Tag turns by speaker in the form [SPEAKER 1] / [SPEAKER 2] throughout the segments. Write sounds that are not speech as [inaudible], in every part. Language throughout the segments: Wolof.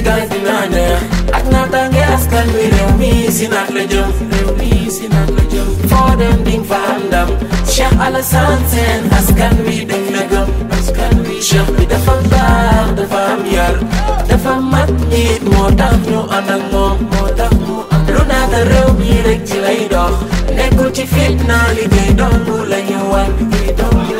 [SPEAKER 1] Sénégal dina neex ak naataange askan wi réew naat la jëm réew naat la jëm foo ding fa am ndam Cheikh Alassane askan wi dañ la askan wi cheikh bi dafa baax dafa yar dafa mat nit moo tax ñu ànd ak moom moo tax ñu lu naata réew mi rek ci lay dox nekkul ci fitna li ngay dong la ñu war li ngay dong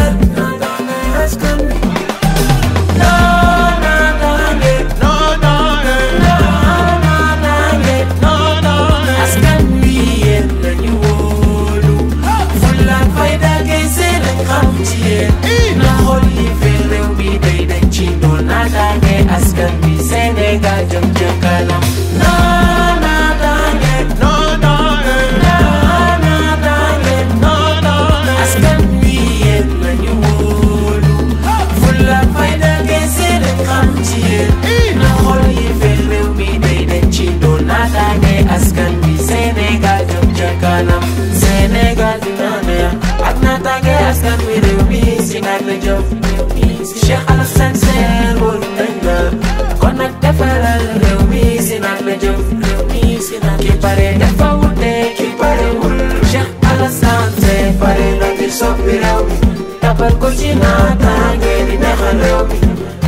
[SPEAKER 1] a jëf Cheikh Alassane Sène wóolu nañ la kon nag defaral réew mi si nag la jëf ki pare dafa wute ki parewul Cheikh Alassane Sène pare na ngir soppi réew mi tabal ko ci naataange di neexal réew mi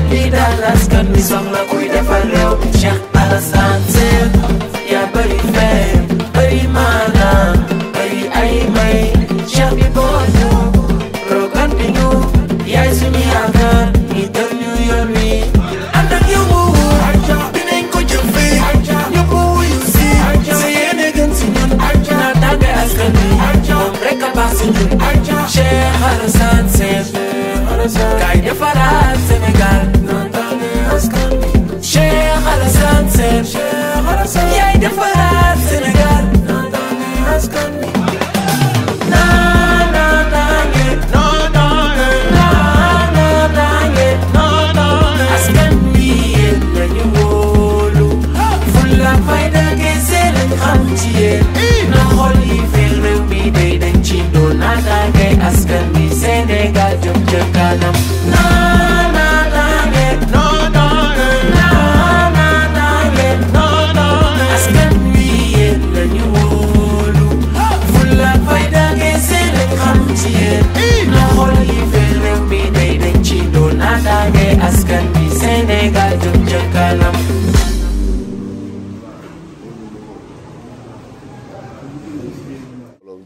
[SPEAKER 1] lii daal askan mi soxla kuy defal réew mi Cheikh Alassane Sène nees kay defaraat Sénégal Cheikh Alassane Sène yaay defaraat Sénégal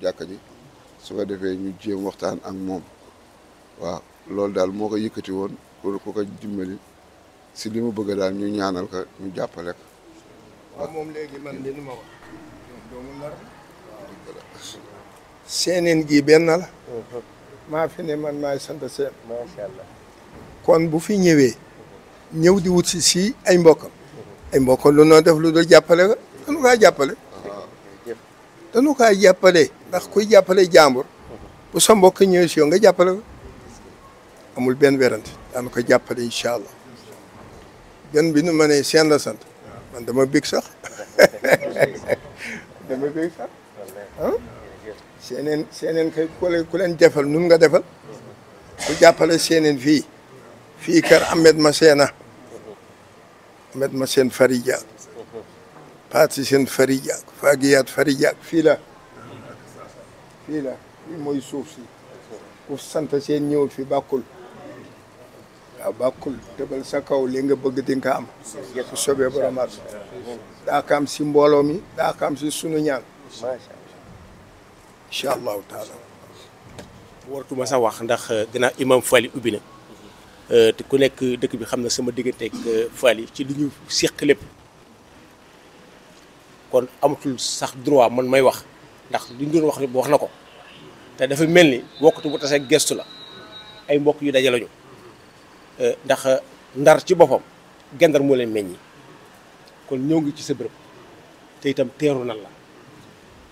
[SPEAKER 2] jàkka ji su ko defee ñu jéem waxtaan ak moom loolu daal moo ko yëkkati woon pour ku ko dimbali si li bëgg daal ñu ñaanal ko ñu jàppale ko.
[SPEAKER 3] Ah, moom léegi man li ma wax. seeneen gi benn mhm. man maay kon bu fi ñëwee. ñëw di wut si si ay mbokkam. Mhm. ay mbokkam lu noo def lu dul jàppale la dañu kaa jàppale. Ah, dañu kaa jàppale ndax kuy jàppale jàmbur. Mhm. bu sa ñëwee si yow nga jàppale amul benn werante daana ko jàppale incha allah bi nu ma nee seen la sant man dama bég sax [laughs] dama ah? seeneen kay ku leen defal nun nga defal ku jàppale seeneen fii fii kar Ahmed Masséna Ahmed Massène Fary Diack Pathé Sène Fary Diack Faguiat Fary Diack fii la fii la mooy suuf si ku sant seen ñëwul fi bàkkul waaw bàkkul tëbal sa kaw li nga bëgg di am su sobee si mbooloo mi daa kaam si sunu ñaan incha
[SPEAKER 4] sax wax ndax euh, gannaaw imam Fally ubbi na euh, te ku nekk dëkk bi xam na sama digganteeg euh, Fally ci li ñu séq lépp kon amatul sax droit man may wax ndax li ñu doon wax lépp wax na ko te dafa mel ni bokkatu bu tasee gestu la ay mbokk yu dajalañu Eh, ndax eh, ndar ci boppam gandar moo leen meññi kon ñëw ngi ci sa bërëb te itam teeru nan la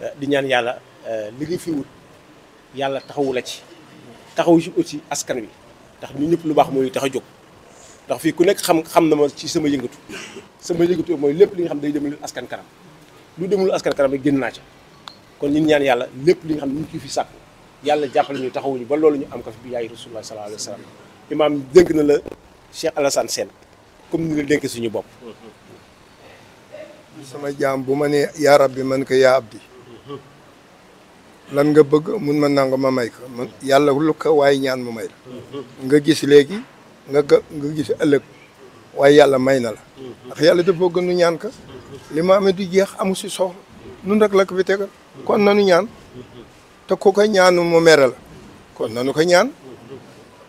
[SPEAKER 4] eh, di ñaan yàlla li nga fiiwut wut yàlla taxawu la ci taxawu ci aussi askan wi ndax ñu ñëpp lu baax mooy tax a jóg ndax fii ku nekk xam xam na ma ci sama yëngatu sama yëngatu mooy lépp li nga xam day demul askan kanam lu demul askan kanam rek génn naa ca kon ñun ñaan yàlla lépp li nga xam ne ñu ngi fi sàkku yàlla jàppale ñu taxawuñu ba loolu ñu am ko fi bi yaay rasulullah sallallahu imaam dénk na la Cheikh Alassane Sène comme ni la dénk suñu bopp
[SPEAKER 3] sama jaam bu ma ne yaa rabbi man ko yaa abdi lan nga bëgg mun ma nangu ma may ko man yàlla lu ka waaye ñaan mu may la nga gis léegi nga nga gis ëllëg waaye yàlla may na la ndax yàlla dafa gën nu ñaan ka li ma amee du jeex amu si soxla nun rek la ko fi tegal kon nanu ñaan te ku ko ñaanu mu mere la kon nanu ko ñaan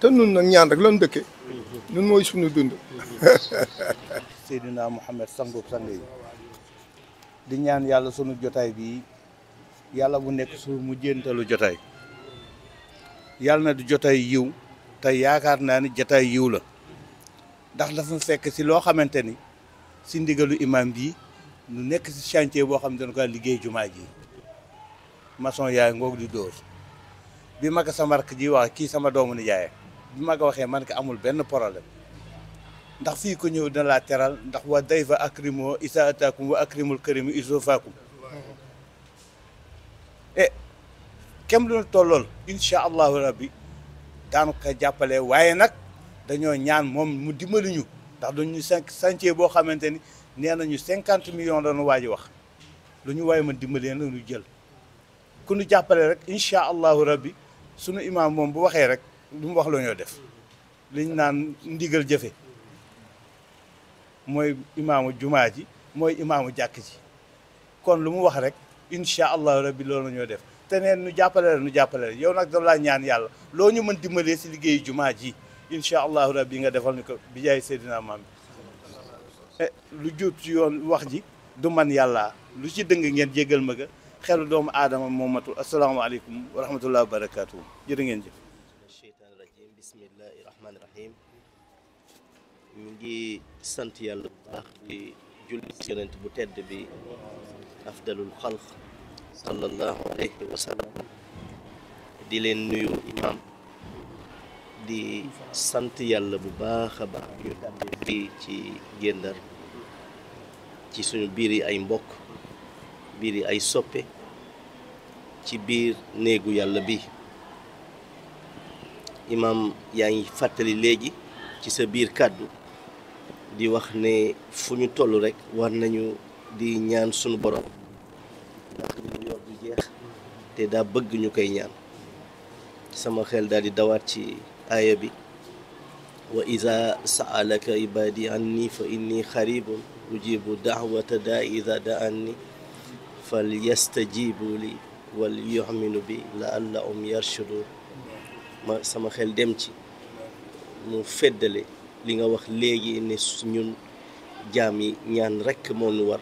[SPEAKER 3] te nun nag ñaan rek lan dëkke nun mooy suñu dund
[SPEAKER 5] Seydina Mouhamed sangub sang di ñaan yàlla sunu jotaay bii yàlla bu nekk su mu jotaay yàlla na di jotaay yiw te yaakaar naa ni jotaay yiw la ndax dafa fekk si loo xamante ni si ndigalu imam bi nu nekk si chantier boo xam ne dañ koy liggéey jumaa ji maçon yaay ngoog di dóor bi ma sama rakk ji wax kii sama doomu ni jaaye bi ma ko waxee man ko amul benn problème ndax fii ko ñëw dina laa teral ndax wa dayfa akrimo isa ataakum wa akrimul karimi isofaakum e eh, kem lu tollool incha allahu rabbi daanu ko jàppale waaye nag dañoo ñaan moom mu dimbali ñu ndax dañu cinq chantier boo xamante ni nee nañu cinquante million la ñu waaj wax lu ñu waaye man dimbalee na ñu jël ku ñu jàppale rek incha allahu rabbi sunu imaam moom bu waxee rek lu mu wax lañoo ñoo def liñ naan ndigal jëfe mooy imaamu jumaa ji mooy imaamu jàkk ji kon lu mu wax rek incha allahu rabbi loolu la ñoo def te neen nu jàppale la nu jàppale la yow nag dama laa ñaan yàlla loo ñu mën dimbalee si liggéeyu jumaa ji incha allahu rabbi nga defal ni ko bi jaay seydina maam bi eh, lu juut yoon wax ji du man yàlla lu ci dëng ngeen jéggal ma ga xelu doomu aadama moom matul asalaamaaleykum wa
[SPEAKER 6] rahmatullah wa barakatuhu jërë ngeen jëf ngi sant yàlla bu baax di julli ci yonent bu tedd bi afdalul xalq sallallahu alayhi wa di leen nuyu imam di sant yàlla bu baax a baax ñu ci guet ci suñu biir yi ay mbokk biir yi ay soppe ci biir néegu yàlla bi imam yaa ngi fàttali léegi ci sa biir kàddu di wax ne fu ñu toll rek war nañu di ñaan sunu borom te daa bëgg ñu koy ñaan sama xel daal di dawaat ci aaya bi wa ida saalaka ibadi anni fa inni xaribun ujibu daawata daa ida daanni fal yastajibu li wal yuxminu bi la allahum yarshudun ma sama xel dem ci mu feddale li nga wax léegi ne ñun jaam yi ñaan rekk moo ñu war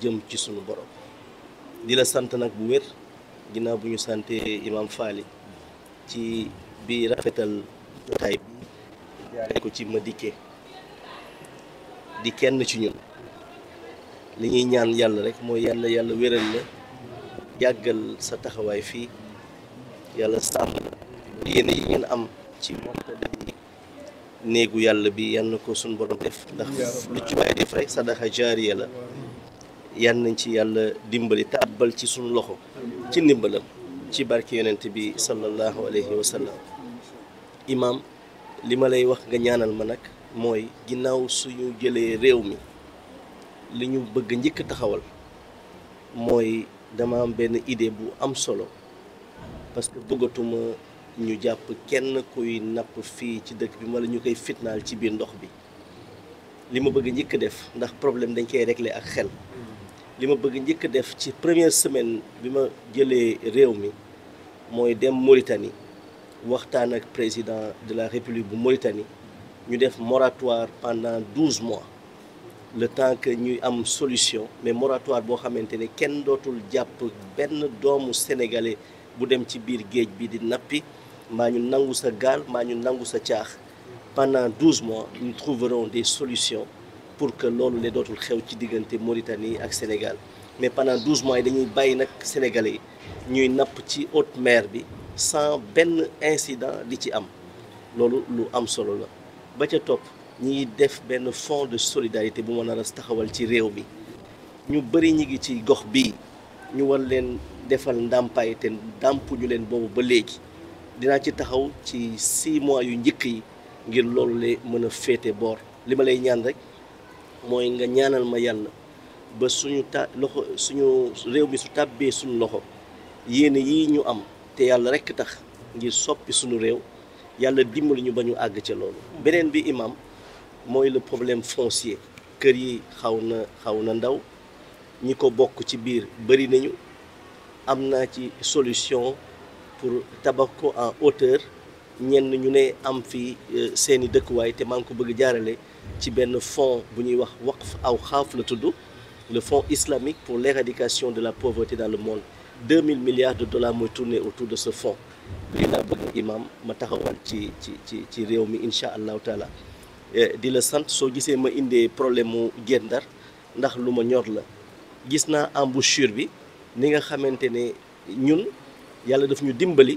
[SPEAKER 6] jëm ci sunu borom di la sant nag bu wér ginnaaw bu ñu sante Imam Faly ci bii rafetal jotaay bi jaare ko ci ma Madické di kenn ci ñun li ñuy ñaan yàlla rekk mooy yàlla yàlla wéral la yàggal sa taxawaay fii yàlla sàmm yéen yi am ci néegu yàlla bi yal na ko suñu borom def ndax lu ci waay def rek sadaxa jaariya la yal nañ ci yàlla dimbali tàbbal ci suñ loxo ci ndimbalam ci barke yonent bi sallallahu alayhi wa sallam imaam li ma lay wax nga ñaanal ma nag mooy ginnaaw suñu jëlee réew mi li ñu bëgg njëkk taxawal mooy dama am benn idée bu am solo parce que bëggatuma ñu jàpp kenn kuy napp fii ci dëkk bi wala ñu koy fitnaal ci biir ndox bi li ma bëgg njëkk def ndax problème dañ koy régler ak xel li ma bëgg njëkk def ci première semaine bi ma jëlee réew mi mooy dem Mauritanie waxtaan ak président de la République bu Mauritanie ñu def moratoire pendant douze mois le temps que ñuy am solution mais moratoire boo xamante ne kenn dootul jàpp benn doomu sénégalais bu dem ci biir géej bi di nappi mbaa ñu nangu sa gaal mbaa ñu nangu sa caax pandant douze mois nous trouverons des solutions pour que loolu la dootul xew ci diggante Mauritanie ak Sénégal mais pendant douze mois yi dañuy bàyyi nag Sénégalais yi ñuy napp ci haute maire bi sans benn incident di ci am loolu lu am solo la ba ca topp ñi ngi def benn fonds de solidarité bu mën a taxawal ci réew mi ñu bëri ñi ngi ci gox bii ñu war leen defal ndàmpaay te ndàmpuñu leen boobu ba léegi dinaa ci taxaw ci six mois yu njëkk yi ngir loolu lay mën a féete boor li ma lay ñaan rek mooy nga ñaanal ma yàlla ba suñu ta suñu réew mi su loxo yéene yi ñu am te yàlla rek tax ngir soppi suñu réew yàlla dimbali ñu ba ñu àgg ca loolu. beneen bi imam mooy le problème foncier. kër yi xaw na xaw na ndaw ñi ko bokk ci biir bëri nañu am naa ci solution. pour tabax ko en hauteur ñenn ñu ne am fii euh, seeni dëkkuwaay te maa ngi ko bëgg jaarale ci benn fonds bu ñuy wax waqf aw xaaf la tudd le fonds islamique pour l'éradication de la pauvreté dans le monde mille milliards de dollars mooy tourner autour de ce fonds lii laa bëgg imam ma taxawal ci ci ci ci réew mi incha allahu taala euh, di la sant soo gisee ma indee problème mu Guet Ndar ndax lu ma ñor la gis naa embouchure bi ni nga xamante ne ñun yàlla daf ñu dimbali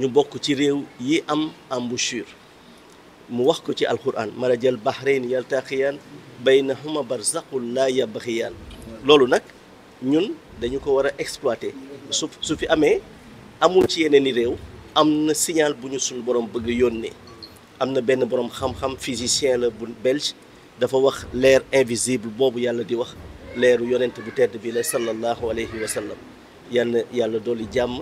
[SPEAKER 6] ñu bokk ci réew yi am embouchure mu wax ko ci alquran marajal bahrain yaltaqiyaan baynahuma barzaqul laa yabxiyaan loolu nag ñun dañu ko war a exploiter su fi amee amul ci yeneen i réew am na signal bu ñu suñu borom bëgg yónnee am na benn borom xam-xam physicien la bu belge dafa wax leer invisible boobu yàlla di wax leeru yonent bu tedd bi la sallallahu alayhi wa sallam yal na yàlla dolli jàmm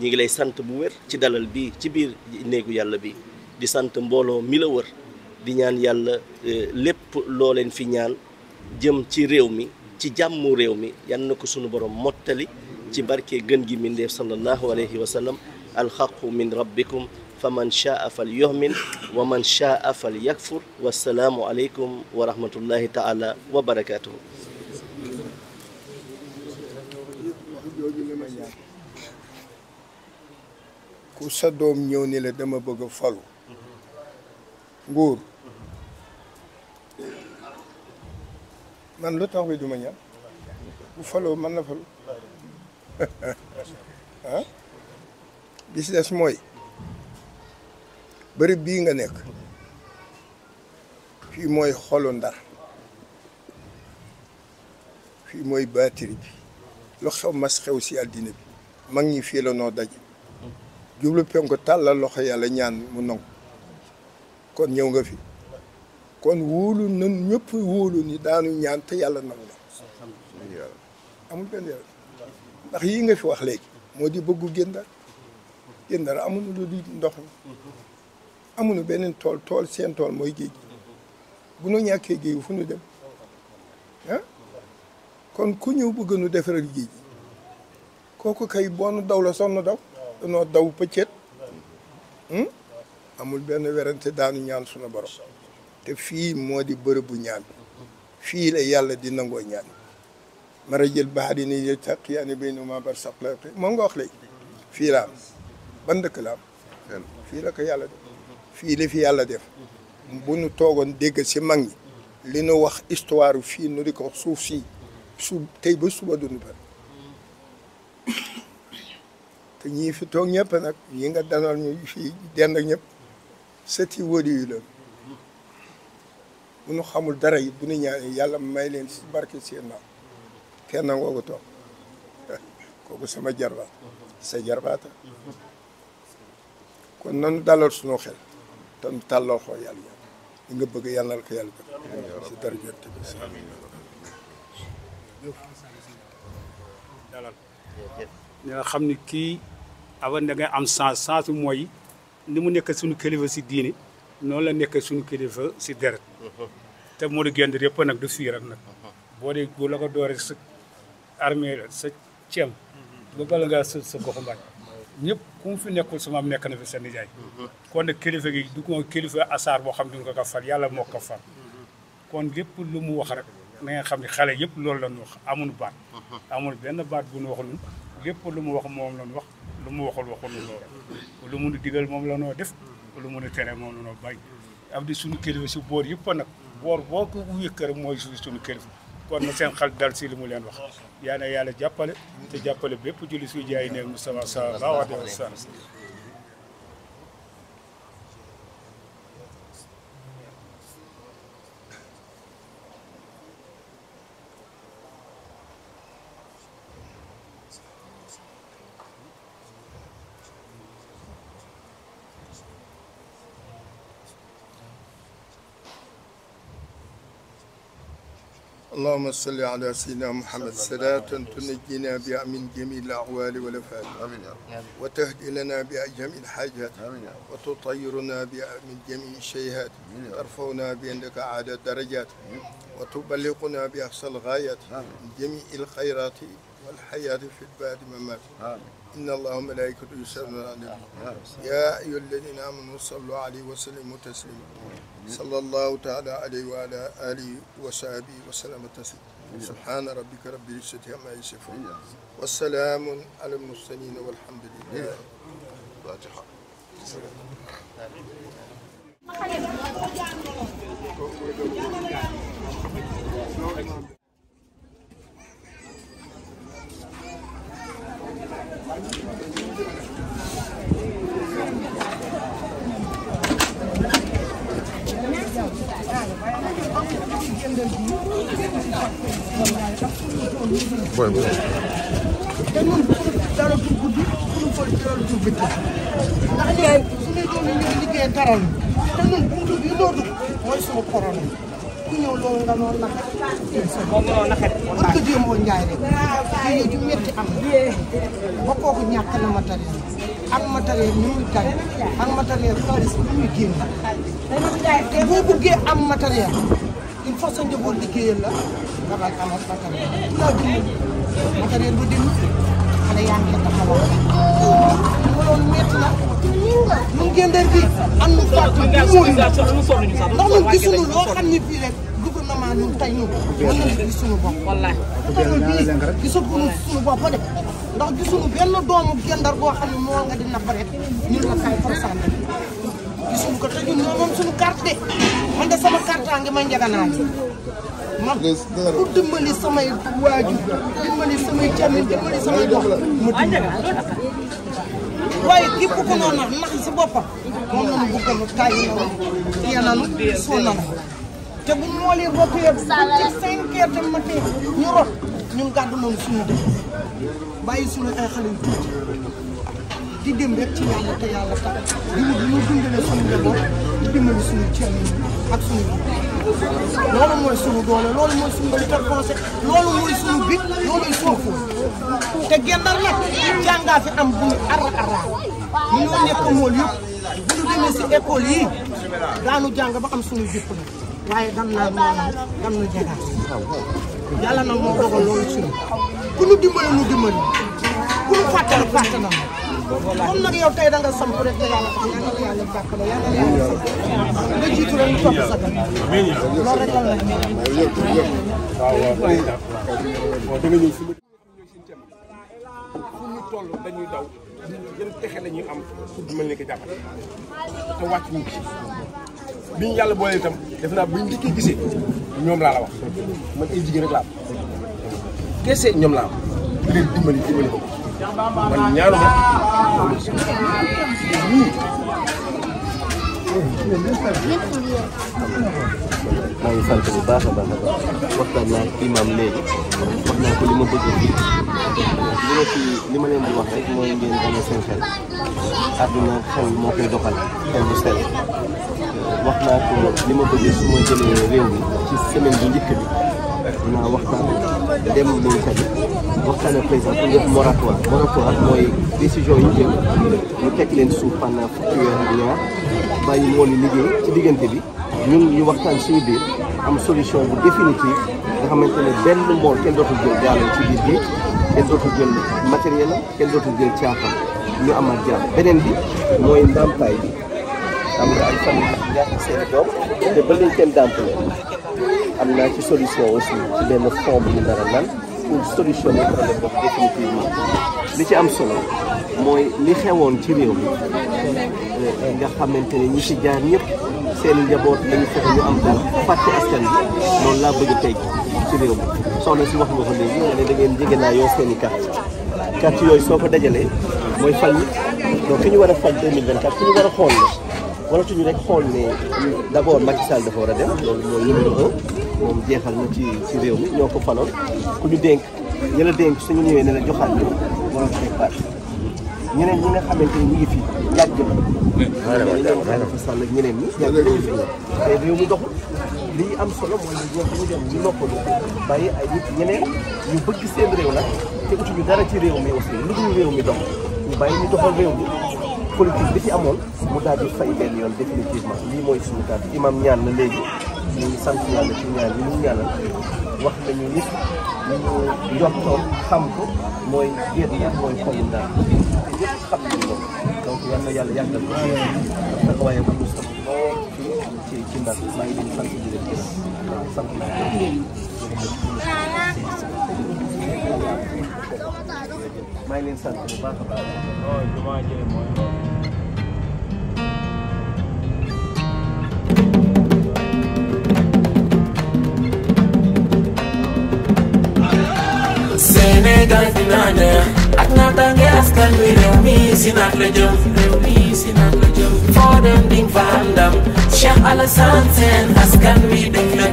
[SPEAKER 6] ñu ngi lay sant bu wér ci dalal bi ci biir néegu yàlla bi di sant mbooloo mi la wër di ñaan yàlla e, lépp loo leen fi ñaan jëm ci réew mi ci jàmmu réew mi yal na ko sunu borom mottali ci barke gën gi mindeef sallallahu alayhi wa sallam alxaqu min rabbikum fa man chaa fal yuhmin wa man chaa fal yakfur wasalaamu aleykum wa rahmatullahi taala wa barakaatuhu
[SPEAKER 3] ku sa doom ñëw ni la dama bëgg a falu nguur man lu tax bi duma ñaan bu faloo mën na falu [laughs] ah bis mooy bërëb bii nga nekk fii mooy xolu ndar fii mooy baatiri bi lu xew mas xew si àddina bi mag ñi fii la noo daje jublu penku tàllal loxo yàlla ñaan mu nangu kon ñëw nga fi kon wóolu nan ñëpp wóolu ni daanu ñaan te yàlla nangu na amul benn yàlla ndax yii nga fi wax léegi moo di bëggu Guet-Ndar Guet-Ndar amuñu lu di ndox mi amuñu beneen tool tool seen tool mooy géej gi bu ñàkkee géej fu nu dem ah? kon ku ñëw bëgg nu defar géej gi kooku kay boonu daw la sonn daw danoo daw pëccët hmm? amul benn werante daanu ñaan sunu borom te fii moo di bërëbu ñaan fii la yàlla di nangoo ñaan mara jël baxari ni yë saq yaani bay numa bar saq la moom nga wax léegi fii la ban dëkk la fii la ko yàlla def bu nu toogoon dégg si mag ñi li nu wax histoire fii nu di ko suuf si su tey ba suba dunu ba te ñii fi toog ñëpp nag ñi nga danoon ñu fii dend ak ñëpp sëti wóli yu la nu xamul dara yi bu ñu ñaanee yàlla may leen si barke seen naam kenn nangoo ko toog [laughs] kooku sama jarbaat sa jarbaata kon nanu dalal sunu xel te nu xoo yàlla yàlla li nga bëgg yàlla na ko yàlla bëgg si
[SPEAKER 4] dara jot bi
[SPEAKER 3] nga xam ni kii avant da ngay
[SPEAKER 4] am sens sens mooy ni mu nekk suñu kilifa si diini noonu la nekk suñu kilifa si deret te moo di génn yëpp nag du fii rek nag boo dee bu la ko sa armée la sa ceem ba bala ngaa sa sa gox ñëpp ku fi nekkul sama am nekk na fi seen nijaay kon nag kilifa gi du ko kilifa asaar boo xam ne nga ko fal yàlla moo ko fal kon lépp lu mu wax rek na nga xam ni xale yëpp loolu la ñu wax amul baat amul benn baat bu ñu lépp lu mu wax moom la ñu wax lu mu waxul waxul loolu lu mu nu digal moom la noo def lu mu nu tere moom la noo bàyyi am di suñu kilifa si boor yëpp nag boor boo ko wékkër mooy su suñu kilifa kon na seen xel dal si li mu leen wax yaa ne yàlla jàppale te jàppale bépp julli si jaay neen Moustapha sallallahu alayhi wa
[SPEAKER 7] sallam
[SPEAKER 3] اللهم صل على سيدنا محمد صلاة تنجينا بها من جميع الأعوال والأفعال آمين وتهدي لنا بها جميع الحاجات آمين وتطيرنا بها من جميع الشيئات ترفعنا بأنك أعلى الدرجات وتبلغنا بأقصى الغايات من جميع الخيرات والحياة في البعد ممات آمين inna allaha malaikatu yusalluna ala nabi ya ayyuha alladina amanu sallu alayhi wa sallimu taslima sallallahu taala alayhi wa ala alihi wa sahbihi wa sallama taslima subhana rabbika rabbil izzati amma yasifun wa salamun ala al mursalin walhamdulillah
[SPEAKER 2] fatiha Thank
[SPEAKER 8] you.
[SPEAKER 9] booy booy. te ñun
[SPEAKER 8] dara tur guddi suñu ko dara tur bëccëg ndax yaay suñuy doom yi ñu ngi liggéey dara la te ñun buntu bi loo dugg mooy suñu corona ku ñëw loolu nga noonu naxat. moom moo naxat. parce que démboo njaay rek. kii ju métti am na. ba kooku ñàkk na matériel ak matériel ñu muy tànn ak matériel xaalis bi muy génn. boo buggee am matériel. il faut sa njaboot liggéeyal la nga daal amal matériel bu laa gën matériel bu dem xale yaa ngi taxawal mu waroon loo xam ne fii rek gouvernement ñun tey ñun mën nañu gis suñu bopp loolu bii gisaguñu gisuñu benn doomu gendar boo xam ne moo nga di napp rek ñun la kaay forsanté suñu ko te ñun ñoo moom suñu carte man sama carte ngi ma njaganaay man pour dimbali samay waajur
[SPEAKER 7] dimbali samay càmmiñ dimbali samay dox ma
[SPEAKER 8] waaye képp ku noonu nax nax si boppam moom la ñu bëggoon tàyyi na yenanu sonal te bu ñu moolee bopp yëpp ci cinq heures de matin ñu rot ñun gàddu noonu suñu def bàyyi suñu ay xale tuuti di dem rek ci yàlla
[SPEAKER 7] te yàlla tax
[SPEAKER 8] di ñu di ñu dundale suñu njaboot di dimbali suñu ceeb ak suñu
[SPEAKER 7] bopp loolu
[SPEAKER 8] mooy suñu doole loolu mooy suñu interposé loolu mooy suñu bit loolu suñu foofu
[SPEAKER 7] te gendal nag
[SPEAKER 8] jàngaa fi am bu ñu ara ara ñu ñoo nekk mool yëpp bu ñu demee si école yi daanu jàng ba am suñu jëpp la waaye dan naa noonu dan na jagaat
[SPEAKER 10] yàlla nag moo dogal loolu suñu
[SPEAKER 8] ku ñu dimbali nu dimbali ku ñu fàttali fàttali comme nag yow tey da nga samp rek te yàlla tax yàlla na nga jiitu rek ñu topp sa dañuy
[SPEAKER 4] daw yéen pexe la am pour mel ni ko jàppale te wàcc ñu ci yàlla boole itam def naa buñ njëkkee gisee ñoom laa la wax man ay jigéen rek laa am kese ñoom laa am leen dimbali dimbali ko man ñaanu ma maa ngi
[SPEAKER 6] sant bu baax a baax a baax waxtaan naa ak imam léegi wax naa ko li ma bëgg fii li ma fi li ma leen di wax rek mooy ngeen amee seen xel àdduna xel moo koy doxal xel bu sell wax naa ko li ma bëgg su ma jëlee réew mi ci semaine bu njëkk bi naa waxtaan dem nañ ko waxtaan ak président pour def moratoire moratoire mooy décision yi jël ñu teg leen suuf pendant fukki weer ak ñaar bàyyi woon liggéey ci diggante bi ñun ñu waxtaan suñu biir am solution bu définitive nga xamante ne benn mbool kenn dootul jël jaalal ci biir bi kenn dootul jël matériel la kenn dootul jël caaxaan ñu amaat jàmm beneen bi mooy ndàmpaay bi. am na ay famille seen doom te ba léegi kenn dàmp am naa ci solution aussi ci benn fond bu ñu dara lan pour solutionner problème boobu définitivement li ci am solo mooy li xewoon ci réew mi euh, nga xamante ne ñi ci jaar ñëpp seen njaboot lañu fexe ñu am dara fàtte askan bi loolu laa bëgg tey ci réew soo soxna si wax nga ko léegi nga ngeen jege naa yoo seen i carte carte yooyu soo ko dajalee mooy fal ñi donc ki ñu war a fal 2024 ki ñu war a xool la waratuñu rek xool ne d' abord Macky Sall dafa war a dem loolu mooy numéro un moom jeexal na ci ci réew mi ñoo ko faloon ku ñu dénk ñu la dénk suñu ñëwee ne la joxaat ñu waroon ci nekk ñeneen ñi ñu ngi fi yàgg na. Macky Sall ak ñeneen ñi yàgg na fi te réew mi doxul lii am solo mooy ñoo xam ne dem ñu noppalu bàyyi ay nit ñeneen ñu bëgg seen réew la te utuñu dara ci réew mi aussi lu dul réew mi dox ñu bàyyi ñu doxal réew mi. politique bi ci amoon mu daal di fay benn yoon définitivement lii mooy suñu kàddu imam ñaan na léegi ñu ngi sant yàlla ci ñaan yi ñu ñaanal wax nañu nit ñu yottoon xam ko mooy géej ñaar mooy xolu ndaar te ñëpp xam nañu yàlla yàggal ko ndax waaye bu ñu sax ci ci ci ndar maa ngi leen sant di a
[SPEAKER 1] ne dal dina neex ak naataange askan wi réew mi si naat la jëm réew si naat la jëm foo ding fa am ndam Cheikh Alassane Sène askan wi dañ la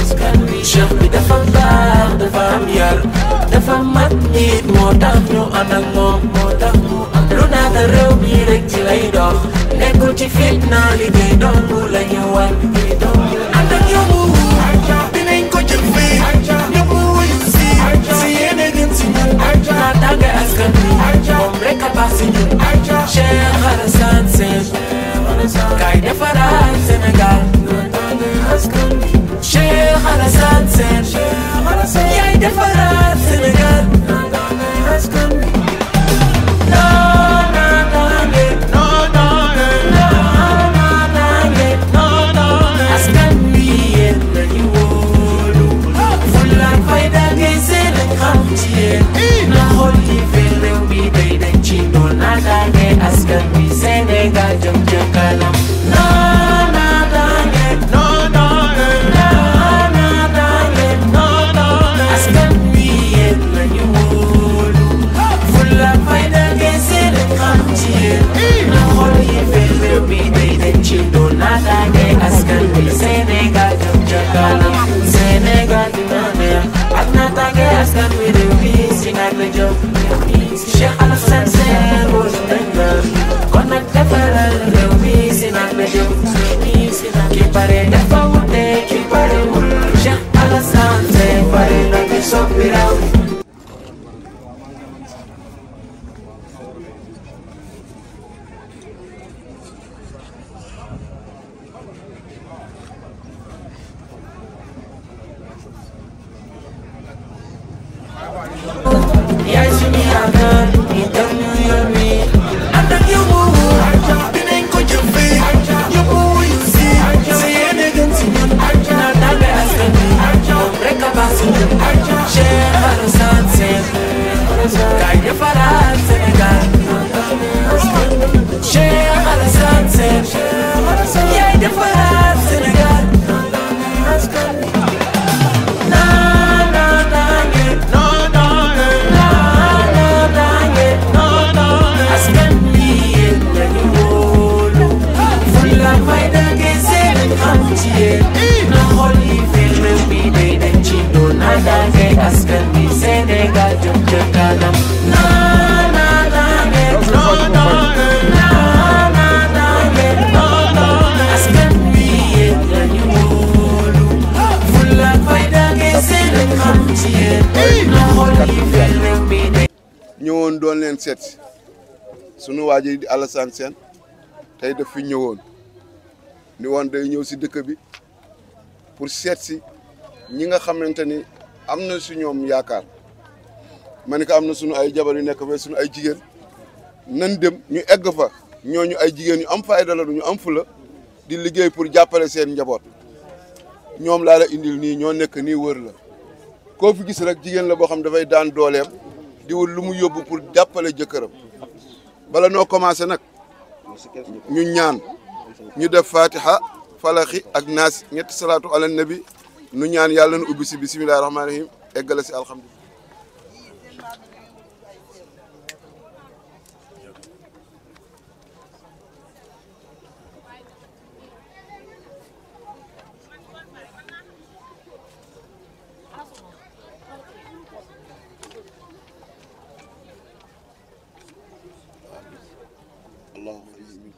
[SPEAKER 1] askan wi cheikh bi dafa baax dafa yar dafa mat nit moo tax ñu ànd moom moo tax mu am lu naata réew mi rek ci lay dox nekkul ci fitna liggéey dong la ñu war tànga askan bi moom rek a baax si ñun Cheikh Alassane Sène kaay defaraat Sénégal Cheikh Alassane Sène yaay defaraat Sénégal a jóg Cheikh Alassane Seck moo ñu tëj na kon nag defaral réew mi ki pare dafa wute ki parewul Cheikh Alassane Seck pare na soppi réew jëm ca kanam
[SPEAKER 2] ñëwoon doon leen seet sunu waajur di Alassane Sène tey daf fi ñëwoon ni woon day ñëw si dëkk bi pour seet si ñi nga xamante ni am na si ñoom yaakaar ma ne ko am na sunu ay jabar yu nekk fa ay jigéen nan dem ñu egg fa ñooñu ay jigéen ñu am fayda la ñu am fula di liggéey pour jàppale seen njaboot ñoom laa la indil nii ñoo nekk nii wër la koo fi gis rek jigéen la boo xam dafay daan dooleem di wut lu mu yóbbu pour jàppale jëkkëram bala noo commencé nag ñu ñaan ñu def fatiha falaxi ak naas ñetti salaatu ala nabi nu ñaan yàlla nu ubbi si bisimilahi rahmaani rahim eggale si alhamdulilah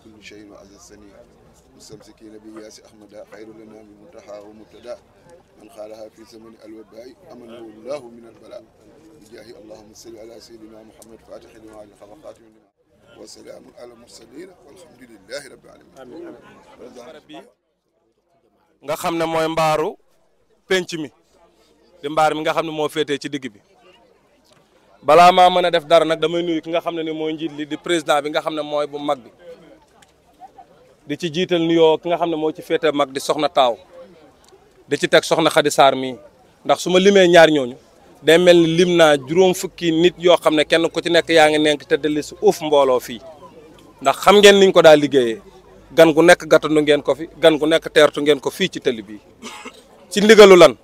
[SPEAKER 2] كل شيء وعززتني مستمسكين بياس أحمد خير لنا من منتهى ومبتدا من خالها في زمن الوباء أمنه الله من البلاء jaahi allahumma salli ala sayyidina Muhammad fatih lima xawa xaatim lima wa salaamun ala mursalin walhamdulillahi rabbil alamin rabbi
[SPEAKER 11] nga xam ne mooy mbaaru penc mi di mbaar mi nga xam ne moo féetee ci digg bi balaa maa mën a def dara nag damay nuyu ki nga xam ne ni mooy njiit li di président bi nga xam ne mooy bu mag bi di ci jiital nuyoo ki nga xam ne moo ci féete mag di soxna taaw di ci teg soxna Xadi Saar mii ndax su ma limee ñaar ñooñu day mel ni lim naa juróom fukki nit yoo xam ne kenn ku ci nekk yaa ngi nekk te delli si uuf mbooloo fii ndax xam ngeen niñ ko daa liggéeyee gan gu nekk gàttandu ngeen ko fi gan gu nekk teertu ngeen ko fii ci tëli bi ci ndigalu lan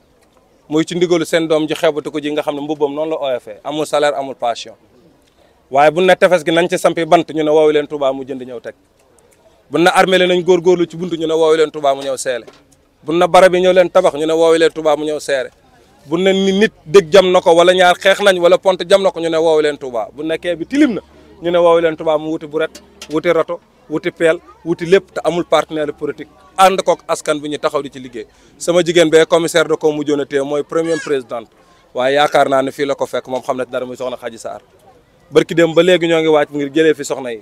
[SPEAKER 11] muy ci ndigalu seen doom ji xeebatu ko ji nga xam ne mbubbam noonu la oyofee amul saleer amul passion waaye bu ne tefes gi nañ ci sampi bant ñu ne woowu leen mu jënd ñëw teg bu na armé leen nañ góorgóorlu ci bunt ñu ne woowu leen Touba mu ñëw seele bu na barab yi ñëw leen tabax ñu ne woowu leen Touba ñëw seere bu ne ni nit dëgg jam na ko wala ñaar xeex nañ wala pont jam na ko ñu ne woowu leen Touba bu nekkee bi tilim na ñu ne woowu leen Touba mu wuti buret wuti rato wuti peel wuti lépp te amul partenaire politique ànd kook askan bu ñu taxaw di ci liggéey sama jigéen bee commissaire de ko mujjoon a téye mooy première président waaye yaakaar naa ne fii la ko fekk moom xam ne dara muy soxna Xaji Saar barki dem ba léegi ñoo ngi wàcc ngir jëlee fi soxna yi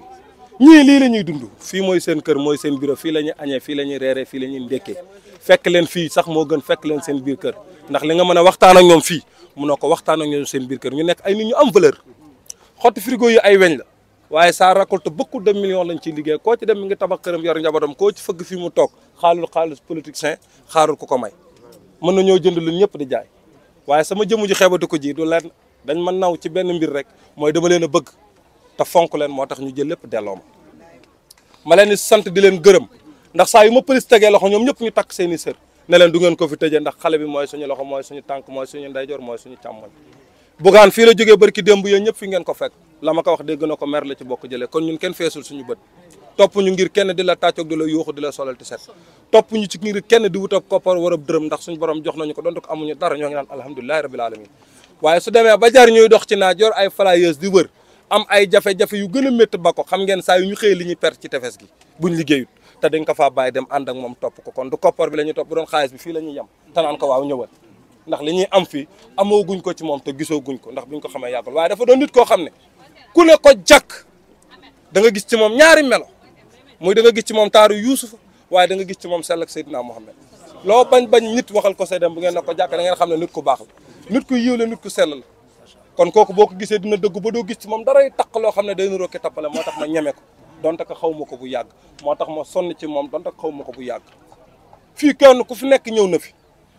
[SPEAKER 11] ñii lii la ñuy dund fii mooy seen kër mooy seen bureau fii la ñuy añee fii la ñuy reeree fii la ñuy ndekkee fekk leen fii sax moo gën fekk leen seen biir kër ndax li nga mën a waxtaan ak ñoom fii mun a ko waxtaan ak ñoom seen biir kër ñu nekk ay nit ñu am valeur xotti frigo yi ay weñ la waaye ça récolte beaucoup de millions lañ ciy liggéey koo ci dem mi ngi tabax këram yor njabootam koo ci fëgg fii mu toog xaalul xaalus politicien xaarul ku ko may mën na ñoo jënd lu ñëpp di jaay waaye sama jëmu ji xeebatu ko ji du leen dañ ma naw ci benn mbir mooy dama leen a bëgg te fonk leen moo tax ñu jël lépp delloo ma sant di leen gërëm ndax saa yu ma pëlis tegee loxo ñoom ñëpp ñu takk seen i sër ne leen du ngeen ko fi tëjee ndax xale bi mooy suñu loxo mooy suñu tànk mooy mooy suñu càmmoñ bugaan fii la jógee barki démb yéen topp ñu ngir kenn di la tàccoog di la yuuxu di la solal ti set topp ñu ci ngir kenn di wut ab koppar war dërëm ndax suñu borom jox nañu ko donte ko amuñu dara ñoo ngi naan alhamdulilahi rabil alamin am ay jafe-jafe yu gën a métti ba ko xam ngeen saa yu ñu xëyee li ñuy per ci tefes gi buñ liggéeyut te dañ ko faa bàyyi dem ànd ak moom topp ko kon du koppar bi la ñuy topp bu doon xaalis bi fii la ñuy yem te naan ko waaw ñëwal ndax li ñuy am fii amoo guñ ko ci moom te gisoo guñ ko ndax buñ ko xamee yàggul waaye dafa doon nit koo xam ne ku ne ko jàkk da nga gis ci moom ñaari melo muy da nga gis ci moom taaru Yuusufa waaye da nga gis ci moom sell ak Seydina Muhammad loo bañ bañ nit waxal ko Seydina bu ngeen ne ko jàkk da ngeen xam ne nit ku baax la nit nit ku sell la kon kooku boo ko gisee dina dëgg ba doo gis ci moom daray taq loo xam ne day niroog ki tappale moo tax ko bu yàgg moo tax ma sonn ci moom donte ko xaw ma ko bu yàgg fii kenn ku fi nekk ñëw na fi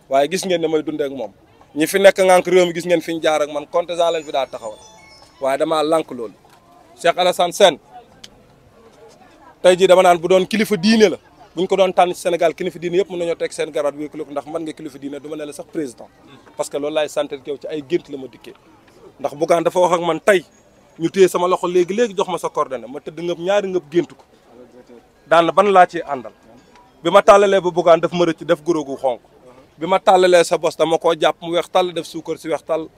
[SPEAKER 11] waaye gis ngeen ne may dundee moom ñi fi nekk ngànk réew mi gis ngeen fi ñu jaar ak man compte gen daa taxawal waaye damaa lànk loolu Cheikh Alassane Sène tey jii dama naan bu doon kilifa diine la kilifa diine yëpp mën nañoo teg la sax parce que loolu laay santé yow ci ay gént la ma dikkee ndax Bougane dafa wax ak man tey ñu téye sama loxo léegi léegi jox ma sa coordonnée ma tëdd ngëb ñaari ngëb géntu ko daana na ban laa ci àndal bi ma tàllalee ba Bougane daf ma rëcc def gu xonk bi ma tàllalee sa bos dama koo jàpp mu weex tàll def suukar si weex tàll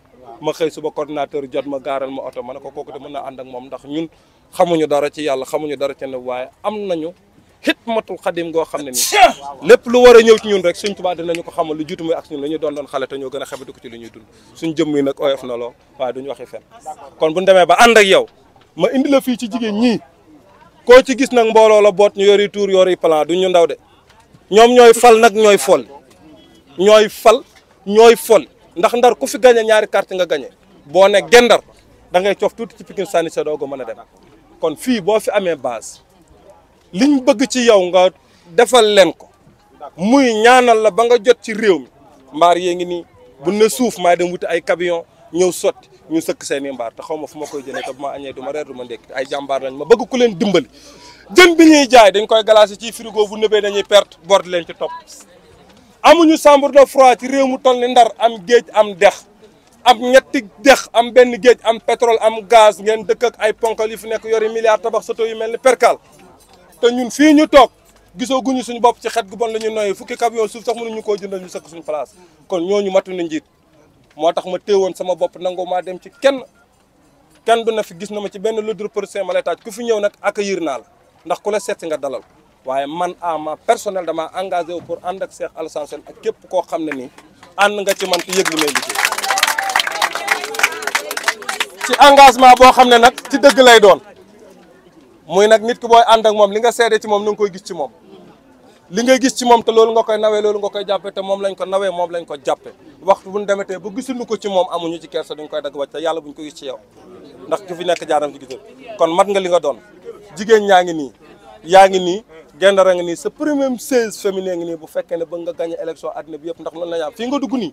[SPEAKER 11] ma xëy suba coordinateur jot ma gaaral ma oto ma ne ko kooku de mën na ànd ak moom ndax ñun xamuñu dara ci yàlla xamuñu dara ci ne waaye am nañu xidmatul xadim goo xam ne ni lépp lu war a ñëw ci ñun rek suñ Tuubaa dinañu ko xamal lu jiitu muy ak ñun ñu doon doon xale te ñoo gën a xebati ko ci li ñuy dund suñ jëmm yi nag oyof na loo waaye duñu waxi fen kon bu buñ demee ba ànd ak yow ma indi la fii ci jigéen ñi koo ci gis nag mbooloo la boot ñu yori tour yori plan du ñu ndaw de ñoom ñooy fal nag ñooy fol ñooy fal ñooy fol ndax ndar ku fi gañe ñaari carte nga gañe boo ne gendar da ngay coof tuuti ci Pikine sànni sa doogo mën a dem kon fii boo fi amee base liñ bëgg ci yow nga defal leen ko muy ñaanal la ba nga jot ci réew mi mbaar yee ngi nii bu ne suuf maa dem wuti ay camion ñëw sotti ñu sëkk seeni mbaar te xaw ma fu ma koy jëlee te bu ma añee du ma reer du ma ndékki ay jàmbaar lañ ma bëgg ku leen dimbali jën bi ñuy jaay dañ koy glacé ci frigo bu ne nëbee dañuy perte borde leen ci topp amuñu chambre de froid ci réew mu toll ni ndar am géej am dex am ñetti dex am benn géej am pétrole am gaz ngeen dëkk ak ay ponk yu fi nekk yori milliards tabax soto yu mel ni perkal te ñun fii ñu toog gisoo guñu suñu bopp ci xet gu bon la ñu noyyi fukki camion suuf sax mënuñu koo jëndal ñu sakk suñu place kon ñooñu matu na njiit moo tax ma téewoon sama bopp nangu maa dem ci kenn kenn du na fi gis na ma ci benn lodre procès ma lay taaj ku fi ñëw nag accueillir naa naal ndax ku la seet si nga dalal waaye man à ma personnel damaa engagé wu pour ànd ak Cheikh Alassane Sène ak képp koo xam ne nii ànd nga ci man te yëg li may liggéey si engagement boo xam ne nag ci dëgg lay doon muy nag nit ki booy ànd ak moom li nga seede ci moom na nga koy gis ci moom li nga gis ci moom te loolu nga koy nawee loolu nga koy jàppe te moom lañ ko nawee moom lañ ko jàppe waxtu buñ demetee ba gisuñu ko ci moom amuñu ci kersa duñ koy dagg wàcc te yàlla buñ ko gis ci yow ndax ku fi nekk jaaram ci gisal kon mat nga li nga doon jigéen ñaa ngi nii yaa ngi nii Gendara nga nii sa premier seize féminin nga nii bu fekkee ne ba nga gagné élection àddina yëpp ndax loolu la ñu am fii nga dugg nii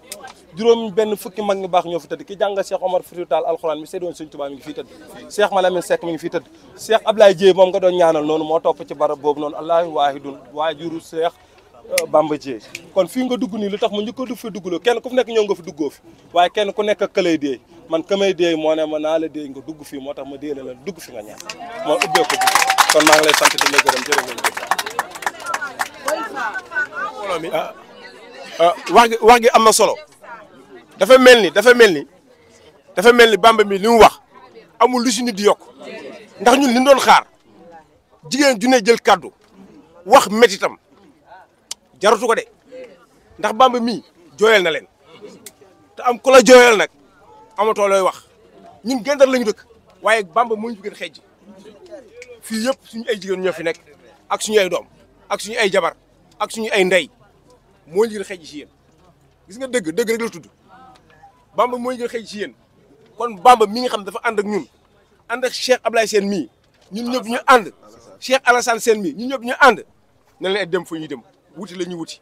[SPEAKER 11] juróom benn fukki mag ñu baax ñoo fi tëdd ki jàng Cheikh Omar Foutiyou Tall alxuraan mi séddoon Sëñ Tuubaa mi mi ngi tëdd Cheikh Ablaye Dieye moom nga doon ñaanal noonu moo topp ci barab boobu noonu allaahi waahidun waajuru Cheikh euh, Bamba Dieye kon fii nga dugg nii lu tax ma njëkk a dugg dug duggloo kenn ku fi nekk ñëw nga fi duggoo fi waaye kenn ku nekk këlay man ka déey moo ne ma naa la déey nga dugg fi moo tax ma déey la la dugg fi nga ñaan moo ubbeeku bi kon maa lay sant di la gërëm jërëjëf.
[SPEAKER 4] mbooloo mi ah, ah, am na solo dafa mel ni dafa mel ni dafa mel ni Bamba mi li wax amul lu si di yokk ndax ñu li doon xaar jigéen ju jël kàddu wax metitam jaratu ko de ndax Bamba mii jooyal na leen te am ku la nag. amatoo looy wax ñun gendar lañu dëkk waaye bamba moo ñu fi gën xejj fii yëpp suñu ay jigéen ñoo fi nekk ak suñu ay doom ak suñu ay jabar ak suñu ay ndey moo ñu gën xejj si yéen gis nga dëgg dëgg rek tudd bamba moo ñu gën xejj kon bamba mi nga xam dafa ànd ak ñun ànd ak Cheikh Ablaye Sène mii ñun ñëpp ñu ànd Cheikh Alassane Sène mii ñun ñëpp ñu ànd na leen dem fa ñuy dem wuti la ñuy wuti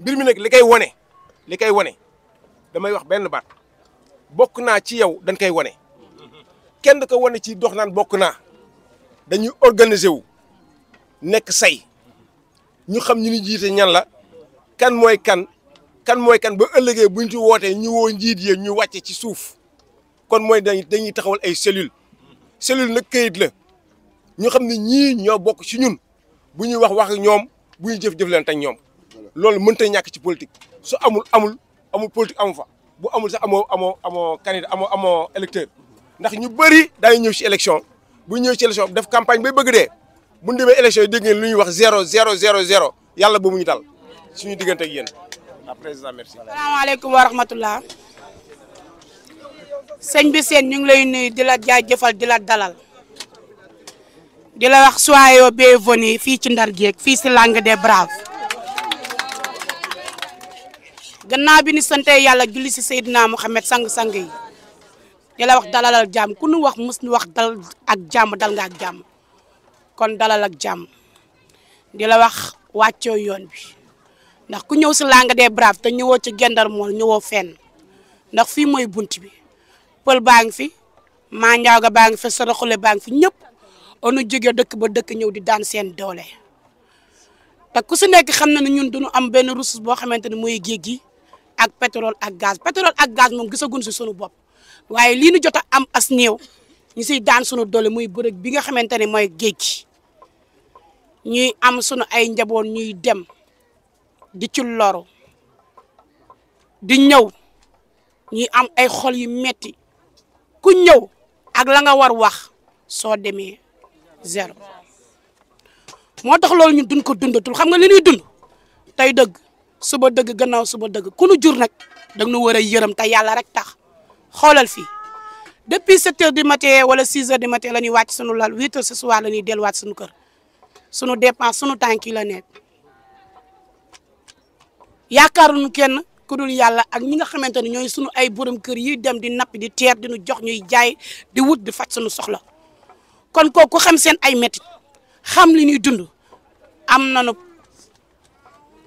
[SPEAKER 4] mbir mi nag li koy wone li koy wone damay wax benn baat bokk naa ci yow dañ koy wane kenn du ko wane ci dox naan bokk naa dañuy organiser wu nekk say ñu xam ñu ni jiite ñan la kan mooy kan kan mooy kan ba ëllëgee buñ ci wootee ñu woo njiit yee ñu wàcce ci suuf kon mooy dañuy taxawal ay cellule cellule nag kayit la ñu xam ne ñii ñoo bokk ci ñun bu ñuy wax wax ñoom bu ñuy jëf jëf leen teg ñoom loolu mënta ñàkk ci politique su amul amul amul politique amu fa bu amul sax amoo amoo amoo candidat amoo amoo électeur ndax ñu bëri daañu ñëw si élection bu ñëw ci élection def campagne bay bëgg dee bu ñu demee élection yi dégg ngeen lu ñuy wax zéro zéro zéro zéro yàlla bu mu ñu dal suñu diggante ak yéen ah président merci.
[SPEAKER 12] salaamaaleykum wa sëñ bi seen ñu ngi lay nuyu di la jaajëfal di la dalal di la wax soyez bienvenue fii ci Ndar Géej fii si Langue des Braves. gannaaw bi ni sante yàlla julli si Seydina Mouhamed sang-sang yi di la wax dalalal jàmm ku nu wax mus nu wax dal ak jàmm dal nga ak jàmm kon dalal ak jàmm di la wax wàccoo yoon bi ndax ku ñëw si Langue des Braves te ñëwoo ci Gendar Mole ñëwoo fenn ndax fii mooy bunt bi pël baa ngi fi maa manjaaga baa ngi fi saraxule baa ngi fi ñëpp onu jógee dëkk ba dëkk ñëw di daan seen doole te ku si nekk xam na ne ñun duñu am benn ressource boo xamante ne mooy géej gi ak pétrole ak gaz pétrole ak gaz moom gisagun si sunu bopp waaye lii nu jot a am as néew ñu siy daan sunu doole muy bërëg bi nga xamante ne mooy géej gi ñuy am sunu ay njaboot ñuy dem di ci loro di ñëw ñuy am ay xol yu metti ku ñëw ak la nga war wax soo demee zéro moo tax loolu ñu dun ko dundatul xam nga li ñuy dund tey dëgg suba dëgg gannaaw suba dëgg ku nu jur nag da nu war a yërëm te yàlla rek tax xoolal fii depuis 7 heures du matin wala 6 heures du matin la ñuy wàcc sunu lal 8 heures ce soir la ñuy sunu kër sunu dépense sunu tànk yi la nekk yaakaaruñu kenn ku dul yàlla ak ñi nga xamante ne ñooy sunu ay borom kër yi dem di nappi di teer di nu jox ñuy jaay di wut di faj sunu soxla kon kooku xam seen ay métit xam li ñuy dund am nañu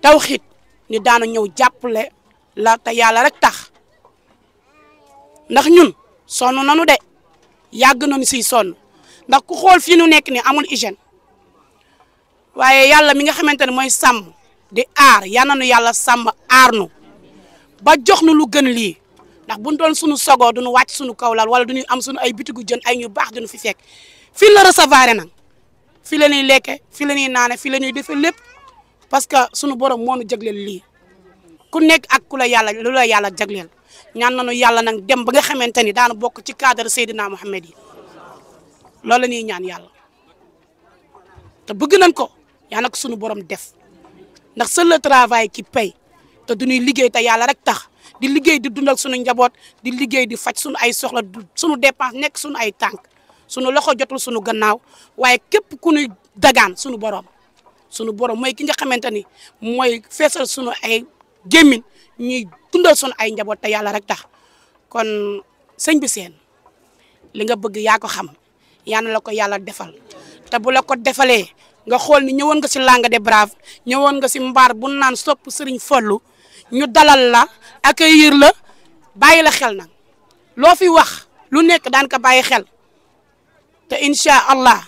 [SPEAKER 12] tawxiit ñu daana ñëw jàppale la te yàlla rek tax ndax ñun sonn nanu de yàgg nañu siy sonn ndax ku xool fii nu nekk ni amul hygiène waaye yàlla mi nga xamante ne mooy sàmm di aar yal nu yàlla sàmm aar nu ba jox nu lu gën lii ndax buñ doon suñu sogoo duñu wàcc suñu kawlal wala duñu am suñu ay bitigu jën ay ñu baax duñu fi fekk fii la recevoir nag fii la ñuy lekke fii la ñuy naane fii la ñuy defee lépp parce que sunu borom moo nu jagleel lii ku nekk ak ku la yàlla lu la yàlla jagleel ñaan nañu yàlla nag dem ba nga xamante ni daanu bokk ci cadre Seydina Mohamed yi loolu la ñaan yàlla te bëgg nañ ko yaa nag sunu borom def ndax c'est le travail qui paye te du liggéey te yàlla rek tax di liggéey di dundal sunu njaboot di liggéey di faj sunu ay soxla sunu dépense nekk sunu ay tànk sunu loxo jotul sunu gannaaw waaye képp ku ñuy dagaan sunu borom. sunu borom mooy ki nga xamante ni mooy feesal sunu ay gémmin ñuy tundal sunu ay njaboot te yàlla rek tax kon sëñ bi seen li nga bëgg yaa ko xam yaa na la ko yàlla defal te bu la ko defalee nga xool ni ñëwoon nga si langue des braves ñëwoon nga si mbaar bu naan sopp sëriñ Fallu ñu dalal la ak accueillir la bàyyi la xel nag loo fi wax lu nekk daan ko bàyyi xel te incha allah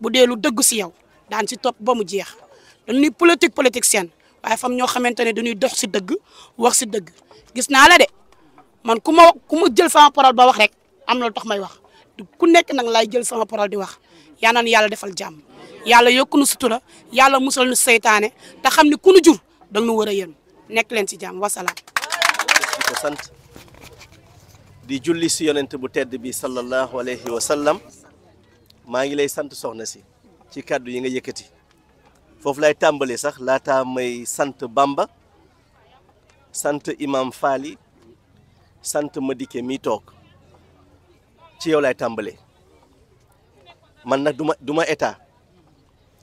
[SPEAKER 12] bu dee lu dëgg si yow daan si topp ba mu jeex dañuy politique politicienne waaye fam ñoo xamante ne dañuy dox si dëgg wax si dëgg gis naa la de man ku ma ku ma jël sama parole ba wax rek am na lu tax may wax ku nekk nag laay jël sama parole di wax yaa naan yàlla defal jàmm yàlla yokku nu sutura yàlla musal nu seytaane te xam ne ku nu jur da nga nu a yërëm nekk leen si jàmm wasalaam.
[SPEAKER 6] di ko julli si yonent bu tedd bi sallallahu alayhi wa sallam maa ngi lay sant soxna si ci kàddu yi nga yëkkati. foofu lay tàmbalee sax laataa may sant Bamba sant Imam Faali sant madike mi toog ci yow lay tàmbalee man nag du ma du état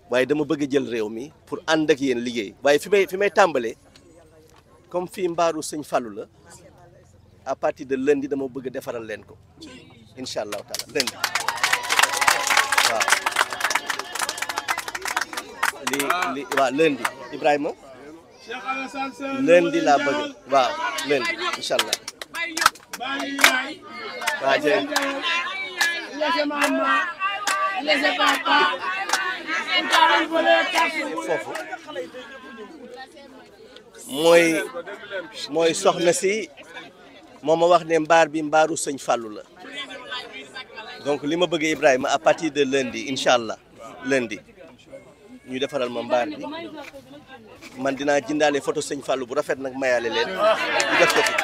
[SPEAKER 6] waaye dama bëgg jël réew mi pour ànd ak yéen liggéey waaye fi may fi may tàmbalee comme fii mbaaru sëñ falu la à partir de lundi dama bëgg defaral leen ko incha allahu taala li li waaw lundi Ibrahima
[SPEAKER 7] lundi laa bëgg
[SPEAKER 6] waa lundi incha allah waaw mooy mooy soxna si moo ma wax ne mbaar bi mbaaru sëñ Fallou la donc li ma bëgg Ibrahima à partir de lundi incha allah lundi. ñu defaral ma mbaar bi man dinaa jindaale photo sëñ Fallou bu rafet nag mayaale leen di def ko fi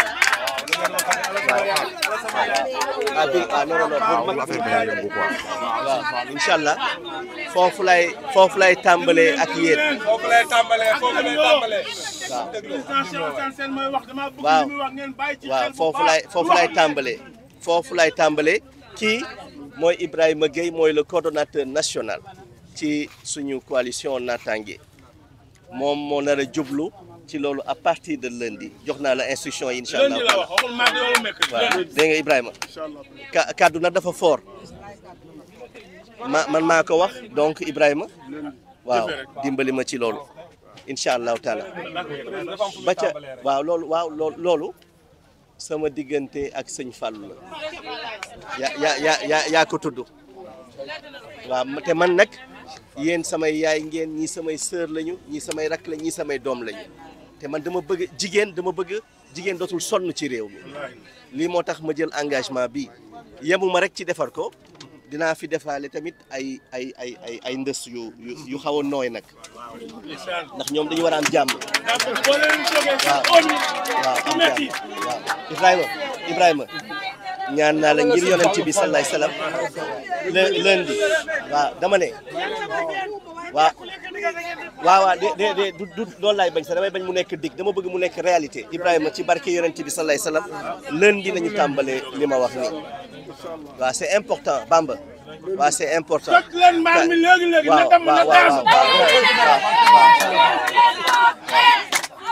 [SPEAKER 6] ah, ah, allah foofu lay foofu lay tàmbalee ak yéen.
[SPEAKER 4] foofu lay tàmbalee foofu waaw waaw foofu lay
[SPEAKER 6] foofu lay tàmbalee. kii mooy Ibrahima Gueye mooy la coordonnateur national. ci suñu coalition ngi moom moo nar jublu ci loolu à partir de lundi jox naa la instruction yi incha allah
[SPEAKER 4] waaw dégg nga Ibrahima
[SPEAKER 6] kàddu nag dafa foor ma man maa ko wax donc Ibrahima waaw dimbali ma ci loolu incha allahu taala
[SPEAKER 7] ba ca waaw
[SPEAKER 6] loolu waaw loolu sama diggante ak sëñ Fallou la
[SPEAKER 7] yaa yaa yaa yaa ko tudd waaw te man
[SPEAKER 6] nag yéen samay yaay ngeen ñii samay sœur lañu ñii samay rakk lañ ñii samay doom lañu te man dama bëgg jigéen dama bëgg jigéen dootul sonn ci réew mi lii moo tax ma jël engagement bi yemuma rek ci defar ko dinaa fi defaale tamit ay ay ay ay ay ndës yu yu xaw a nooy nag ndax ñoom dañu war a am jàmm waaw Ibrahima Ibrahima ñaan naa la ngir yonent bi salaay salaam lundi waaw dama ne waaw waaw de de de du du loolu laay bañ sax damay bañ mu nekk dig dama bëgg mu nekk réalité Ibrahima ci barke yonent bi salaay salaam lundi la ñu tàmbalee li ma wax nii waaw c'est important Bamba waaw c'est important waaw waaw waaw la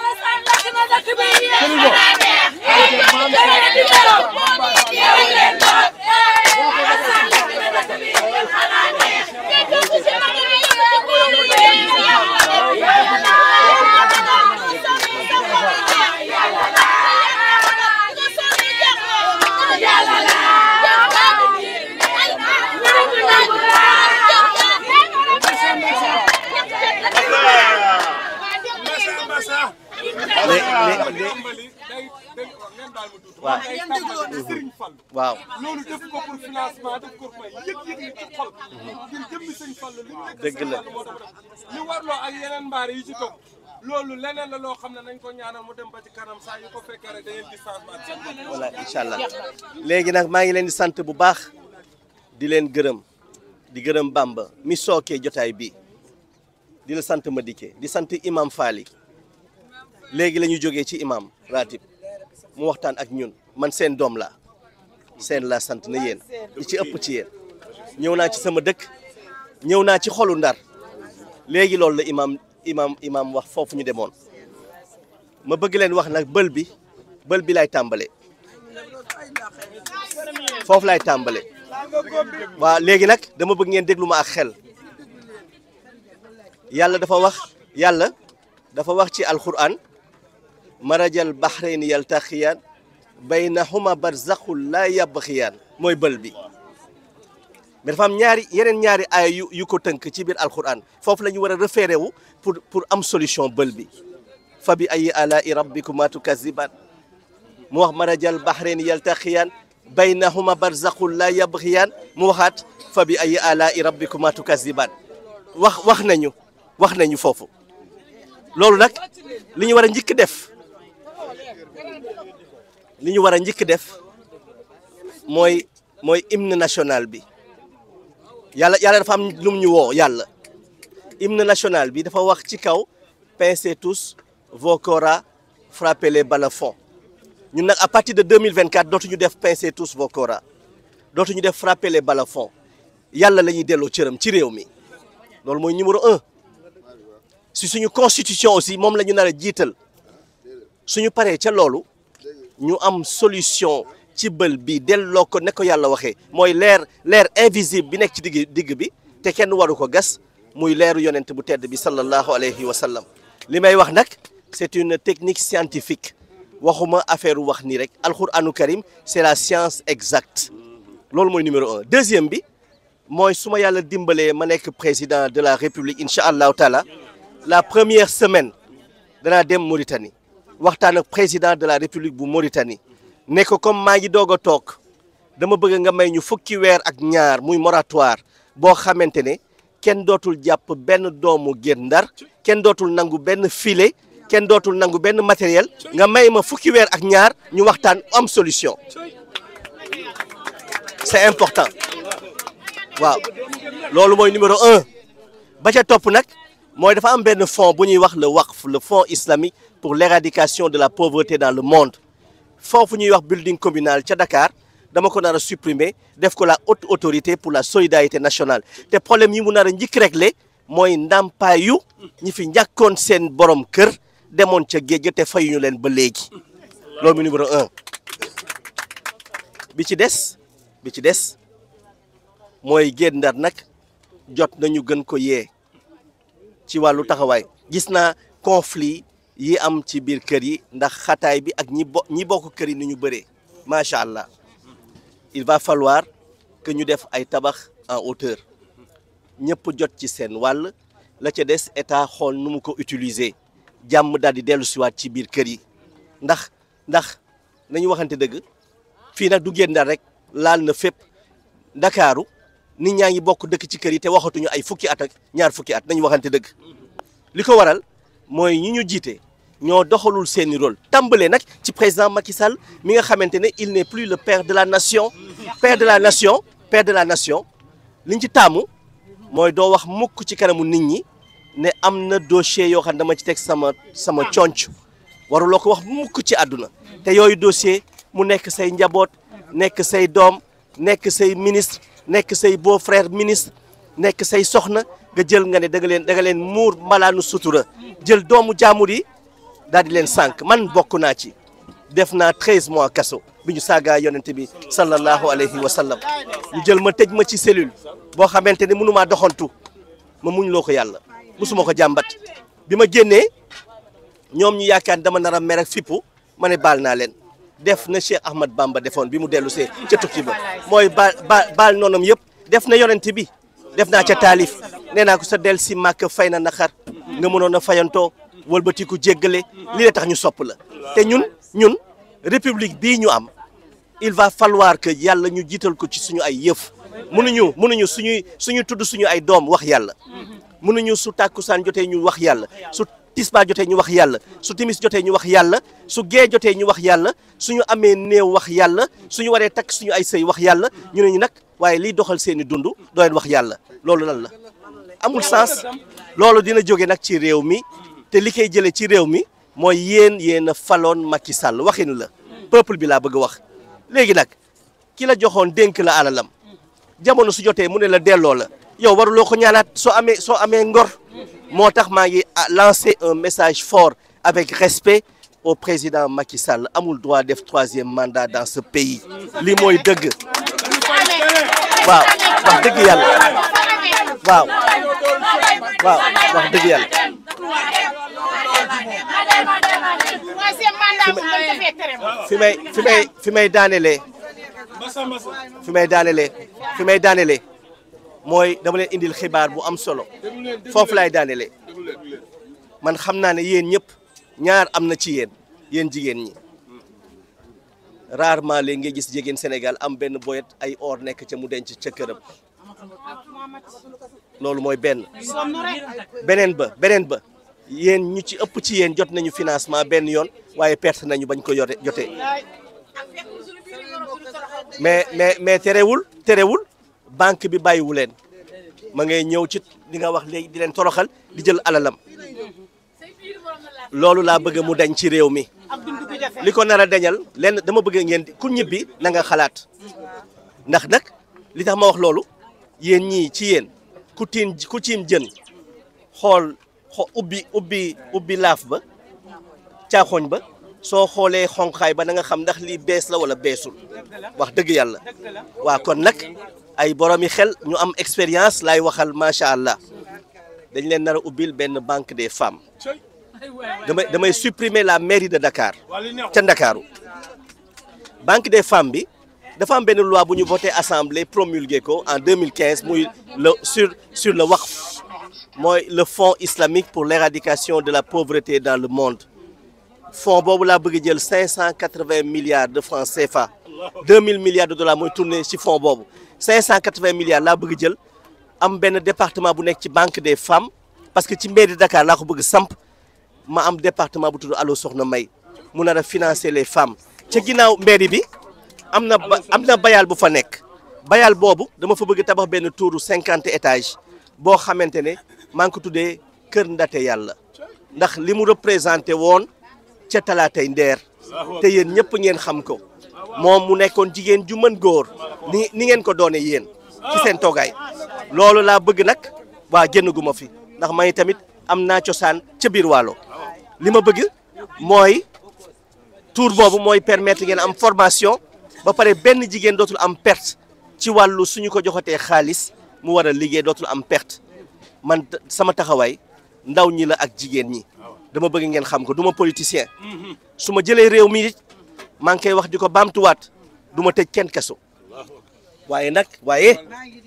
[SPEAKER 7] la
[SPEAKER 4] waaw loolu def ko pour financement def ko pour yëg-yëg li ci xol
[SPEAKER 11] ngir jëmmi sëñ Fallu li nekk dëgg la li warloo ak yeneen mbaar yi ci topp loolu leneen la loo xam ne nañ ko ñaanal mu dem ba ci kanam saa yu ko fekkee rek da ngeen di
[SPEAKER 6] changement voilà incha allah léegi nag maa ngi leen di sant bu baax di leen gërëm di gërëm Bamba mi sookee jotaay bi di la sant Madické di sant Imam Faly léegi la ñu jógee ci imam ratib mu waxtaan ak ñun man seen doom laa seen laa sant na yéen li ci ëpp ci yeen ñëw naa ci sama dëkk ñëw naa ci xolu ndar léegi loolu la imam imam imam wax foofu ñu demoon ma bëgg leen wax nag bël bi bël bi laay tàmbale foofu laay tàmbale waaw léegi nag dama bëgg ngeen déglu ma ak xel yàlla dafa wax yàlla dafa wax ci alquran marajal bahrayni yaltaqiyaan baynahuma barzaxul laa yabxiyaan mooy bël bi mais dafa am ñaari yeneen ñaari ay yu yu ko tënk ci biir alquran foofu lañu ñu war a référé pour pour am solution bël bi fa bi ayi alaa'i rabbikuma tukazibaan mu wax marajal bahrayni yaltaqiyaan baynahuma barzaxul laa yabxiyaan mu waxaat fa bi ayi alaa'i rabbikuma tukazibaan wax wax nañu wax nañu foofu loolu nag li ñu war a njëkk def li ñu war a njëkk def mooy mooy hymne national bi yàlla yàlla dafa am lum ñu woo yàlla hymne national bi dafa wax ci kaw pincez tous vos koras frappez les balafons ñun nag à partir de dootu ñu def pincez tous vos koras dootuñu def frappez les balafons yàlla la ñuy delloo cëram ci réew mi loolu mooy numéro un si suñu constitution aussi moom la ñu nar a jiital suñu paree ca loolu ñu am solution ci bël bi delloo ko ne yàlla waxee mooy leer leer invisible bi nekk ci digg digg bi te kenn waru ko gas muy leer yonent bu tedd bi sallallahu alayhi wa sallam li may wax nag c'est une technique scientifique waxuma affaire wax nii rek alxuraanu karim c'est la science exacte loolu mooy numéro un deuxième bi mooy su ma yàlla dimbalee ma nekk président de la république incha allahu taala la première semaine danaa dem Mauritanie waxtaan ak président de la république bu Mauritanie ne ko comme maa ngi doog a toog dama bëgg nga may ñu fukki weer ak ñaar muy moratoire boo xamante ne kenn dootul jàpp benn doomu génn Ndar kenn dootul nangu benn filet kenn dootul nangu benn matériel nga may ma fukki weer ak ñaar ñu waxtaan am solution c'est important waaw
[SPEAKER 7] loolu mooy numéro un
[SPEAKER 6] ba ca topp nag mooy dafa am benn fonds bu ñuy wax la waqf le fonds islamique pour l'éradication de la pauvreté dans le monde foofu ñuy wax building communal ca Dakar dama ko nar a def ko la haute autorité pour la solidarité nationale te problème yi mu nar a njëkk le mooy ndàmpaayu ñi fi njàkkoon seen borom kër demoon ca géej ga te fayuñu leen ba léegi loolu mu numéro bi ci des bi ci des mooy Guet Ndar nag jot nañu gën ko yée ci wàllu taxawaay gis na conflit yi am ci biir kër yi ndax xataay bi ak ñi bo ñi bokk kër yi ni ñu bëree macha allah il va falloir que ñu def ay tabax en hauteur ñëpp jot ci seen wàll la ca des état xool nu mu ko utiliser jàmm daal di dellu siwaat ci biir kër yi ndax ndax nañu waxante dëgg fii nag du génn daal rek laal na fépp ndakaaru ni ñaa ngi bokk dëkk ci kër yi te waxatuñu ay fukki at ak ñaar fukki at ñu waxante dëgg li ko waral mooy ñi ñu jiite ñoo doxalul seeni rôle tàmbale nag ci président Macky Sall mi nga xamante ne il n'est plus le père de la nation père de la nation père de la nation liñ ci taamu mooy doo wax mukk ci kanamu nit ñi ne am na dossier yoo xam dama ci teg sama sama conc waruloo ko wax mukk ci àdduna te yooyu dossier mu nekk say njaboot nekk say doom nekk say ministre nekk say beau frère ministre nekk say soxna nga jël nga ne da nga leen da leen muur malaanu sutura jël doomu jaamur yi daal di leen sànq man bokk naa ci def naa treize mois kaso bi ñu saagaa yonente bi sallallahu alayhi wa sallam ñu jël ma tëj ma ci cellule boo xamante ne mënumaa doxantu ma muñ loo ko yàlla musuma ko jàmbat bi ma génnee ñoom ñi yaakaar dama nar a mer fippu ma ne baal naa leen def na Cheikh Ahmad Bamba defoon bi mu dellusee see ca tukki ba mooy baal baal yëpp def na yonente bi def naa ca taalif nee naa ko sa del si màkk fay na naxar nga mënoon a fayantoo wëlbatiku jéggale li la tax ñu sopp la te ñun ñun république bii ñu am il va falloir que yàlla ñu jiital ko ci suñu ay yëf mënuñu mënuñu suñuy suñu tudd suñu ay doom wax yàlla mënuñu su tàkkusaan jotee ñu wax yàlla su tisbaa jotee ñu wax yàlla su timis jotee ñu wax yàlla su gee jotee ñu wax yàlla suñu amee néew wax yàlla suñu waree takk suñu ay sëy wax yàlla ñu ne ñu nag waaye liy doxal seeni dund dooleen wax yàlla loolu lan la amul sens loolu dina jóge nag ci réew mi te li koy jëlee ci réew mi mooy yéen yéen a faloon Macky Sall waxinu la peuple bi laa bëgg a wax léegi nag ki la joxoon dénk la alalam jamono su jotee mu ne la delloo la yow waruloo ko ñaanaat soo amee soo amee ngor moo tax maa ngi ah, lancer un message fort avec respect au président Macky Sall amul droit def troisième mandat dans ce pays li mooy dëgg waaw wax dëgg yàlla waaw
[SPEAKER 7] waaw wax dëgg
[SPEAKER 6] yàlla. fi may fi may fi may daanelee fi may daanelee fi may daanelee mooy dama leen indil xibaar bu am solo foofu laay daanelee man xam naa ne yéen ñëpp ñaar am na ci yéen yéen jigéen ñi. rarement léegi ngay gis jigéen Sénégal am benn boyet ay or nekk ca mu denc ca këram loolu mooy benn beneen ba beneen ba yéen ñu ci ëpp ci yéen jot nañu financement benn yoon waaye perte nañu bañ ko yote jotee mais mais mais terewul terewul banque bi bàyyiwu leen ma ngay ñëw ci li nga wax léegi di leen toroxal di jël alalam loolu laa bëgg mu dañ ci réew mi li ko nar a dañal lenn dama bëgg ngeen ku ñibbi na nga xalaat ndax nag li tax ma wax loolu yéen ñi ci yéen ku tiim ku jën xool xo ubbi ubbi ubbi laaf ba caaxooñ ba soo xoolee xonqaay ba na nga xam ndax lii bees la wala beesul wax dëgg yàlla waa kon nag ay boroomi xel ñu am expérience laay waxal macha allah dañ leen nar a ubbil benn banque des femmes damay damay supprimer la mairie de Dakar ca Ndakaaru banque de femmes bi dafa am benn loi bu ñu voté assemblée promulgué ko en 2015 muy le sur sur le waqf mooy le fonds islamique pour l'éradication de la pauvreté dans le monde fonds boobu laa bëgg jël 580 milliards de francs CFA 2000 milliards de dollars mooy tourné ci fonds boobu 580 milliards la bëgg jël am benn département bu nekk ci banque des femmes parce que ci mairie Dakar laa ko bëgg samp ma am département bu tudd Allo Soxna May mu nar a financer les femmes ca ginnaaw mairie bi am na am na bayal bu fa nekk bayal boobu dama fa bëgg tabax benn tuuru cinquante étages boo xamante ne maa ngi ko tuddee kër ndate yàlla ndax li mu représenté woon ca talaatay ndeer te yéen ñëpp ngeen xam ko moom mu nekkoon jigéen ju mën góor ni ni ngeen ko doone yéen ci seen toogaay loolu laa bëgg nag waa génn gu fi ndax may tamit am naa cosaan ca biir waalo li ma bëgg mooy tour boobu mooy permettre ngeen am formation ba pare benn jigéen dootul am perte ci wàllu suñu ko joxatee xaalis mu war a liggéey dootul am perte man sama taxawaay ndaw ñi la ak jigéen ñi dama bëgg ngeen xam ko du ma politicien su ma jëlee réew mi maa ngi koy wax di ko baamtuwaat du ma tëj kenn kaso waaye nag waaye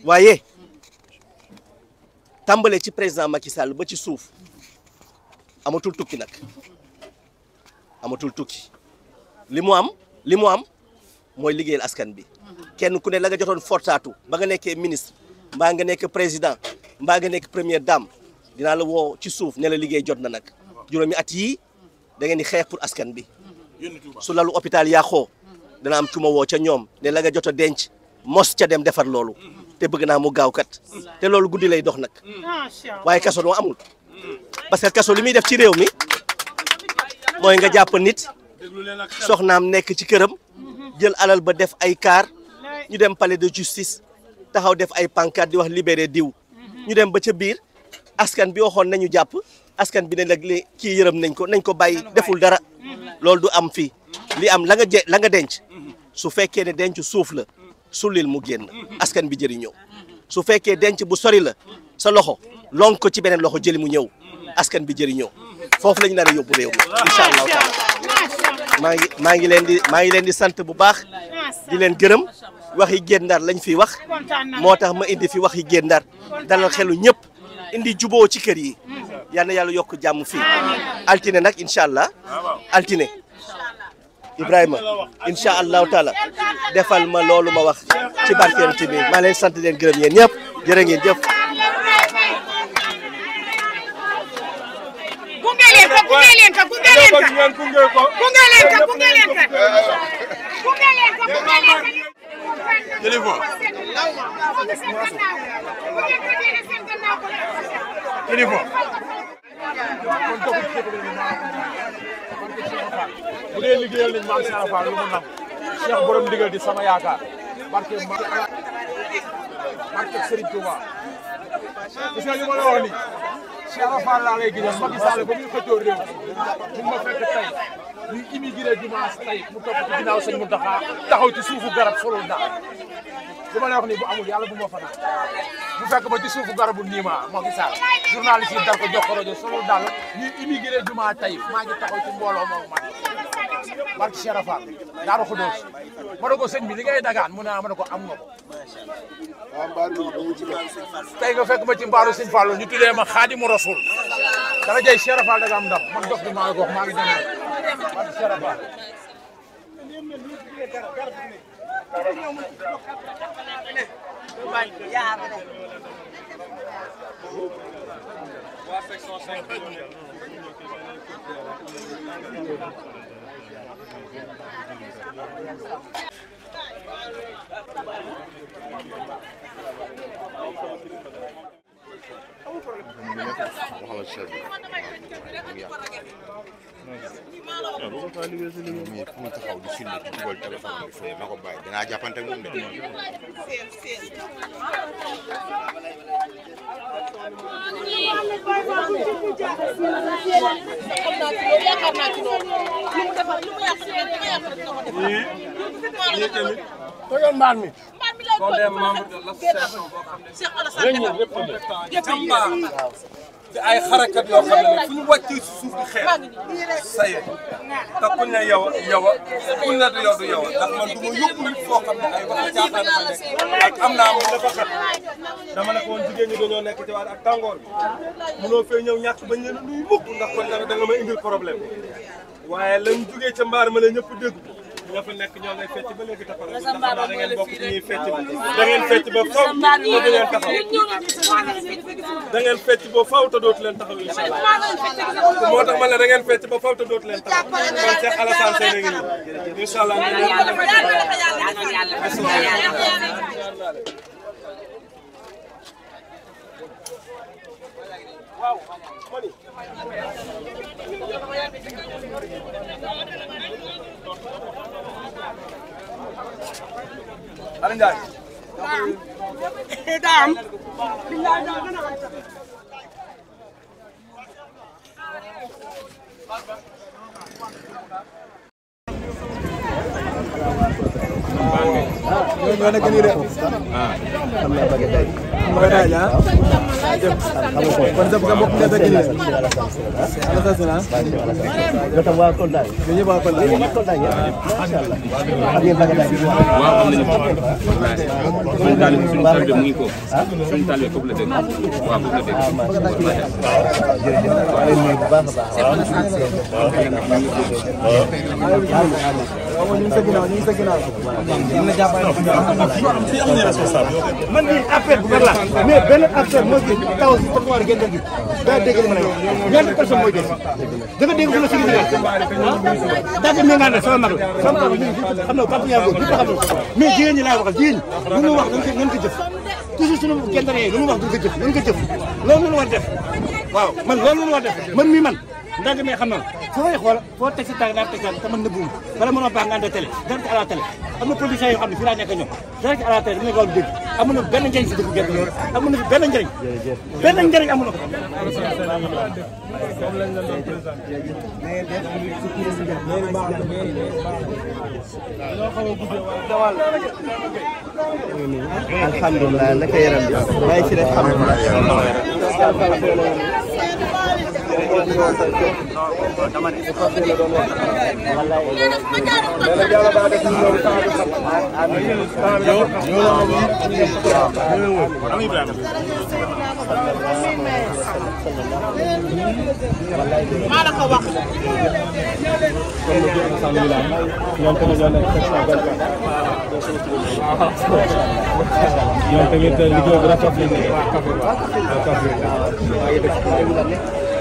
[SPEAKER 6] waaye tàmbalee ci président Macky Sall ba ci suuf amatul tukki nag amatul tukki li mu am li mu am mooy liggéeyal askan bi kenn ku ne la nga jotoon fortaatu ba nga nekkee ministre mbaa nga nekk président mbaa nga nekk première dame dinaa la woo ci suuf ne la liggéey jot na nag juróomi at yii da ngeen di xeex pour askan bi su lalu hôpital yàqoo dana am ma woo ca ñoom ne la nga jot a denc mos ca dem defar loolu te bëgg naa mu gaaw kat te loolu guddi lay dox nag waaye kaso noo amul. parce que kaso li muy def ci réew mi mooy nga jàpp nit soxnaam nekk ci këram jël alal ba def ay kaar ñu dem palais de justice taxaw def ay pancarte di wax libéré diw ñu dem ba ca biir askan bi waxoon nañu jàpp askan bi ne nag li kii yërëm nañ ko nañ ko bàyyi deful dara loolu du am fii li am la nga je la nga denc su fekkee ne denc suuf la sulil mu génn askan bi jëriñoo su fekkee denc bu sori la sa loxo lonk ci beneen loxo jëli mu ñëw askan bi jëriñoo foofu la ñu nar a yóbbu réew mi incha taala maa ngi maa ngi leen di maa ngi leen di sant bu baax di leen gërëm wax i Guet Ndar lañ fi wax moo tax ma indi fi wax yi Guet Ndar dalal xelu ñëpp indi juboo ci kër yi yal na yàlla yokk jàmm fii altine nag incha allah altine Ibrahima incha allahu taala defal ma loolu ma wax ci barkeelante bi maa leen sant leen gërëm yen ñëpp jërë ngeen jëf.
[SPEAKER 8] leen ko gunge leen ko gunge leen ko gunge leen ko gunge leen ko gunge leen
[SPEAKER 7] ko gunge leen ko. téléphone. téléphone. bu
[SPEAKER 4] dee liggéeyal nañ maam Cheikh Fall lu mu nam Cheikh borom ndigal di sama yaakaar barke ma barke Serigne Touba gis nga li ma la wax nii Cheikh Ibra Fall laa lay gis Macky Sall ba muy xëccoo réew mi ma fekk tey ñuy immigré dimanche tey mu topp ci ginnaaw sëñ Mountakha taxaw ci suufu garab solul daal li ma lay wax nii bu amul yàlla bu ma fa naan bu fekk ba ci suufu garabu niima Macky Sall journaliste yi dar ko jox ko rajo solul daal ñuy immigré jumaa tey maa ngi
[SPEAKER 8] taxaw ci mbooloo moom man barke Cheikh Rafa
[SPEAKER 4] Daaru Xudoos ma ne ko sëñ bi li ngay dagaan mu ne ah ma ko am na ko. tey nga fekk ma ci mbaaru sëñ Fallou ñu tuddee ma Xaadimu Rasul dara jëy Cheikh Rafa da nga am ndam man dof bi
[SPEAKER 3] waxal chef bi
[SPEAKER 7] mais ku mu
[SPEAKER 3] taxaw di filmé di dugal téléphone bi fee na ko bàyyi danaa jàppante moom de.
[SPEAKER 4] toyoon mbaar mi.
[SPEAKER 1] soo dee membre de l'association
[SPEAKER 4] boo xam ne. di
[SPEAKER 11] ay xarakat yoo xam ne fu ñu wàccee si suuf di xeex sa yéen
[SPEAKER 7] te kuñ ne yow
[SPEAKER 11] yow kuñ ne du yow du yow ndax man du ma yóbbu nit foo xam ne ay wax jaaxaan fa dama ne ko woon jigéen ñi dañoo nekk ci waar ak tàngoor bi mënoo fee ñëw ñàkk bañ leen nuyu mukk ndax kon dara da ma indil problème waaye lañ jugee ca mbaar ma la ñëpp dégg ñoo fa nekk ñoo ngay fecc ba léegi taxaw ndax da ngeen bokk ci ñuy fecc ba da ngeen fecc ba faw te dootu leen taxaw da ngeen fecc
[SPEAKER 12] ba faw te dootu leen taxaw incha allah moo tax ma
[SPEAKER 11] ne da ngeen fecc ba faw te dootu
[SPEAKER 12] leen taxaw kon Cheikh Alassane Sène ngi
[SPEAKER 7] nii incha allah.
[SPEAKER 4] Alioune
[SPEAKER 13] Ndiaye. daa am.
[SPEAKER 6] Thank you. ñoo nekk nii de. ah. xam naa bëgg tey. bëgg tey ah. kon sa sa mbokk nga sa kii de. alhamdulilah. nga tam waa Kolda yi. ñu ñëpp waa Kolda yi. macha allah.
[SPEAKER 9] ak yéen bëgg tey. waaw am nañu ko waaw. suñu taal suñu taal bi mu ngi ko. suñu taal bi foofu la dégg. waaw foofu la dégg. jërëjëf. waaw bu baax a baax. waaw.
[SPEAKER 5] waaw ñu ngi sa ginnaaw ñu man mii affaire bu bëri laa mais benn affaire taw si war a génn gi daa dégg da nga dégg sama mag la sama mag la xam na papa yaa góor ñëpp xam na mais jigéen ñi laa waxal jigéen ñi lu ñu wax nañ ko jëf toujours loolu la ñu man loolu la ñu war def man mii ndax damay xam na foo may xool foo teg sa tànk naa teg sa man na buum bala mënoo baax nga ànd télé direct à la télé am na productions yoo xam ne fii laa nekk ñoom direct à la télé dina ko war a dégg amul na benn njëriñ si dëkk gerte loolu amul na fi benn njëriñ benn njëriñ amul na ko
[SPEAKER 7] alhamdulilah naka yaram bi bàyyi ci rek xam maa
[SPEAKER 8] la ko wax.
[SPEAKER 11] ñoom tamit liggéey bu rafet la ñu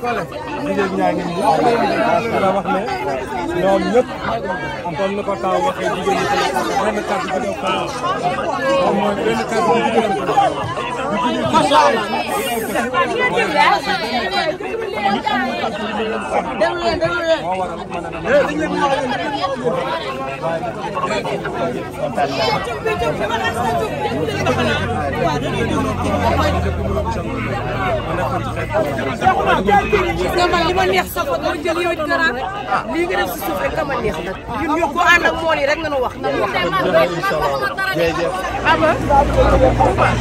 [SPEAKER 7] jigéen ñaa
[SPEAKER 11] ngi nii dana wax ne ñoom ñëpp comme ni ko taw waxee jigéen ñi benn kàddu bi def ko
[SPEAKER 7] moom mooy benn kàddu bi jigéen ñi ko gis nga man li ma neex
[SPEAKER 8] sa photo jël yow di dara lii nga def si suuf rek dama neex nag ñun ñu ko ànd ak mool yi rek nga nu wax nga nu wax jërëjëf aba jërëjëf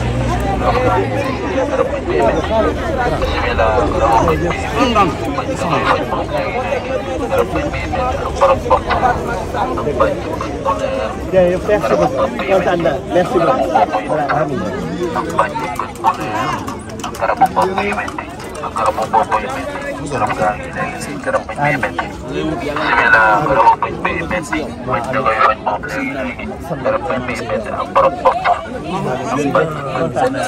[SPEAKER 6] merci beaucoup kontaan naa merci
[SPEAKER 13] beaucoup garabu bopp yi
[SPEAKER 1] métti garab gaa ngi léegi garab bañ bay métti léegi la garabu bañ bay métti bañ da koy bañ moom léegi léegi garab bañ bay métti
[SPEAKER 4] ak borom bopp ak bañ bañ fa
[SPEAKER 10] nekk.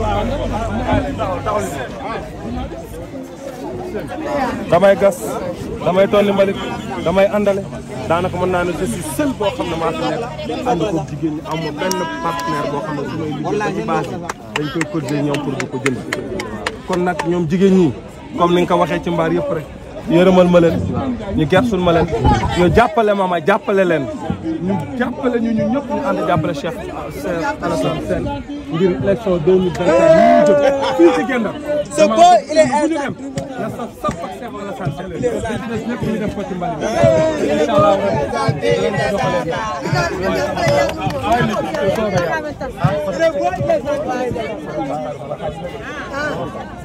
[SPEAKER 5] waaw
[SPEAKER 11] damay gas damay tolli mbalit damay àndale daanaka mën naa ne je suis boo xam ne maa fi nekk ko jigéen ñi amul benn partenaire boo xam ne su may
[SPEAKER 3] dañ koy cotiser
[SPEAKER 11] ñoom pour kon nag ñoom jigéen ñi comme ni nga ko waxee ci mbaar yëpp rek yërëmal ma leen ñu gersul ma leen ñu jàppale ma jàppale leen ñu jàppale ñu ñu ñëpp ñu ànd jàppale Cheikh Alassane Sène ngir élection 2024 fii ci Guet-Ndar sama il est bu ñu dem
[SPEAKER 7] na saf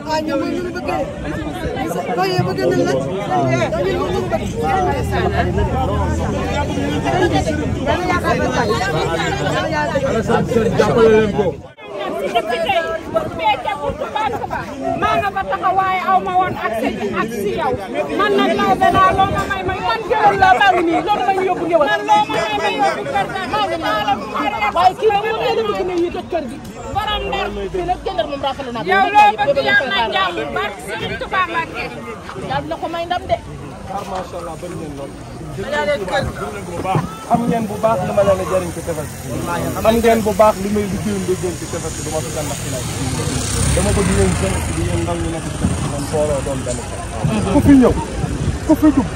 [SPEAKER 7] waaw ñoom mooy ñun bëgg nañ bëgg nañ la ñun ñun ñu bëgg. yàlla yaakaar naa ko
[SPEAKER 8] maa nga fa waaye aw ma woon ak si man nag Laobé laa loo ma may ma man gëwël laa maa nii loolu ma ñu yóbbu gëwël man loo ngi nii waaye kii nag mën ne ñu toj gi borom ndar fii nag jëndal moom rafetlu naa yow loo bëgg yàlla ko may ndam de
[SPEAKER 11] xam ngeen bu baax li ma leen a jëriñ ci tefes xam ngeen bu baax li may liggéeyum liggéeyum ci tefes bi du ma ko gën ndax ci lay dama ko di yéen gën di yéen ndaw ñu nekk ci tefes bi man booloo doon benn ku fi ñëw ku fi dugg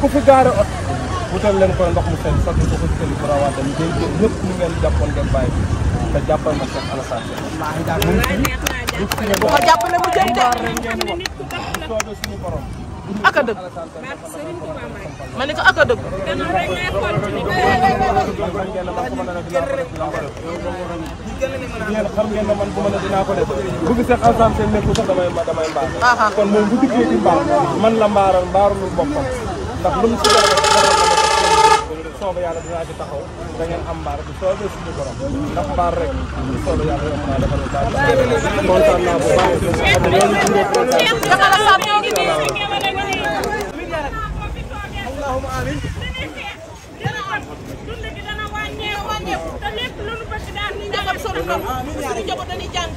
[SPEAKER 11] ku fi gaare ot wutal leen koy ndox mu seen sotti ko ko ci seen barawaate ñu jël jël ñëpp ñu ngeen jàppoon ngeen bàyyi te jàppal ma Cheikh Alassane mu ngi fi bu ko
[SPEAKER 8] jàppale mu jëriñ de bu soobee suñu borom ak a dëgg. ma ne ko ak a dëgg.
[SPEAKER 11] xam ngeen ne man ma ne dinaa ko def bu gisee alsaan seen nekku sax damay damay mbaar. kon moom bu dikkee
[SPEAKER 1] allahumma amiin. dana am dund gi dana
[SPEAKER 8] wàññeeku wàññeeku te lépp lu nu bëgg daal ñu ñaanal solo lool suñu njaboot dañuy jàng.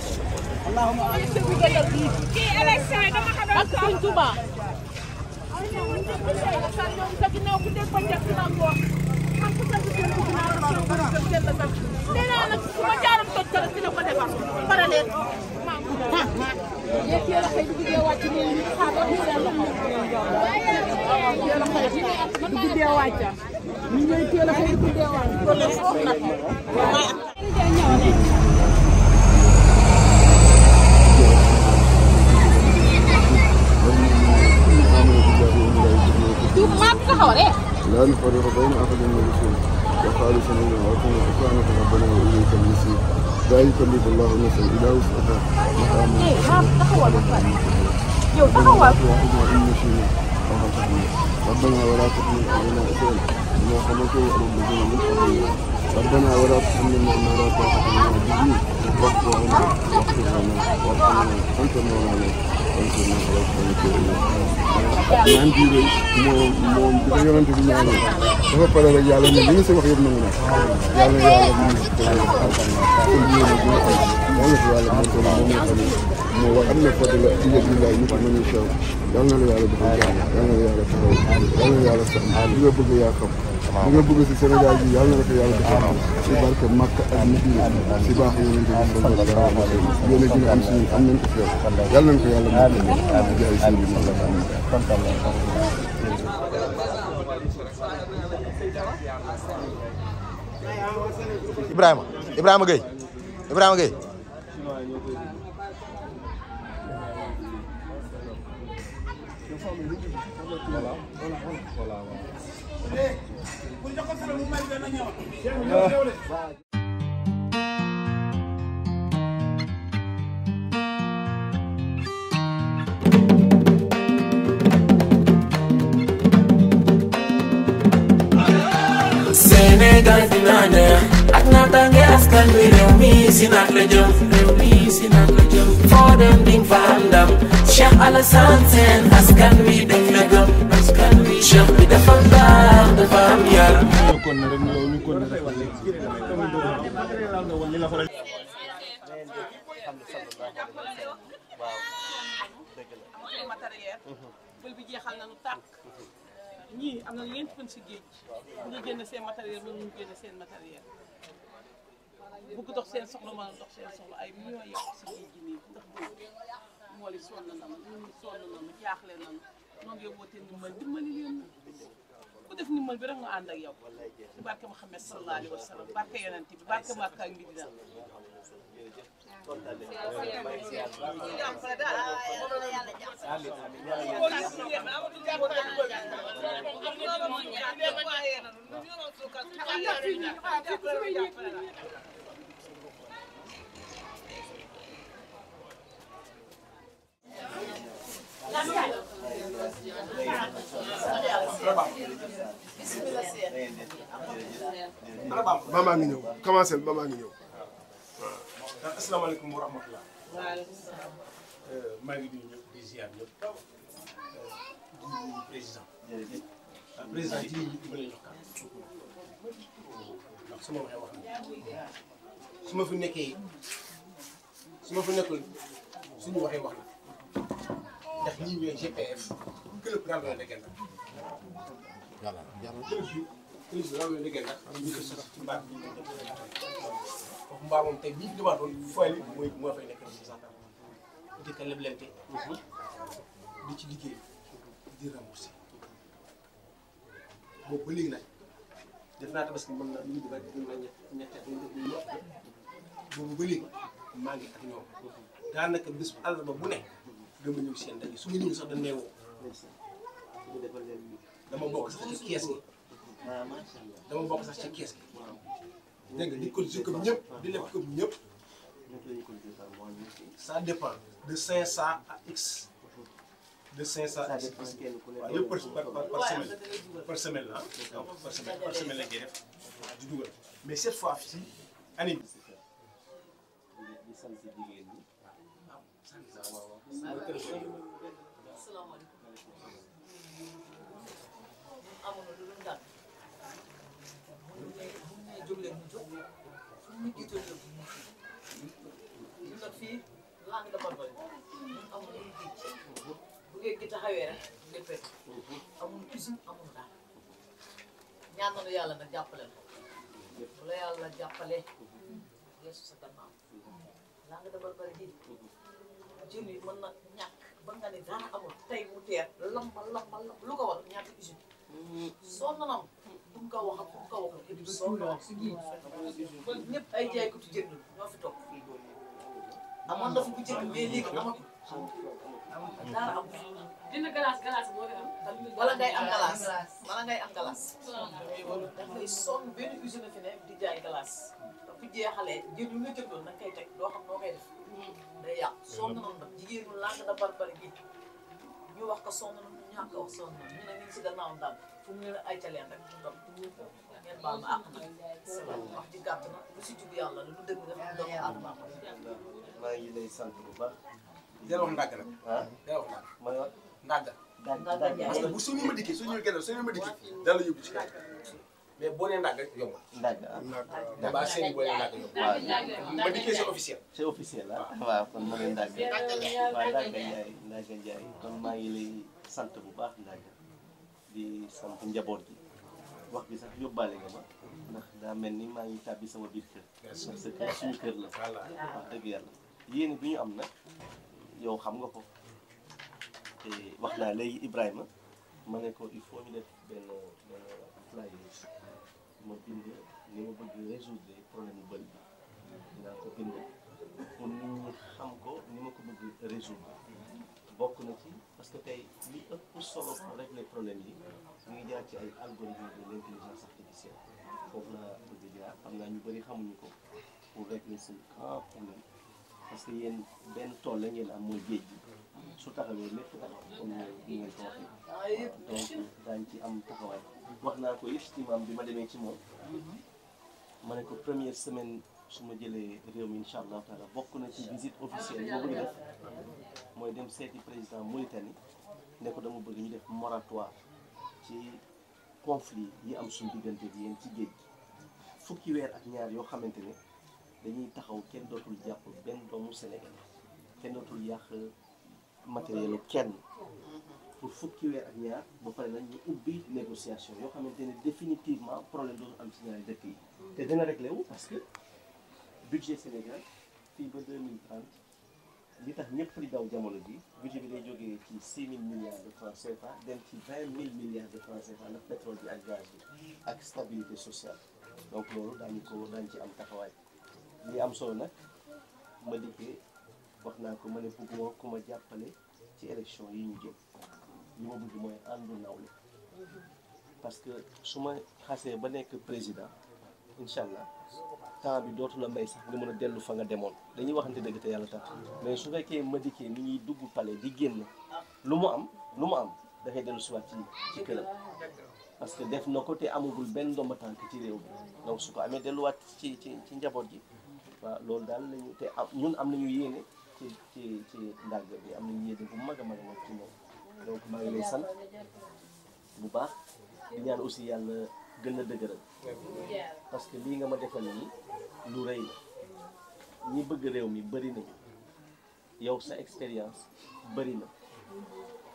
[SPEAKER 8] allahumma amiin kii élection yi dama ko doon soxla ak suñ Touba.
[SPEAKER 7] ñoom ñëpp ñu ngi lay wax ak
[SPEAKER 8] ñoom te ginnaaw bu dee ko njëkk man ku sant Sène bëgg naa ko Sène bëgg naa Sène la sant. nee naa nag su ma jaaroon toj sa dina ko defar pare leen. léegi yéen a xëy bu duggee wàcc nii ñu xaaral ñu seen loxo. yéen a xëy bu duggee wàcc ñu ñooy yéen a xëy bu duggee wàcc. kon nag foofu nag waaw. Tú más, por favor, eh.
[SPEAKER 2] لا نفرق بين أحد من رسوله وقالوا سمعنا وأطعنا غفرانك ربنا وإليك المصير لا يكلف الله نفسا إلا وسعها ربنا ولا تحمل علينا إسرا كما حملته على الذين من قبلنا ربنا ولا تحملنا ما لا طاقة لنا به naan bii de moom moom bi ko yonante bi ñaanal dafa pare rek yàlla ne li nga si wax yëpp nangu na yàlla yàlla moom moo wax am na côté la ci yëpp laay ñu ko mën a sew yàlla na la yàlla dafa jàmm yàlla na la yàlla taxaw yàlla na la yàlla sax li nga bëgg yaa xam li nga bëgg si Sénégal bi yàlla na ko yàlla defal si ah, barke Makka ak Madina si baax yonent bi sallallahu alayhi wa sallam yéen a gën a am suñu am nañ ko fi yàlla nañ ko yàlla mën a jaay si bi
[SPEAKER 13] Ibrahima Ibrahima Gueye Ibrahima Gueye
[SPEAKER 4] Sénégal
[SPEAKER 7] dina
[SPEAKER 1] neex ak naataange askan wi réew mi si naat la jëm réew mi si naat la jëm foo dem ding fa am ndam Cheikh Alassane Sène askan wi dañ la gëm
[SPEAKER 4] askan wi Cheikh bi dafa
[SPEAKER 1] baax dafa am yàlla
[SPEAKER 11] kon na
[SPEAKER 4] rek loolu kon na rek
[SPEAKER 12] bël bi jeexal na lu tàkk ñii am na ñeenti fan si géej bu nga génn seen ma mën ñu génn seen matériel bu ko dox seen soxla mën a dox seen soxla ay millions yàq si géej gi nii ndax boobu moo li sonn na ma jaaxle na ma noonu yow wootee ndimbal dimbali leen ku def ndimbal bi rek mu ànd ak yow ci barke Muhammad sallallahu alayhi wa sallam barke yonent bi barke Makka ak
[SPEAKER 7] Medina Gracias.
[SPEAKER 4] ba maa ngi ñëw commencé ba maa ngi ñëw waaw. Ah, asalaamaaleykum wa rahmatulah. maa ngi nuyu ñëpp di ziar ñëpp di ah, président. Ah, président yi ñu dimbale jox kan ndax su ma waxee wax
[SPEAKER 7] na
[SPEAKER 8] su ma fi nekkee
[SPEAKER 4] su ma fi nekkul suñu waxee wax na. ndax ñii ñooy GPF club Ramé de Guelda. voilà jàmm club bi club Ramé ko sax mbaam bi ñu ko foofu mbaa moom mooy moo fay nekk ci santam di ko leblente di ci liggéey boobu ba léegi def naa tabaski mën na lu ñu def mën boobu ba maa ngi ak ñoom daanaka bés bu àll ba bu ne. gëm a ñëw seen daje su ma ñëwee sax da neewoo
[SPEAKER 6] dama bokk sax ci kees gi dama bokk sax ci kees gi dégg nga di cotiser comme ñëpp di lekk comme ñëpp ça dépend
[SPEAKER 4] de 500 à x de 500 à x waaw yëpp par par par semaine par semaine la ah def di dugal mais cette fois ci année asalaamaaleykum
[SPEAKER 8] amoon na lu dul ndànk
[SPEAKER 5] mu ne mu ne jóg leen
[SPEAKER 8] mu jóg fu mu jiitoon jóg ñu nag fii langue de Barbarie amul lu géej bu géej gi taxawee rek léppee amul usine amul daal ñaan nañu yàlla nag jàppale la bu la yàlla jàppale yeesu sa gannaaw langue de Barbarie ji jën yi mën na ñàkk ba nga ne dara tey mu teer lamba lamba lamba lu ko war ñàkk usine mm-hmm. soo nanam buñ ko waxal buñ ko waxal kii bi soo ko wax kon ñëpp ay jaaykatu jën yi ñoo fi toog na fi am fi di jaay glace bu jeexalee jënd lu la jëndoon da nga koy teg doo xam noo koy def. day yàqu sonn nañu nag jigéenu langue de barbare gi ñu wax ko sonn nañu ñàkk a wax sonn nañu ñu ne ñu ngi si gannaaw daal fu mu ne ay ca leen rek ñu doon ngeen baal ma àq nag. wax ji gàtt na lu si jug yàlla lu dëgg def lu doomu aadama ko.
[SPEAKER 6] maa ngi lay sant bu baax. jërë wax ndàgg nag. ah jërë wax ndàgg. ma ndàgg. ndàgg ndàgg parce que bu suñu ma
[SPEAKER 4] dikkee suñu gën a suñu ma dikkee dana yóbbu ci kaw. mais boo nee ndàgg
[SPEAKER 6] waaw ma dikkee c'est officiel. Ah. waaw ma leen ndàgg. waaw ndàgg Ndiaye ndàgg Ndiaye kon maa ngi lay sant bu baax ndàgg di sant njaboot gi wax bi sax yóbbaale mel ni maa ngi tàbbi sama biir kër. sa kër suñu kër la. wax dëgg yàlla yéen bi ñu am nag yow xam nga ko te wax naa léegi Ibrahima ma ne ko il faut ñu def ma bind ni ma bëgg résoudre problème mu bëri bi dinaa ko bind ko ni ma ko bëgg résoudre bokk na ci parce que tey li ëpp solo pour régler problème yi a ngi jaar ci ay algorithme de l' artificielle foofu laa bëgg jaar xam naa ñu bëri xamuñu ko pour régler si grand problème parce que yéen benn tool la ngeen am mooy géej gi su taxawee lépp taxaw comme ni ngeen ko
[SPEAKER 7] waxee donc
[SPEAKER 6] daañu ci am taxawaay wax naa ko yëpp ci bi ma demee ci moom ma ne ko première semaine su ma jëlee réew mi incha allah taala bokk na ci visite officielle boobu mooy dem seeti président Mauritanie ne ko dama bëgg ñu def moratoire ci conflit yi am suñu diggante bi yéen ci géej gi fukki weer ak ñaar yoo xamante ne dañuy taxaw kenn dootul jàpp benn doomu Sénégal kenn dootul yàq. matériel kenn pour fukki weer ak ñaar ba pare nag ñu ubbi négociation yoo xamante ne définitivement problème dootu am ci ñaari dëkk yi te dina réglé wu parce que budget Sénégal fii ba 2030 li tax ñëpp di daw jamono bi budget bi day jógee ci 6 000 milliards de francs CFA dem ci 20 000 milliards de francs CFA ndax pétrole bi ak gaz bi ak stabilité sociale donc loolu daañu ko daañu ci am taxawaay li am solo nag ma dikkee wax naa ko ma ne bëgguma ku ma jàppale ci élection yi ñu jëm li ma bëgg mooy àndu nawle parce que su ma xasee ba nekk président incha allah temps bi dootu la may sax nga mën a dellu fa nga demoon dañuy waxante dëgg te yàlla tax su fekkee Madické mi ñuy dugg palais di génn lu mu am lu mu am dafay dellu siwaat ci ci këram parce que def na ko te amagul benn ndomba tànk ci réew bi donc su ko amee delluwaat ci ci ci njaboot ji waaw loolu daal lañu te am ñun am nañu yéene ci ci ci ndàgg bi am na yéene bu mag a mag a mag ci moom donc maa ngi lay sant bu baax di ñaan aussi yàlla gën a dëgëral parce que lii nga ma defal nii lu rëy la ñi bëgg réew mi bëri nañu yow sa expérience bëri na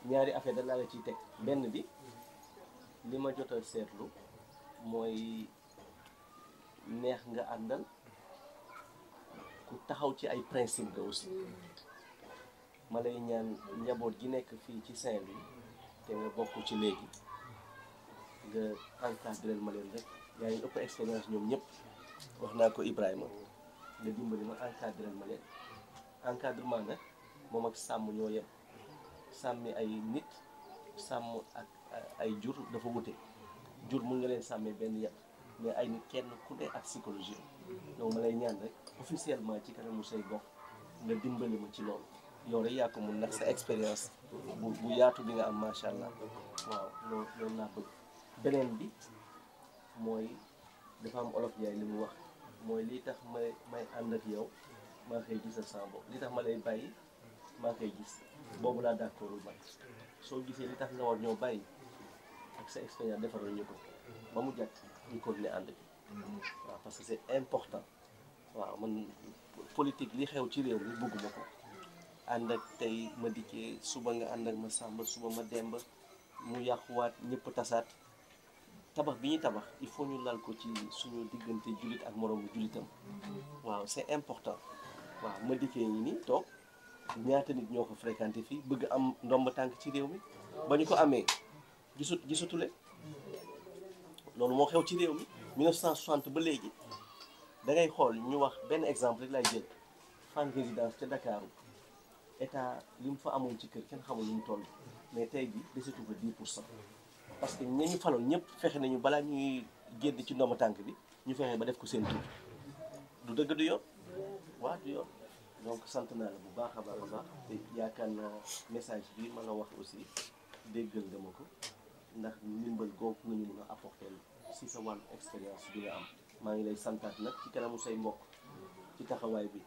[SPEAKER 6] ñaari affaire danaa la ciy teg benn bi li ma jot a seetlu mooy neex nga àndal ku taxaw ci ay principe nga aussi ma lay ñaan njaboot gi nekk fii ci saint bi te nga bokk ci léegi nga encadré ma leen rek yaa ngi ëpp expérience ñoom ñëpp wax naa ko Ibrahima nga dimbali ma encadré ma leen encadrement na moom ak sàmm ñoo yem sàmmi ay nit sàmm ak ay jur dafa wute jur mu nga leen sàmmee benn yàq mais ay nit kenn ku ne ak psychologie donc ma lay ñaan rek officiellement ci kanamu say gox nga dimbali ma ci loolu yow rek yaa ko mun nag sa expérience bu bu yaatu bi nga am macha allah waaw loolu loolu laa bëgg beneen bi mooy dafa am olof yaay li mu wax mooy lii tax may may ànd ak yow maa koy gisal sama bopp li tax ma lay bàyyi maa koy gis boobu laa d'accordul man soo gisee li tax nga war ñoo bàyyi ak sa expérience ba mu jàkk ñu continuer ànd bi
[SPEAKER 7] waaw
[SPEAKER 6] parce que c'est important waaw man politique li xew ci réew mi bëgguma ko ànd ak tey ma dikkee suba nga ànd ak ma sàmba suba ma demba mu yàquwaat ñëpp tasaat tabax bi ñuy tabax il faut ñu lal ko ci suñu diggante jullit ak moroomu jullitam waaw c'est important waaw ma dikkee ñi ni toog ñaata nit ñoo ko fréquenté fii bëgg am ndomb tànk ci réew mi ba ñu ko amee gisut gisatule loolu moo xew ci réew mi cent 1960 ba léegi da ngay xool ñu wax benn exemple rek lay jël Fann résidence ca Ndakaaru état li mu fa amoon ci kër kenn xamul lu mu toll mais tey jii desetu fa 10 pour cent parce que ña ñu faloon ñëpp fexe nañu balaa ñuy génn ci ndooma tànk bi ñu fexe ba def ko seen tur du dëgg du yoon waa du yoon donc sant naa la bu baax a baax a baax te yaakaar naa message bi ma la wax aussi déggal nga ma ko. ndax ndimbal googu nañu ñu mën a apporter si sa wàllu expérience bi nga am maa ngi lay santaat nag ci kanamu say mbokk ci taxawaay bi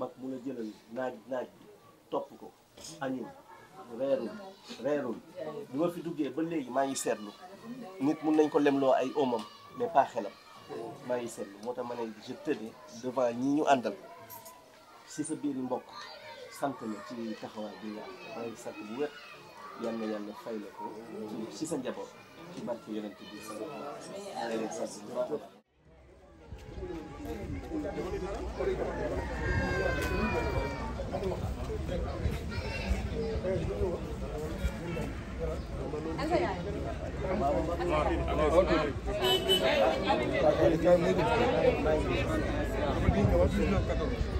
[SPEAKER 6] mag mu la jëlal naaj naaj bi topp ko añul reerul reerul bi ma fi duggee ba léegi maa ngi seetlu nit mun nañ ko lemloo ay omam mais pas xelam maa ngi seetlu moo tax ma ne je tenais devant ñi ñu àndal si sa biir mbokk sant na ci taxawaay bi nga am maa ngi sant bu wér yal na yàlla fay la ko ci ci sa njaboot ci barke yonent bi
[SPEAKER 7] Thank you.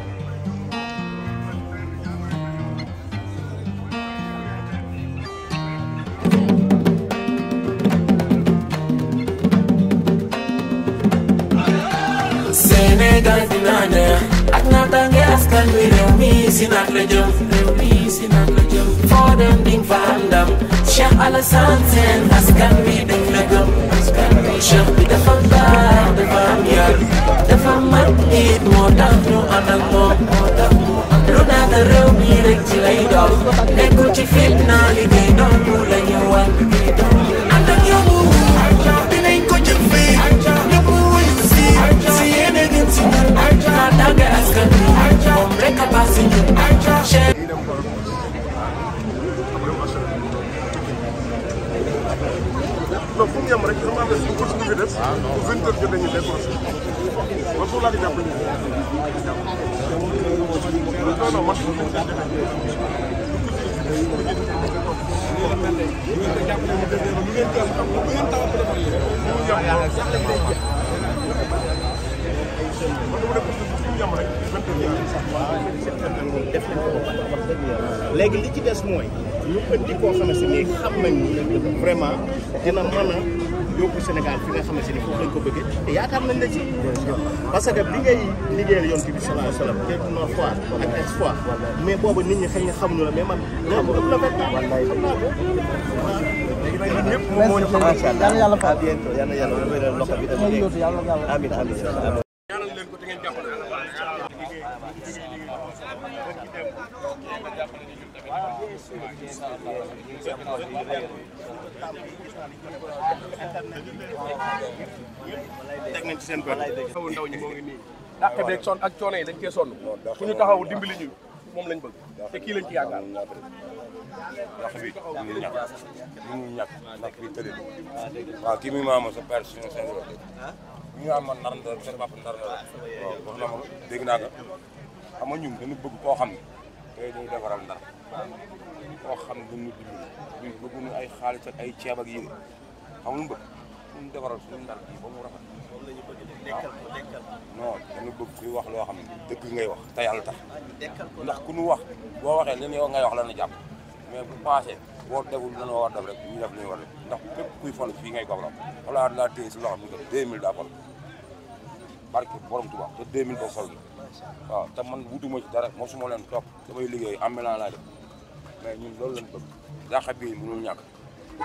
[SPEAKER 7] Sénégal dina
[SPEAKER 1] neex ak naataange askan wi réew mi si naat la jëm réew si naat la jëm foo dem ding fa am ndam Cheikh Alassane Sène askan la gëm askan wi cheikh bi dafa baax dafa am yar dafa mat moo tax ñu ànd ak moo tax mu lu naata réew mi lay dox nekkul ci fitna li ngay doon mu la ñu wan
[SPEAKER 4] askan bi moom rek a baax si ñun. non fu mu yem rek sama amee suñu course bi ñu def. waaw non vingt heures jot nañu décroché. man foofu laa ko jàpp nii. non non man foofu lañ koy defee. ñu ngi yem rek def nañ ko ba léegi li ci des mooy ñu ëndi koo xam ne si nii xam nañ vraiment dina mën a
[SPEAKER 6] yóbbu Sénégal fi nga xam ne si nii foofu lañ ko bëggee te yaakaar nañ la ci parce que li ngay liggéeyal yoon bi sallallahu alayhi wa sallam képp noo foire ak mais boobu nit ñi xëy na xamuñu la mais man xam nga
[SPEAKER 13] la mel xam naa ko
[SPEAKER 6] ñëpp moom moo ñu xam yàlla yàlla fa bi amin amin ñaanal leen ko
[SPEAKER 4] teg nañ ci seen bët ndaw ñi moo ngi nii dàq beeg sonn ak coono yi dañ cee sonn
[SPEAKER 7] ku ñu taxaw dimbali ñu
[SPEAKER 4] moom lañ bëgg te kii lañ ci yaakaar ndax
[SPEAKER 7] bi ñu ñàkk
[SPEAKER 14] ñu ñu ñàkk ndax bi tëddee waaw kii mi maama sa père suñu seen bopp ñu am man nar ndar seen bopp nar ndar waaw wax na ma dégg naa ko xam nga ñun dañu bëgg koo xam ne tey dañu defaral ndar koo xam ne duñu dimbali bëgguñu ay xaalis ak ay ceeb ak yéen xam nga bëgg suñu defaral suñu ndar bi ba mu rafet. moom la ñu bëgg de
[SPEAKER 7] dekkal ko dekkal ko. non
[SPEAKER 14] dañu bëgg kuy wax loo xam ne dëgg ngay wax te yàlla tax ah, ndax ku ñu wax boo waxee li yow ngay wax la ñu jàpp mais bu passé boo deful li ñu war a def rek ñu def li ñu war a def ndax képp kuy fal fii ngay gobram xalaa laa téye si loxo bi nga 2000 daa fal barke borom Tuubaa te 2000 boo fal waaw te man wutuma ci dara mosuma leen topp damay liggéey am laa mais ñun loolu lañ bëgg Daxa bii mënul ñàkk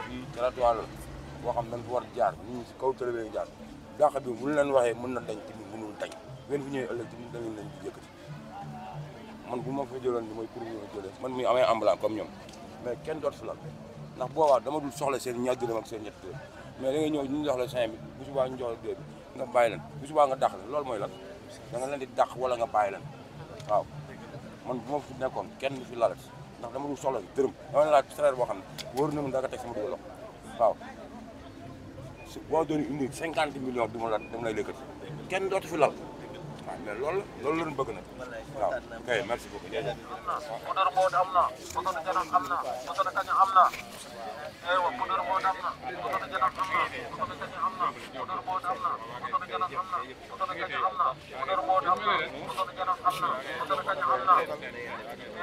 [SPEAKER 14] fii trottoir boo xam dañ ko war jaar ñu si kaw télé bi jaar Daxa bii mënu leen waxee mën na dañ ci mënul dañ wenn fi ñëwee ëllëg ci da ngeen leen di man bu ma fa jëloon bi mooy pour ñu jëlee man muy amee ambulant comme ñoom mais kenn doot fi la ndax boobaa dama dul soxla seen ñaar dërëm ak seen ñett dërëm mais da ngay ñëw ñu jox la cinq mille bu subaa ñu jox la deux bi nga bàyyi leen bu subaa nga dàq la loolu mooy lan da nga leen di dàq wala nga bàyyi leen waaw man bu ma fu nekkoon kenn du fi lalat ndax la dul soxla dërëm dama la laaj salaire boo xam ne wóor na ma danga teg sama dugal waaw su boo doon indi cinquante millions du la dama la lëkkati kenn dootu fi lal waaw mais lool loolu la bëgg waaw kay merci beaucoup am
[SPEAKER 4] na poudre janax am na poudre kaña am na aywa poudre am na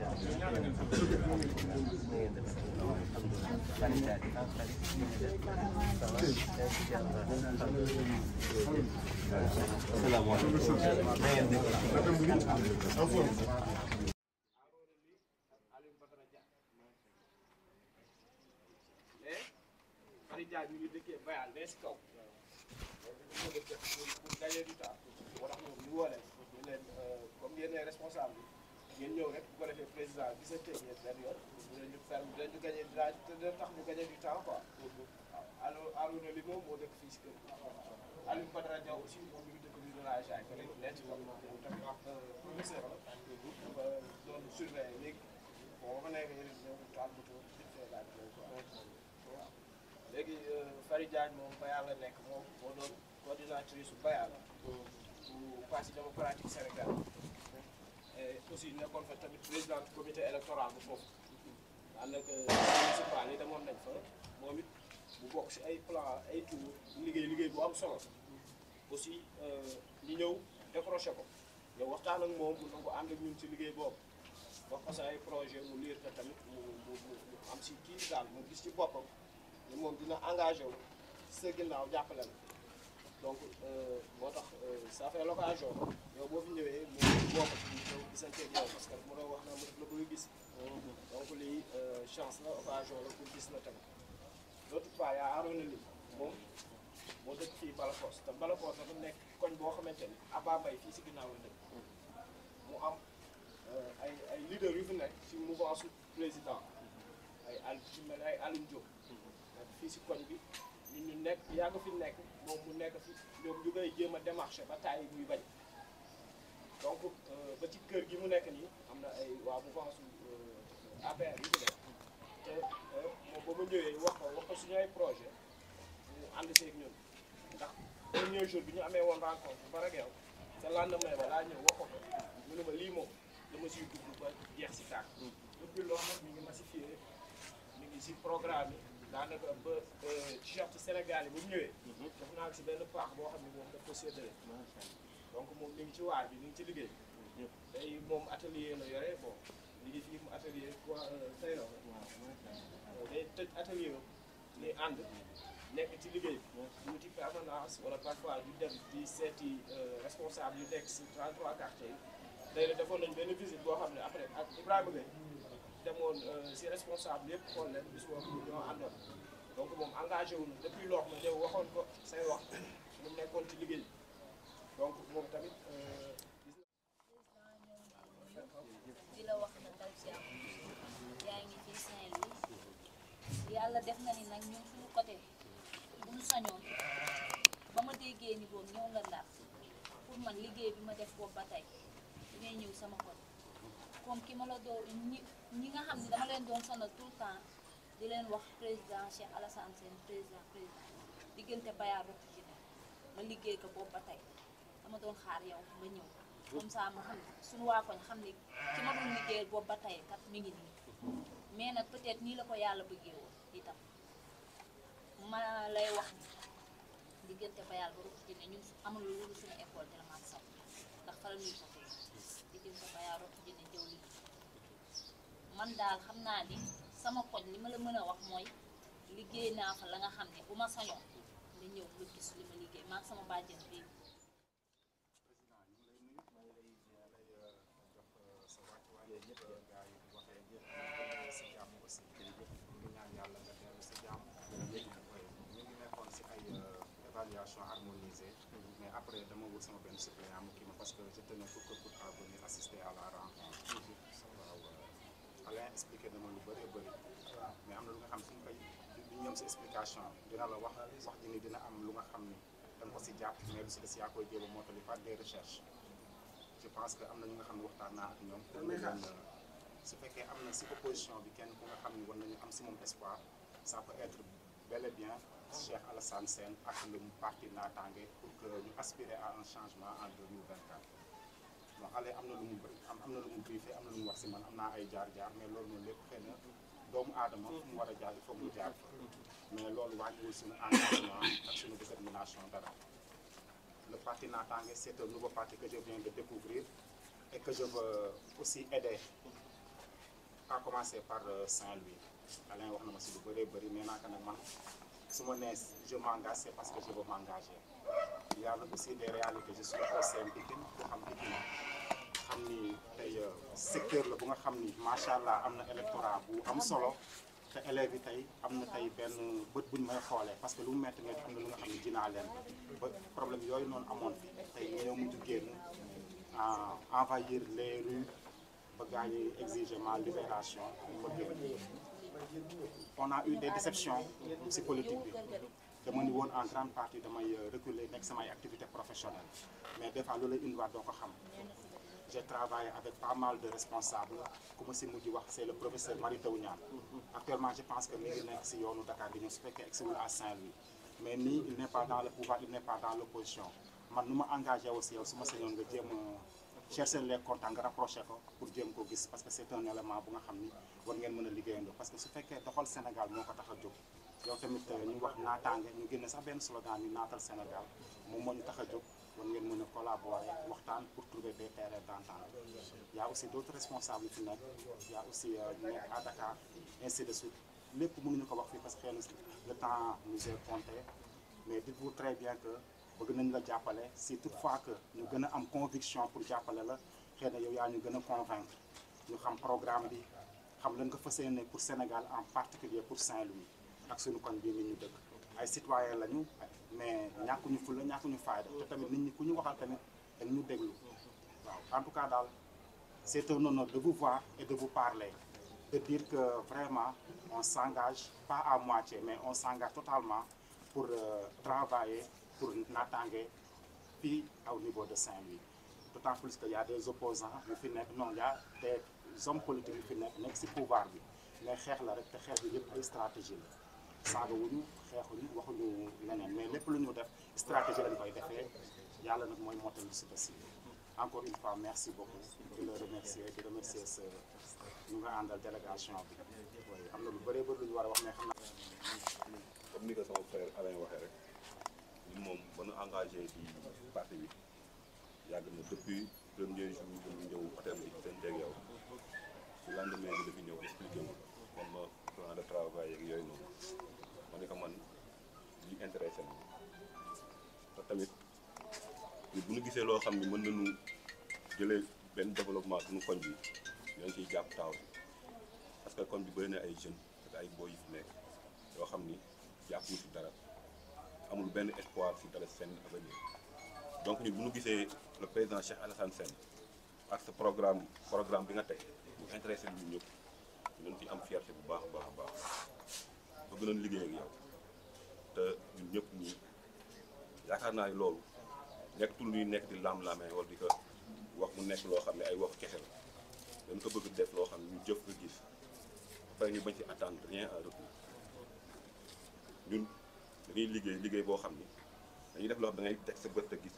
[SPEAKER 6] salaamaaleykum
[SPEAKER 4] Dia ñu ngi dëkkee Bayal mais si kaw. ngeen ñëw rek bu ko defee président gisante ak yéen benn yoon dinañu ferme dinañu gagné dinaa dina tax ñu gagné du temps quoi. waaw alors Arouna Limo moo dëkk fii si kër gi. Aliou Badara Diaw aussi moom mi ngi dëkk biir village ay ko nekk nekk moom tamit wax euh, professeur la. ba doon surveiller léegi bon ba fa nekk yéen ñëw ñu taal moto bi fee laaj loolu quoi. waaw léegi euh, Fary Diagne moom Bayal la nekk moom moo doon coordinatrice su Bayal la. bu parti démocratique Sénégal. Eh, aussi nekkoon fa tamit président comité électoral bu foofu demoon nañ fa moom it bu bokk si ay plan ay tour liggéey liggéey bu am solo aussi euh, ñu ñëw décroché ko yow waxtaan ak moom mu nangu ànd ak ñun si liggéey boobu wax ko sa ay projet mu liir ka tamit mu mu am si kii daal mu gis ci boppam ni moom dina engagé wu sa ginnaaw jàppale la donc euh, moo tax euh, ça fait l'occasion yow boo fi ñëwee mu bokk ñëw gisante ak yow parce que mu doon wax na mu def la koy gis donc lii euh, chance la occasion la pour gis na tamit l'autre part yaa aaroon li moom moo dëkk fii Balakos te Balakos dafa nekk koñ boo xamante ni Abba Mbaye fii si ginnaaw la dëkk mu am ay ay leaders yu fi nekk si mouvement su président ay al ci mel fii si koñ bi ñu nekk yàgg fi nekk moom mu nekk fi ñoom ñu koy jéem a démarché ba taay muy bañ donc euh, ba ci kër gi mu nekk nii am na ay waa mouvance euh, APR yu fi nekk te euh, moom ba ma ñëwee wax ko wax ko suñu ay projet ñu ànd seeg ñun ndax premier jour bi ñu amee woon rencontre ba rek yow te lendemain ba laa ñëw wax ko mu ne ma lii moom dama siy dugg ba jeex si tàkk mm. depuis loolu nag mi ngi massifié mi ngi si programme yi daanaka ba t-shirt Sénégal yi bu mu ñëwee. Mhm. def naa si benn paax boo xam ne moom daf ko séddale. donc moom mi ngi ci waar bi mi ngi ci liggéey. ñëpp mhm. tey moom atelier la yore bon li ngi fi mu atelier quoi euh, tey la. waaw euh, day tëj atelier mhm. nekk ci liggéey bi. wuti permanence wala parfois ñu dem di seeti euh, responsable yu nekk si 33 quartiers yi. a la defoon nañ benn visite boo xam ne après ak Ibrahima Gueye. demoon euh, si responsable yëpp xool leen bis boobu donc moom engagé wu depuis lors ma ñëw waxoon ko say wax mu nekkoon donc moom tamit. Euh,
[SPEAKER 8] wax na dal ci am ba ma déggee ni boobu ñëw nga ndar pour man liggéey bi ma def boobu ba tey dangay ñëw sama côté. comme ki ma la doon ñi ñi nga xam ne dama leen doon sonal tout le temps di leen wax président Cheikh Alassane Sène président président diggante bayaar ba ci ma liggéey ko boobu ba tey dama doon xaar yow ma ñëw comme ça ma xam ne suñu waa koñ xam ne ki ma doon liggéeyal boobu ba tey kat mi ngi nii mais nag peut-être nii la ko yàlla bëggee woon itam ma lay wax ni diggante bayaar ba rëcc ne ñun amul lu suñu école de la Mansaw ndax fa la ñuy diggante loolu man daal xam naa ni sama koñ li ma la mën a wax mooy liggéey naa fa la nga xam ne bu ma sañoon nga ñëw nga gis li ma liggéey maa sama bàjjen bi euh,
[SPEAKER 15] évaluation harmonisée mais après dama wut sama benn suppléant mu kii ma parce que je tenais pour que pour venir assister à la rencontre Alain expliqué na ma lu bëri bëri mais am na lu nga xam suñ koy duñ ñoom dina la wax wax ji ni dina am lu nga xam ni da ko si jàpp mais lu si des yaa koy jéem a mottali par des recherches je pense que am na ñu nga xam ne waxtaan naa ak ñoom pour su fekkee am na si opposition bi kenn ku nga xam ni war nañu am si moom espoir ça peut être bel et bien Cheikh saan seen ak le parti Naatangué pour que ñu aspirer à un changement en 2024 ma xale am na lu mu am am na lu mu briefé am na lu mu wax si man am na ay jaar-jaar mais loolu noonu lépp xëy doomu aadama fu mu war a jaar il faut mu jaar mais loolu wàññiwul suñu engagement ak suñu détermination dara le parti Naatangué c' est ba nouveau que je viens de découvrir et que je veux aussi aider à commencer par euh, Saint-Louis Alain wax na ma si lu bëree bëri nee naa ko nag man su ma nee je m'engage c'est parce que je veux m'engager il y a aussi des réalités xam ni tey euh, secteur la bu nga xam ni macha allah am na électorat bu am solo te élèves yi tey am na tey benn bët buñ may xoolee parce que lu mu métti métti am na lu nga xam ni dinaa leen ba problème yooyu noonu amoon fi tey ñu ñoo mujj génn euh, envahir les rues ba gars yi exiger ma libération ba génn on a eu des déceptions si politique bi dama woon en grande partie damay euh, reculer nekk samay activité professionnelle mais des fois loolu lay indiwaat doo ko xam j'ai travaillé avec pas mal de responsables ku ma si mujj wax c'est le professeur Mary Teuw Niane actuellement je pense que mi ngi nekk si yoonu Dakar bi ñu su fekkee exil à Saint-Louis mais nii il n'est pas dans le pouvoir il n'est pas dans l'opposition man nu ma engagé aussi yow su ma sañoon nga jéem a chercher les contacts nga rapproché ko pour jéem ko gis parce que c'est un bu nga xam ni war ngeen mën a liggéeyandoo parce que su fekkee doxal Sénégal moo ko a jóg euh, wax naataange ñu génne sax benn slogan ni naatal Sénégal moom moo ñu tax a war ngeen mën a collaborer waxtaan pour trouver des terrains d'entente y a aussi d'autres responsables fi nekk y a aussi euh, ñu nekk à Dakar ainsi de suite lépp mënuñu ko wax fii parce que xëy na le temps nous est mais dites-vous très bien que bëgg nañ la jàppale si toutefois que ñu gën a am conviction pour jàppale la xëy na yow yaa ñu gën a convaincre ñu xam programme bi xam lan nga fas yéene pour Sénégal en particulier pour Saint-Louis ak suñu kon bii ni ñu dëkk ay citoyens mais ñàkkuñu fulla ñàkkuñu fayda te tamit nit ñi ku ñu waxal tamit dañ ñu déglu waaw en tout cas daal c'est un honneur de vous voir et de vous parler de dire que vraiment on s'engage pas à moitié mais on s'engage totalement pour euh, travailler pour Natangué fii au niveau de Saint-Louis d'autant plus que ya a des opposants yu fi nekk non y a des hommes politiques yu fi nekk nekk si pouvoir bi mais xeex la rek te xeex bi yëpp ay stratégie la saaga wuñu xeexuñu waxuñu leneen mais lépp lu ñu def stratégie lañ koy defee yàlla nag mooy mottal si ba si encore une fois merci beaucoup di la remercier di remercier sa ñu nga àndal délégation bi am na lu bëree bëri lu ñu war a wax mais xam
[SPEAKER 16] na comme ni ko sama frère Alain waxee rek ñun moom ba nu engagé ci parti bi yàgg na depuis premier jour bu ñu ñëw hôtel bi seen teeg yow su lendemain bi dafi ñëw expliqué ma comme plan de travail yeeg yooyu noonu ma ne ko man li intéressé na te tamit ñu bu ñu gisee loo xam ne mën nañu jëlee benn développement suñu koñ bi ñoo ciy jàpp taaw parce que koñ bi bëri na ay jeunes ak ay boy yu fi nekk yoo xam ni jàpp ñu si dara amul benn espoir si dara seen avenir donc ñu bu ñu gisee la président Cheikh Alassane Sène ak sa programme programme bi nga teg ñu intéressé ñun ñëpp ñu ci am fierté bu baax a baax a baax gënoon liggéey ak yow te ñun ñëpp ñi yaakaar naa ne loolu nekkatul luy nekk di lam-lamee wala di ko wax mu nekk loo xam ne ay wax kese la dañ ko bëgg def loo xam ne ñu jëf gis ñu bañ ci attendre rien en ñun dañuy liggéey liggéey boo xam ni dañuy def loo xam da ngay teg sa bët te gis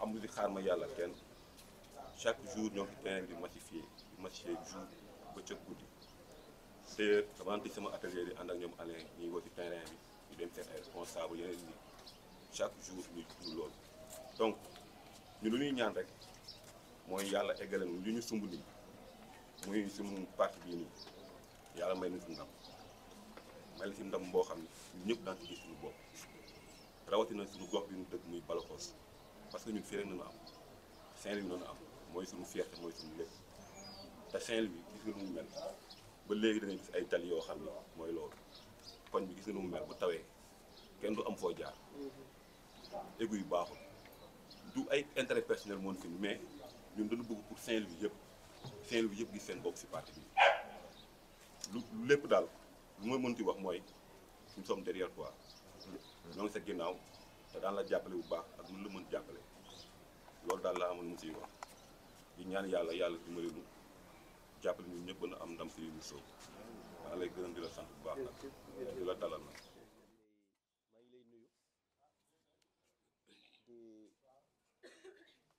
[SPEAKER 16] amul di xaar ma yàlla kenn chaque jour ñoo ngi terrain bi di massifier di massifier jour bëccëg guddi te dama sama atelier di ànd ak ñoom Alain ñuy woo ci terrain bi ñu dem seen ay responsable yeneen ñi chaque jour ñu tudd loolu donc ñu lu ñuy ñaan rek mooy yàlla eggale nu li ñu sumb nii muy suñu parti bii nii yàlla may nu si ndam may la si ndam boo xam ne ñëpp daan ci suñu bopp rawatina suñu gox bi ñu dëkk muy Balakos parce que ñun fii rek nañu am Saint-Louis noonu am mooy suñu fierté mooy suñu lépp te Saint-Louis gis nga nu mu mel ba léegi da nga gis ay tali yoo xam ne mooy loolu koñ bi gis nga nu mu mel bu tawee kenn du am foo jaar égu yu baaxul du ay intérêt personnel moon fi mais ñun dañu bëgg pour Saint-Louis yëpp Saint-Louis yëpp gis seen bopp si parti bi lu lépp daal lu ma mënti wax mooy nous sommes derrière toi ñoo ngi sa ginnaaw te daal la jàppale bu baax ak lu mun la mën jàppale loolu daal la amoon mu siy wax di ñaan yàlla yàlla dimbali nu jàppale ñun ñëpp na am ndam si yu soo maa lay gërëm di la sant bu baax nag di la
[SPEAKER 6] dalal nag. maa ngi lay nuyu di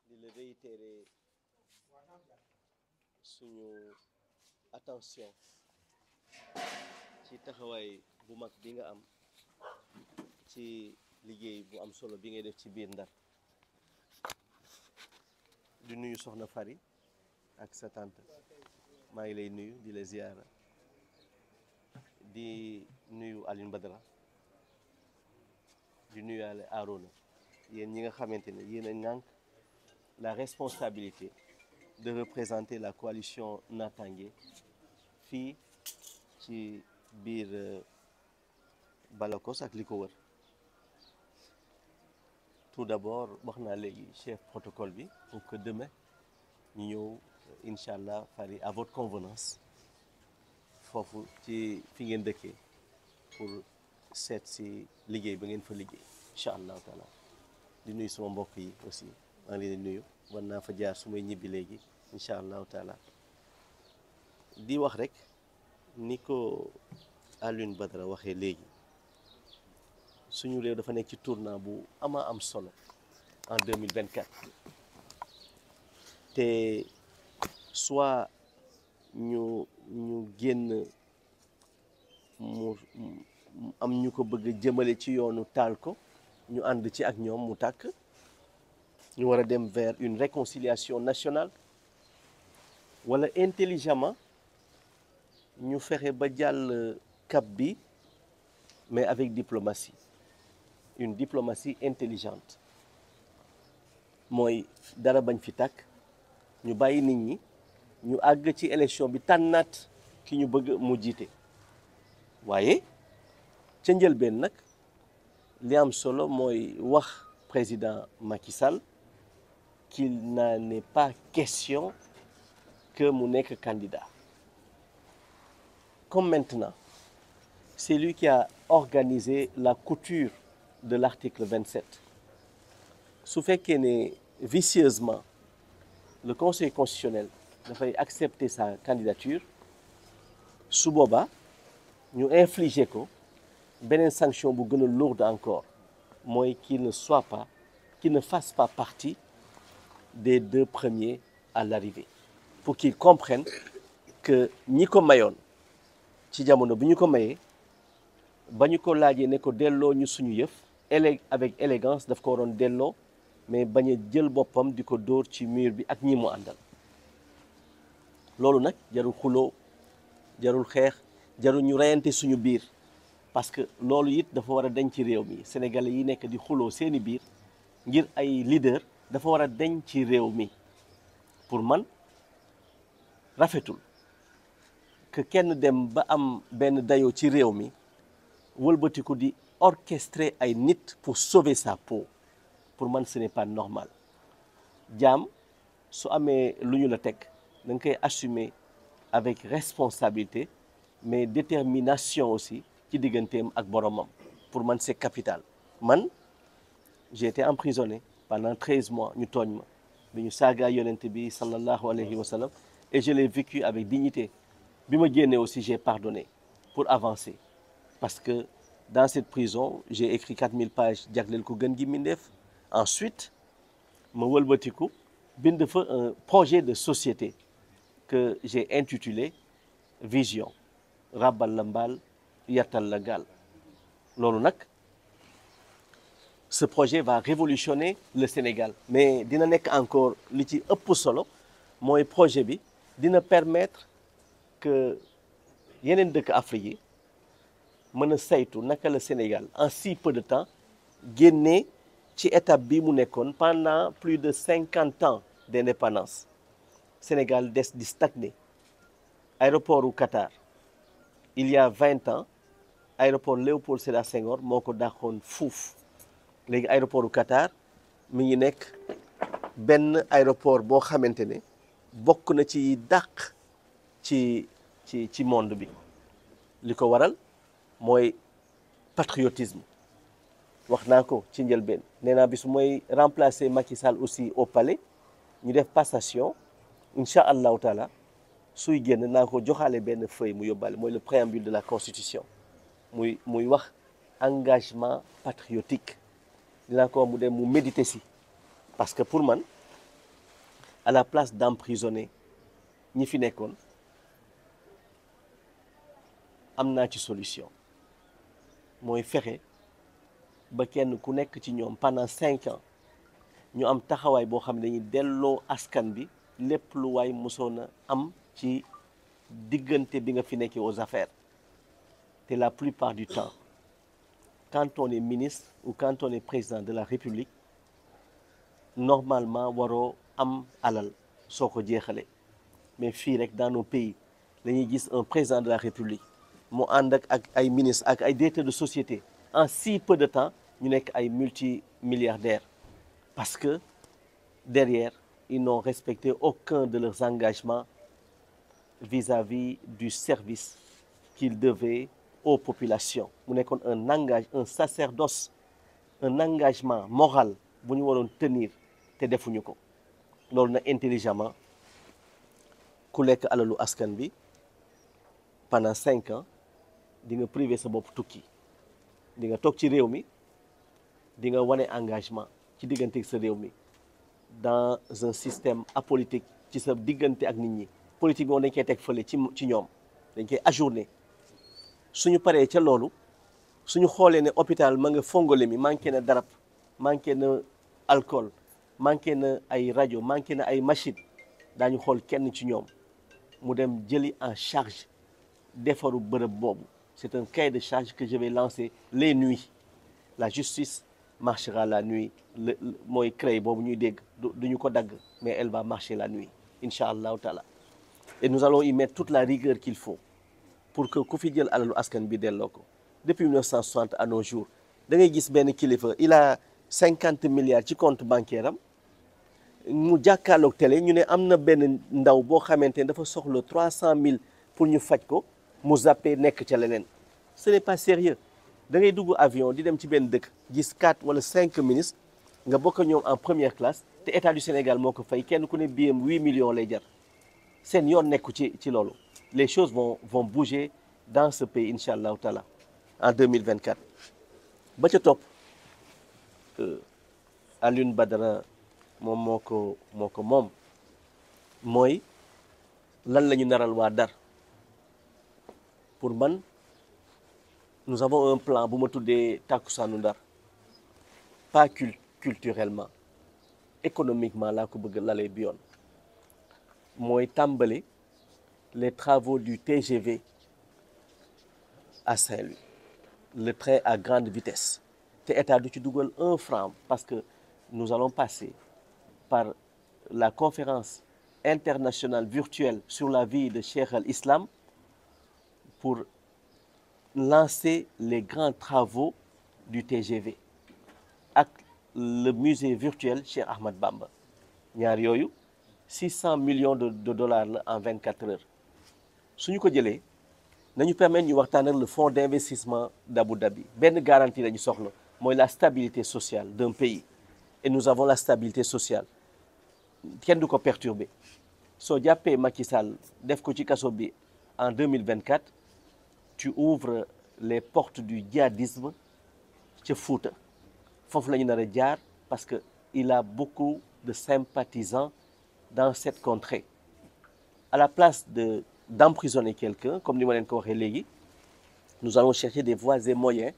[SPEAKER 6] di la réitérer suñu attention ci taxawaay bu mag bi nga am ci liggéey bu am solo bi ngay def ci biir Ndar di nuyu soxna Fari ak sa tànt maa ngi lay nuyu di la ziyaara di nuyu Alioune Badara di nuyaale Arona yéen ñi nga xamante ne yéen a ŋànk la responsabilité de représenter la coalition Natangué fii ci biir euh, Balakos ak li ko wër tout d'abord wax naa léegi chef protocole bi pour que demain ñu incha allah fari à votre convenance foofu ci fi ngeen dëkkee pour seet si liggéey ba ngeen fa liggéey incha allahu taala di nuyu sama mbokk yi aussi maa ngi nuyu war naa fa jaar su ñibbi léegi incha allahu taala di wax rek ni ko Alioune Badara waxee léegi suñu réew dafa nekk ci tournant bu ama am solo en 2024 te soit ñu ñu génn mu am ñu ko bëgg jëmale ci yoonu taal ko ñu ànd ci ak ñoom mu takk ñu war a dem vers une réconciliation nationale wala intelligemment ñu fexe ba jàll cap bi mais avec diplomatie une diplomatie intelligente mooy dara bañ fi takk ñu bàyyi nit ñi ñu àgg ci élection bi tànnaat ki ñu bëgg mu jiite waaye ca njëlbeen nag li am solo mooy wax président Macky Sall qu'il n'en est pas question que mu nekk candidat comme maintenant c'est lui qui a organisé la couture de l'article 27 su fekkee ne vicieusement le Conseil constitutionnel dafay accepter sa candidature su boobaa ñu infliger ko beneen sanction bu gën a lourde encore mooy qu'il ne soit pas qu'il ne fasse pas partie des deux premiers à l'arrivée pour qu'ils comprennent que ñi ko mayoon ci jamono bi ñu ko mayee ba ñu ko laajee ne ko delloo ñu suñu yëf élé avec élégance daf ko waroon delloo mais bañ jël boppam di ko dóor ci mur bi ak ñii mu àndal loolu nag jarul xuloo jarul xeex jarul ñu reyante suñu biir parce que loolu it dafa war a deñ ci réew mi sénégalais yi nekk di xuloo seeni biir ngir ay leader dafa war a deñ ci réew mi pour man rafetul que kenn dem ba am benn dayoo ci réew mi wëlbatiku di orchestrer ay nit pour sauver sa peau pour man ce n'est pas normal jaam su amee lu ñu la teg da nga koy assumer avec responsabilité mais détermination aussi ci digganteem ak boromam pour man c'est capital man j'ai été emprisonné pendant treize mois ñu tooñ ma bi ñu saagaa yonent bi sallallahu alayhi wa sallam et je l'ai vécu avec dignité bi ma génnee aussi j'ai pardonné pour avancer parce que dans cette prison j'ai écrit 4000 pages jagleel ko gën gi mindeef ensuite ma wëlbatiku bind fa un projet de société que j'ai intitulé Vision ràbbal la mbaal yàttal la gal loolu nag ce projet va révolutionner le Sénégal mais dina nekk encore li ci ëpp solo mooy projet bi dina permettre que yeneen dëkk Afrique yi mën a saytu naka la Sénégal en si peu de temps génnee ci étape bi mu nekkoon pendant plus de cinquante ans d'indépendance Sénégal des di stagner aéroport u Qatar il y a ans aéroport Léopold Sédar Senghor moo ko dàqoon fuuf léegi aéroport u Qatar mi ngi nekk benn aéroport boo xamante ne bokk na ci dàq ci ci ci monde bi li ko waral mooy patriotisme wax naa ko ci njëlbeen nee naa bis mooy remplacer Macky Sall aussi au palais ñu def passation incha allahu taala suy génn naa ko joxaale benn feuille mu yóbbaale mooy le préambule de la constitution muy muy wax engagement patriotique dinaa ko mu dem mu méditer si parce que pour man à la place d'emprisonner ñi fi nekkoon am naa ci solution mooy fexe ba kenn ku nekk ci ñoom pendant cinq ans ñu am taxawaay boo xam ne dañuy delloo askan bi lépp lu waay mosoon a am ci diggante bi nga fi nekkee aux affaires te la plupart du temps quand ministre ou quand président de la république normalement waroo am alal soo ko jeexalee mais fii rek dans nos pays dañuy gis un président de la république mu ànd ak ak ay ministre ak ay directeurs de société en si peu de temps ñu nekk ay multimilliardaires parce que derrière ils n'ont respecte aucun de leurs engagements vis-à-vis du service qu'ils devaient aux populations mu nekkoon un engage un sacerdoce un engagement moral bu ñu waroon tenir te defuñu ko loolu nag intelligemment ku lekk alalu askan bi pendant cinq ans di nga privé sa bopp tukki di nga toog ci réew mi di nga wane engagement ci diggante sa réew mi dans un système apolitique ci sa diggante ak nit ñi politique bi moom dañ koy teg fële ci ci ñoom dañ koy ajourné suñu paree ca loolu suñu xoolee ne hôpital ma nga fongole mi manqué na darab manqué na alcool manqué na ay rajo manqué na ay machine daañu xool kenn ci ñoom mu dem jëli en charge defaru bërëb boobu c'est un cahier de charge que je vais lancer les nuits la justice marchera la nuit mooy créé boobu ñuy dégg du ñu ko dagg mais elle va marcher la nuit incha allahu taala et nous allons y mettre toute la rigueur qu'il faut pour que ku fi jël alalu askan bi delloo ko depuis 1960 à nos jours da ngay gis benn kilifa il cinquante milliards ci compte bancaire am mu jàkkaarloog télé ñu ne am na benn ndaw boo xamante ne dafa soxla trois cent mille pour ñu faj ko mu zappé nekk ca leneen ce n'est pas sérieux da ngay dugg avion di dem ci benn dëkk gis wala cinq ministres nga bokk ñoom en première classe te état du Sénégal moo ko fay kenn ku ne billet am huit millions lay jar seen yoon nekku ci ci loolu les choses vont vont bouger dans ce pays incha allahu taala en 2024 ba ca topp euh, Alioune Badara moom moo ko moom mooy lan lañu naral waa Ndar pour man nous avons un plan bu ma tuddee tàkkusaanu ndar pas cul culturellement économiquement la ko bëgg lalee bi yoon mooy tàmbali les travaux du TGV à saint le train à grande vitesse te état du ci dugal un franc parce que nous allons passer par la conférence internationale virtuelle sur la vie de Cheikh al Islam lancé les grands travaux du TGV ak le musée virtuel Cheikh Ahmad Bamba ñaar yooyu 600 millions de de dollars la en 24 heures su ñu ko jëlee nañu permettre ñu waxtaan ak le fonds d'investissement d'Abu Dhabi benn garantie la ñu soxla mooy la stabilité sociale d'un pays et nous avons la stabilité sociale kenn du ko perturber soo jàppee Macky Sall def ko ci kaso bi en 2024 tu ouvres les portes du djihadisme ca Fouta foofu la ñu nar a jaar parce que il a beaucoup de sympathisants dans cette contrée à la place de d'emprisonner quelqu'un comme ni ma leen ko waxee léegi nous allons chercher des voies et moyens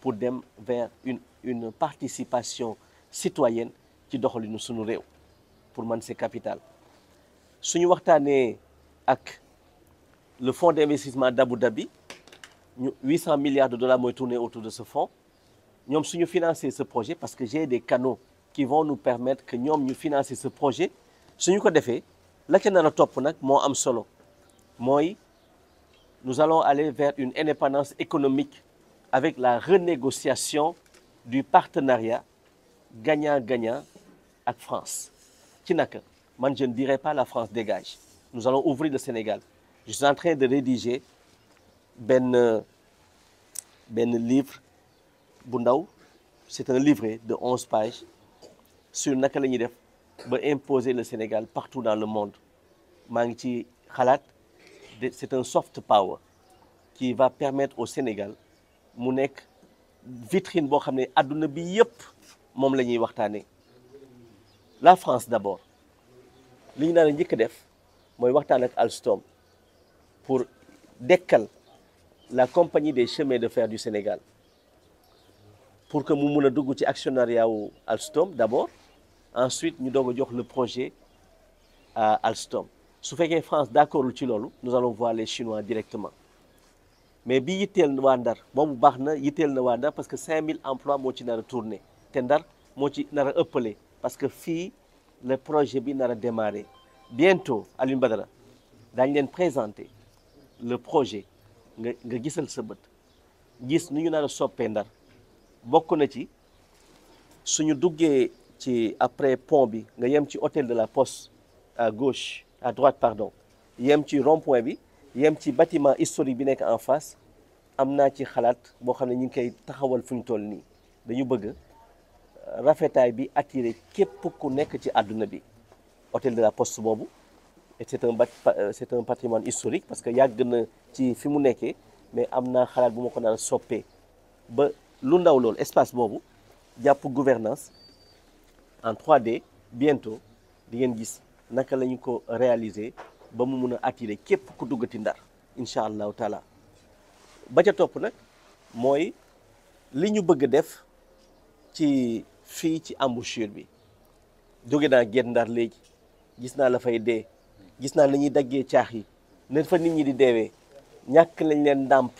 [SPEAKER 6] pour dem vers une une participation citoyenne ci doxalinu suñu réew pour man c'est capital suñu waxtaanee ak le fonds d'investissement d'Abu Dhabi ñu 800 milliards de dollars mooy tourner autour de ce fonds ñoom suñu financer ce projet parce que j'ai des canaux qui vont nous permettre que ñoom ñu financer ce projet suñu ko defee la ca nar a topp nag moo am solo mooy nous allons aller vers une indépendance économique avec la renégociation du partenariat gagnant-gagnant ak France ci naka man je ne dirai pas la France dégage nous allons ouvrir le Sénégal je suis en train de rédiger benn benn livre bu ndaw c'est un livret de onze pages su naka la ñuy def ba imposer le Sénégal partout dans le monde maa ngi ci xalaat c'est un soft power qui va permettre au Sénégal mu nekk vitrine boo xam ne adduna bi yëpp moom la ñuy waxtaanee la France d'abord li ñu naan njëkk def mooy waxtaan ak Alstom pour dekkal. la compagnie des chemins de fer du Sénégal pour que mu mun a dugg ci actionnariat wu Alstom d'abord ensuite ñu doog a jox le projet à Alstom su fekkee France lu ci loolu nous allons voir les Chinois directement mais bi yitteel waa Ndar boobu baax na yitteel na waa Ndar parce que 5000 emplois moo ci nara tourner te Ndar moo ci nar a ëppale parce que fii le projet bi nar a démarré bientôt Alioune Badara daañu leen présenter le projet nga nga gisal sa bët gis ni ñu naan soppee ndar bokk na ci suñu duggee ci après pont bi nga yem ci hôtel de la poste à gauche à droite pardon yem ci rond bi yem ci batiment historique bi nekk en face am naa ci xalaat boo xam ne ñu ngi koy taxawal fu ñu toll nii dañu bëgg euh, rafetaay bi attirer képp ku nekk ci àdduna bi hôtel de la post boobu et c'est un euh, c'est un patrimoine historique parce que yàgg na ci fi mu nekkee mais am naa xalaat bu ma ko naan soppee ba lu ndaw loolu espace boobu jàpp gouvernance en 3D bientôt di ngeen gis naka lañu ko réaliser ba mu mun a attirer képp ku duggati ndar incha allahu taala ba ca topp nag mooy li ñu bëgg def ci fii ci embouchure bi jóge naa Guet Ndar léegi gis naa la fay dee gis naa nañuy daggee caax yi nen fa nit ñi di deewee ñàkk lañ leen ndàmp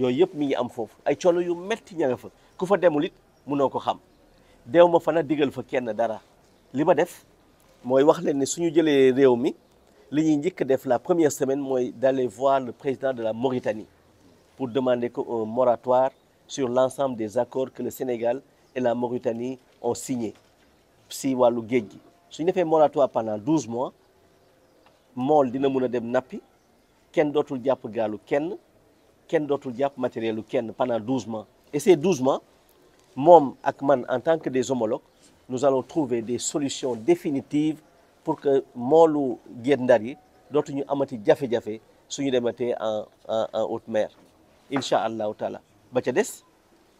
[SPEAKER 6] yooyu yëpp mi ngi am foofu ay coono yu metti ña nga fa ku fa demul it munoo ko xam deew ma fana digal fa kenn dara li ma def mooy wax leen ne suñu jëlee réew mi li ñuy njëkk def la première semaine mooy d'aller voir le président de la Mauritanie pour demander que un moratoire sur l'ensemble des accords que le Sénégal et la Mauritanie ont signé si wàllu géej gi suñu defee moratoire pendant douze mois mool dina mun a dem nappi kenn dootul jàpp gaalu kenn kenn dootul jàpp matériel lu kenn pendant douze mois et ces douze mois moom ak man en tant que des homologues nous allons trouver des solutions définitives pour que moolu Guet Ndar yi dootuñu amati jafe-jafe suñu dematee en en en haute mer incha allahu taala ba ca des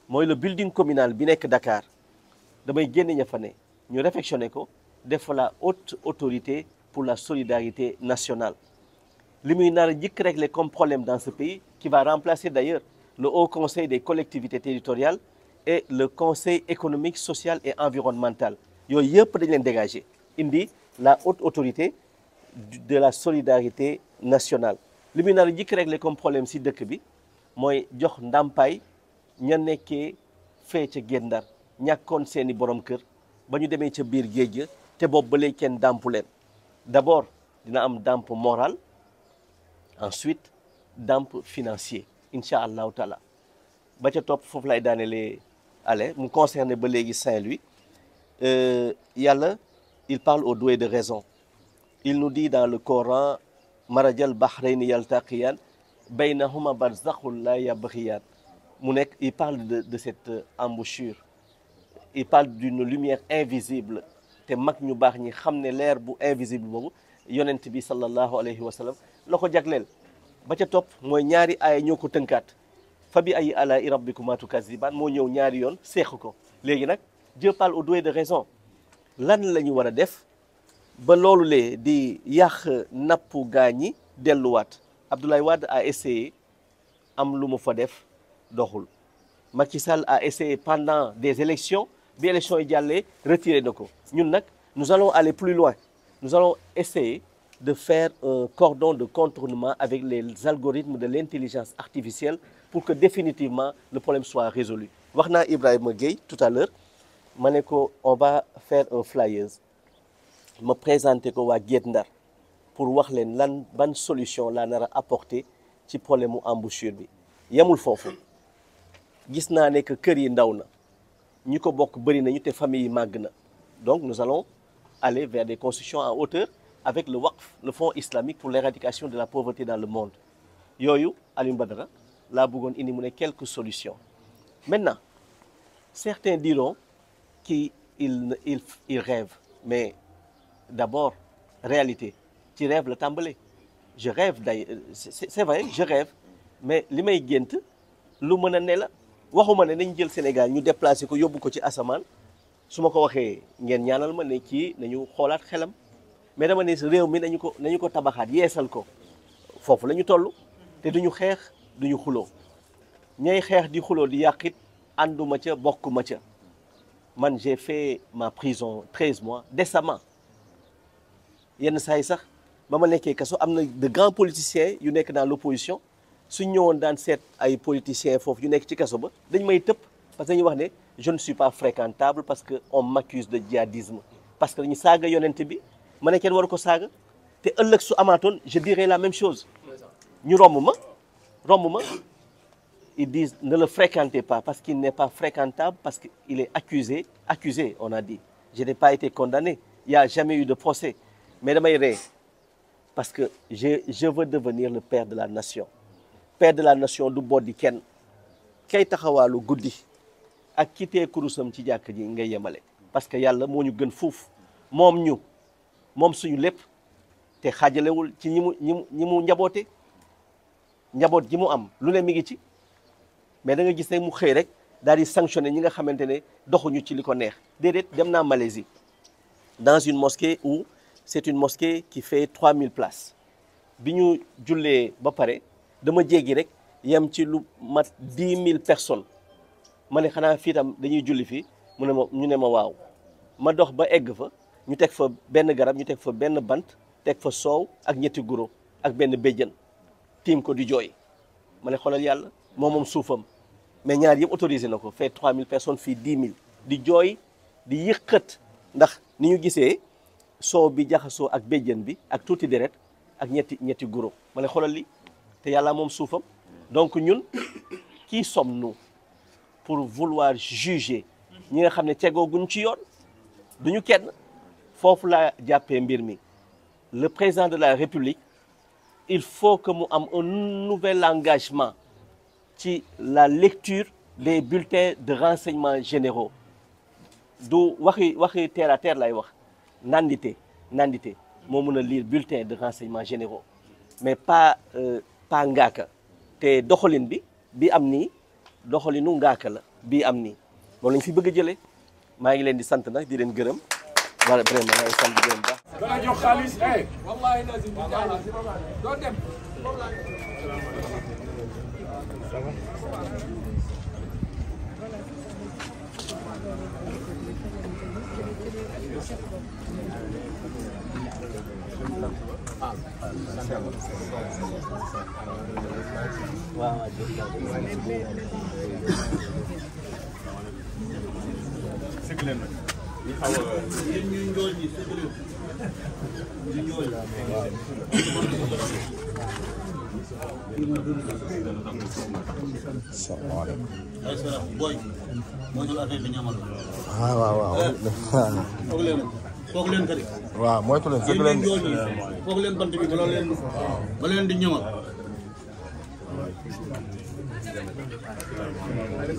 [SPEAKER 6] mooy le building communal bi nekk dakaar damay génne ña fa ne ñu réfectionné ko def fa la haute autorité pour la solidarité nationale. li muy nar a njëkk régler comme problème dans ce pays qui va remplacer d'ailleurs le Haut Conseil des collectivités territoriales et le Conseil économique, social et environnemental yooyu yëpp dañ leen dégager indi la haute autorité de la solidarité nationale. li muy nar a njëkk régler comme problème si dëkk bi mooy jox ndàmpaay ña nekkee fee ca Gendar ñàkkoon seeni borom kër ba ñu demee ca biir géej ga te boobu ba léegi kenn dàmpu leen. d'abord dina am damp moral ensuite damp financier incha allahu taala ba ca topp foofu lay daanelee ale mu concerné ba léegi Saint-Louis euh, yàlla il parle aux doués de raison il nous dit dans le Coran marajal bahrayni yaltaqiyan baynahuma barzakhun la yabghiyan mu nekk il parle de de cette embouchure il parle d'une lumière invisible te mag ñu baax ñi xam ne leer bu invisible boobu yonent bi sallallahu alayhi wa sallam la ko jagleel ba ca topp mooy ñaari aaya ñoo ko tënkaat fa bi ay alaa i rabbikuma tukazibaan moo ñëw ñaari yoon seeq ko léegi nag Dieu parle au doué de raison lan lañu ñu war a def ba loolu le di yàq nappu gaa ñi delluwaat Abdoulaye Wade a essayé am lu mu fa def doxul Macky Sall a essayé pendant des élections bi élection yi jàllee retiré na ko ñun nag nous allons aller plus loin nous allons essayer de faire un cordon de contournement avec les algorithmes de l'intelligence artificielle pour que définitivement le problème soit résolu wax naa Ibrahima Gueye tout à l'heure ma ne ko on va faire un flyers ma présenter ko waa Guet Ndar pour wax leen lan ban solution laa nara a ci problème mu embouchure bi yemul foofu gis naa ne que kër yi ndaw na ñu ko bokk bëri nañu te famille yi màgg na donc nous allons aller vers des constructions en hauteur avec le le fonds islamique pour l'éradication de la pauvreté dans le monde yooyu Alioune la laa bëggoon indi mu ne quelques solutions maintenant certains diront qu'ils ils mais d'abord réalité ci rêve la tàmbale je rêve d'ailleurs c'est vrai je rêve mais li may gént lu mën a ne waxuma ne nañu jël Sénégal ñu déplacé ko yóbbu ko ci asamaan su ma ko waxee ngeen ñaanal ma ne kii nañu xoolaat xelam mais dama ne réew mi nañu ko nañu ko tabaxaat yeesal ko foofu la ñu toll te ñu xeex duñu xuloo ñay xeex di xuloo di yàqit ànduma ca bokkuma ca man j'ai fait ma prison treize mois décemment yenn saa yi sax ba ma nekkee kaso am na de grands politiciens yu nekk dans l'opposition suñ ñëwoon daan seet ay politiciens foofu yu nekk ci kaso ba dañ may tëpp parce que dañuy wax ne je ne suis pas fréquentable parce que on m'accuse de djihadisme parce que dañu saaga yonent bi ma ne war waru ko saaga te ëllëg su amaatoon je dirais la même chose ñu romb ma romb ma ils disent ne le fréquentez pas parce qu'il n'est pas fréquentable parce que il est accusé accusé on a dit je n'ai pas été condamné il y a jamais eu de procès mais damay re parce que je je veux devenir le père de la nation père de la nation du boddi kenn kay taxawaalu guddi ak ki tee kurusam ci jàkk ji ngay yemale parce que yàlla moo ñu gën fuuf moom ñu moom suñu lépp te xaajalewul ci ñi mu ñi mu ñi mu njaboot ji mu am lu ne mi ngi ci mais da nga gis ne mu xëy rek daal di sanctionné ñi nga xamante ne doxuñu ci li ko neex déedéet dem naa Malaisie dans une mosquée où c'est une mosquée qui fait mille place bi ñu jullee ba pare dama jéggi rek yem ci lu mat dix mille personnes ma ne xanaa fii tam dañuy julli fii mu ne ma ñu ne ma waaw ma dox ba egg fa ñu teg fa benn garab ñu teg fa benn bant teg fa soow ak ñetti guro ak benn béjjën tiim ko di jooy ma ne xoolal yàlla moom moom suufam mais ñaar yëpp autorisé na ko fee trois mille personnes fii dix mille di jooy di yëqat ndax ni ñu gisee soow bi jaxasoo ak béjjën bi ak tuuti deret ak ñetti ñetti guro ma ne xoolal te yàlla moom suufam donc ñun kii sommes nu pour vouloir juger ñi nga xam ne tegooguñ ci yoon du ñu kenn foofu la jàppee mbir mi le président de la république il faut que mu am un nouvel engagement ci la lecture des bulletins de renseignements généraux du waxi waxi terre à terre lay wax nandite nandite moo mun a lire bulletins de renseignements généraux mais pas euh, pas ngaaka te doxalin bi bi am nii doxalinu ngaaka la bii am ni moom lañ fi bëgg a jëlee maa ngi leen di sant nag di leen gërëm wala vraiment maa ngi sant di leen baax.
[SPEAKER 9] salaamaaleykum.
[SPEAKER 13] waaw
[SPEAKER 5] waaw waaw.
[SPEAKER 13] foog leen ko de.
[SPEAKER 3] waaw moytu
[SPEAKER 5] leen sëgg leen
[SPEAKER 13] foog leen bant bi baloo leen baloo leen di ñëwal. Seck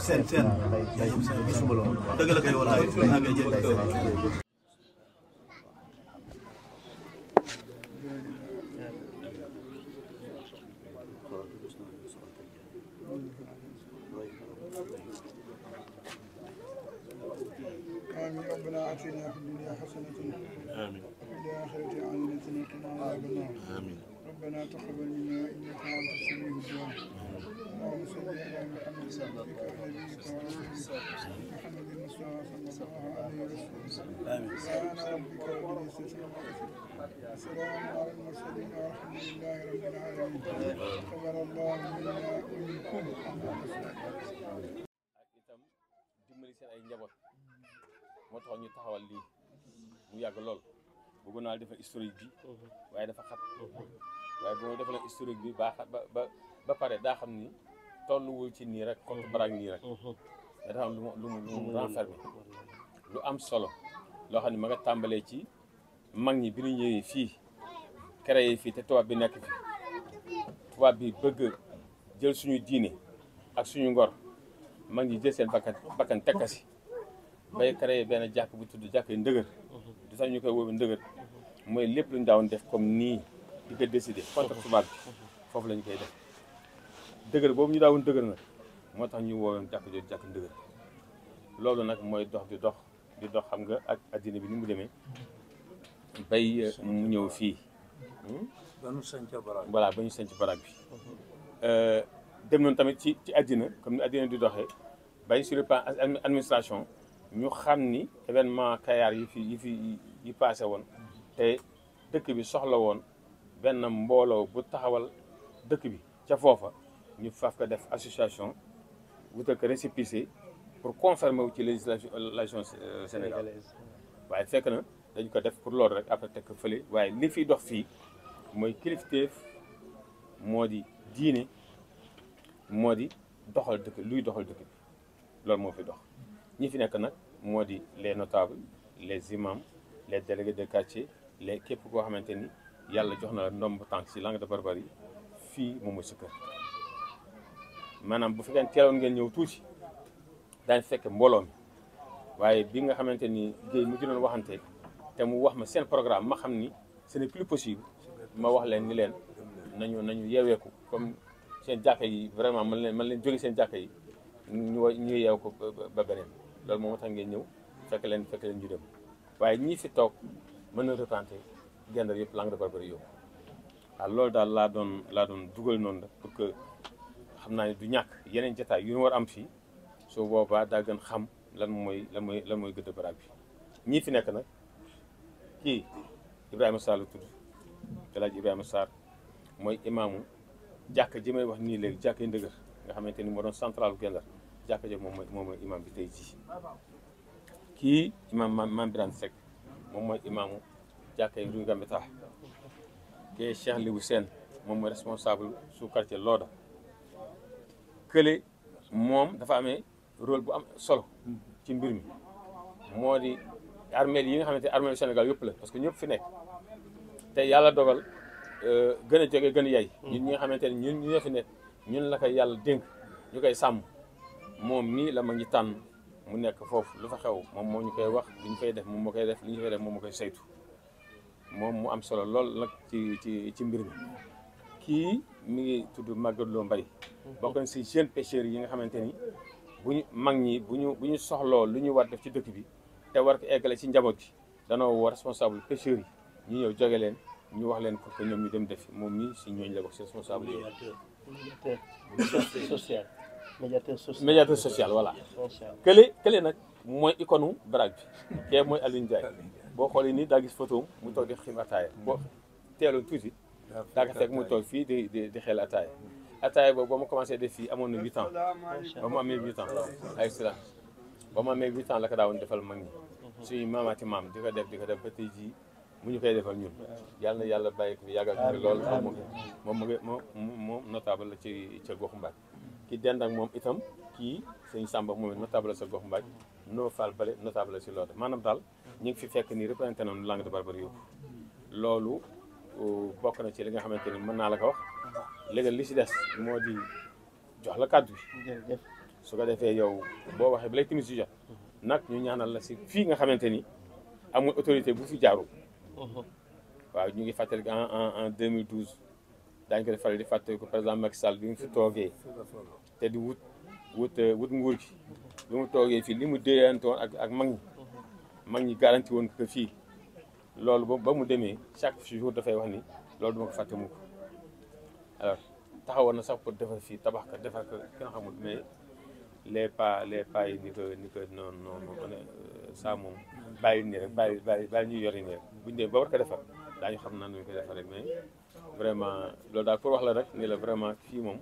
[SPEAKER 13] Seck Seck
[SPEAKER 10] وآتنا في الدنيا حسنة
[SPEAKER 16] آمين وفي
[SPEAKER 10] الآخرة عاملة وقنا عذاب النار آمين ربنا تقبل منا إنك أنت السميع الدعاء اللهم صل على محمد عبدك ونبيك ورسولك محمد المصطفى صلى الله عليه وسلم آمين سبحان ربك رب العزة عما السلام على المرسلين والحمد لله رب العالمين تبارك الله منا ومنكم
[SPEAKER 9] moo ñu taxawal lii mu yàgg lool bëggoon naa defal historique bi waaye dafa xat waaye bu ma defalee historique bi baa ba ba pare daa xam ni tolluwul ci nii rek compte baraag nii lu mu lu am solo loo xam ne ma nga tàmbalee ci mag ñi bi ñu fii créé fii te tubaab bi nekk fi tubaab bi bëgg jël suñu diine ak suñu ngor mag ñi jël seen bakkan bakkan tekkasi bay créé benn jàkk bu tudd jàkk yi ndëgër di sax ñu koy woowe ndëgër mooy lépp lu ñu daawoon def comme nii di ko décidé contre tubaab bi foofu la koy def dëgër boobu ñu daawoon dëgër na moo tax ñu woowee jàkk jooju jàkk ndëgër loolu nag mooy dox di dox di dox xam nga ak addina bi ni mu demee bay euh, mu ñëw fii ba ñu sanc barab ba ñu sanc barab bi euh, dem noonu tamit ci ci addina comme ni addina di doxee bay sur le plan administration ñu xam ni événement kayaar yi fi yi fi yi passé woon te dëkk bi soxla woon benn mbooloo bu taxawal dëkk bi ca foofa ñu faf ko def association wutal ko récépissé pour conformer wu ci législation euh, sénégalaise waaye fekk na dañ ko def pour loolu rek après teg ko fële waaye li fi dox fii mooy kilifteef moo di diine moo di doxal dëkk luy doxal dëkk bi loolu moo fi dox ñi fi nekk nag moo di les notables les imams les délégués de quartier les képp koo xamante ni yàlla jox na la ndomb tànk ci Langue de Barbarie fii moom mooy sa kër maanaam bu fekkee teeloon ngeen ñëw tuuti daañ fekk mbooloo mi waaye bi nga xamante ni géey mu junoon waxante te mu wax ma seen programme ma xam ni ce n'est plus possible ma wax leen ni leen nañu nañu yeeweeku comme seen jàkka yi vraiment man leen man leen jóge seen jàkka yi ñu ñu yeew ko ba loolu moo tax ngeen ñëw fekk leen fekk leen ñu dem waaye ñii fi toog mën na représenté guet yëpp Langue de Barbarie yow waaw loolu daal laa doon laa doon dugal noonu la pour que xam naa ne du ñàkk yeneen jataay yu ñu war am fii soo boobaa daa gën xam lan mooy lan mooy lan mooy gëdd baraag bi ñii fi nekk nag kii Ibrahima Sall la tudd El Hadj Ibrahima mooy imaamu jàkk ji may wax nii léegi jàkk yi ndëgër nga xamante ni moo doon central guet jàkka jooju moom mooy moom mooy imam bi tey jii kii imam Mame Birane Seck moom mooy imaamu jàkka yi Ndounga Mbetaa kii Cheikh Liou moom mooy responsable sous quartier Loda kële moom dafa amee rôle bu am solo ci mbir mi moo di armée yi nga xamante ne armée Sénégal yëpp la parce que ñëpp fi nekk te yàlla dogal euh, gën a jóge gën a yay ñun ñi nga xamante ne ñun ñoo fi nekk ñun la koy yàlla dénk ñu koy sàmm moom mii la ma ngi tànn mu nekk foofu lu fa xew moom moo ñu koy wax lu ñu fay def moom moo koy def li ñu fay def moom koy saytu moom mu am solo lool nag ci ci ci mbir mi kii mi ngi tudd Maguette Lo Mbaye mhm. bokk si jeune pêcheurs yi nga xamante ni bu ñu mag ñi bu ñu ñu soxloo lu ñu war def ci dëkk bi te war ko eggale ci njaboot gi danoo woo responsable pêcheurs yi ñu ñëw joge leen ñu wax leen pour que ñoom ñu dem defi moom mii si ñooñu la bokk si responsable yooyu
[SPEAKER 6] social médiateur social médiateur social voilà.
[SPEAKER 9] kële kële nag mooy icône Brac bi. kee mooy Alioune Ndiaye. boo xoolee nii daa gis photo mu toog di xim ataaya boo teeloon tuuti. daa ko fekk mu toog fii di di di xel ataaya. ataaya boobu ba ma commencé def fii amoon na huit ans. ba mu amee huit ans. ay sila ba mu amee huit la ko daawoon defal mag ñi. suñu maamaati maam di ko def di ko def ba tey jii. mu ñu koy defal ñun yàlla yàlla bàyyi ko yàggal ko lool moom moom moom notable la ci ca goxu Mbacké ki dend ak moom itam kii sëñ Samba moom it notable sa gox Mbaaj noo Fall Bale notable si loolu maanaam daal ñu ngi fi fekk nii représenté nañu langue de loolu bokk na ci li nga xamante ni mën naa la ko wax léegi li si des moo di jox la kàddu bi su ko defee yow boo waxee ba lay si jot nag ñu ñaanal la si fii nga xamante ni amul autorité bu fi jaarul mhm. waaw ñu ngi fàttali en en en 2012 daañu ko faral di fàttali ko président Macky Sall bi mu fi toogee te di wut wut wut nguur gi li mu toogee fii li mu déyantoon ak ak mag ñi mag ñi garanti woon que fii loolu ba ba mu demee chaque jour dafay wax ni loolu duma ko fàtte mukk alors taxawoon na sax pour defar fii tabax ka defar ko kenn xamul mais les pas les pas yi ni que ni que non non non euh, ça moom bàyyi nii rek bàyyi bàyyi bàyyi ñuy yi nii bu buñu dee ba war ko defar daañu xam naa nu ñu koy defaree mais vraiment loolu daal pour wax la rek ni la vraiment fii moom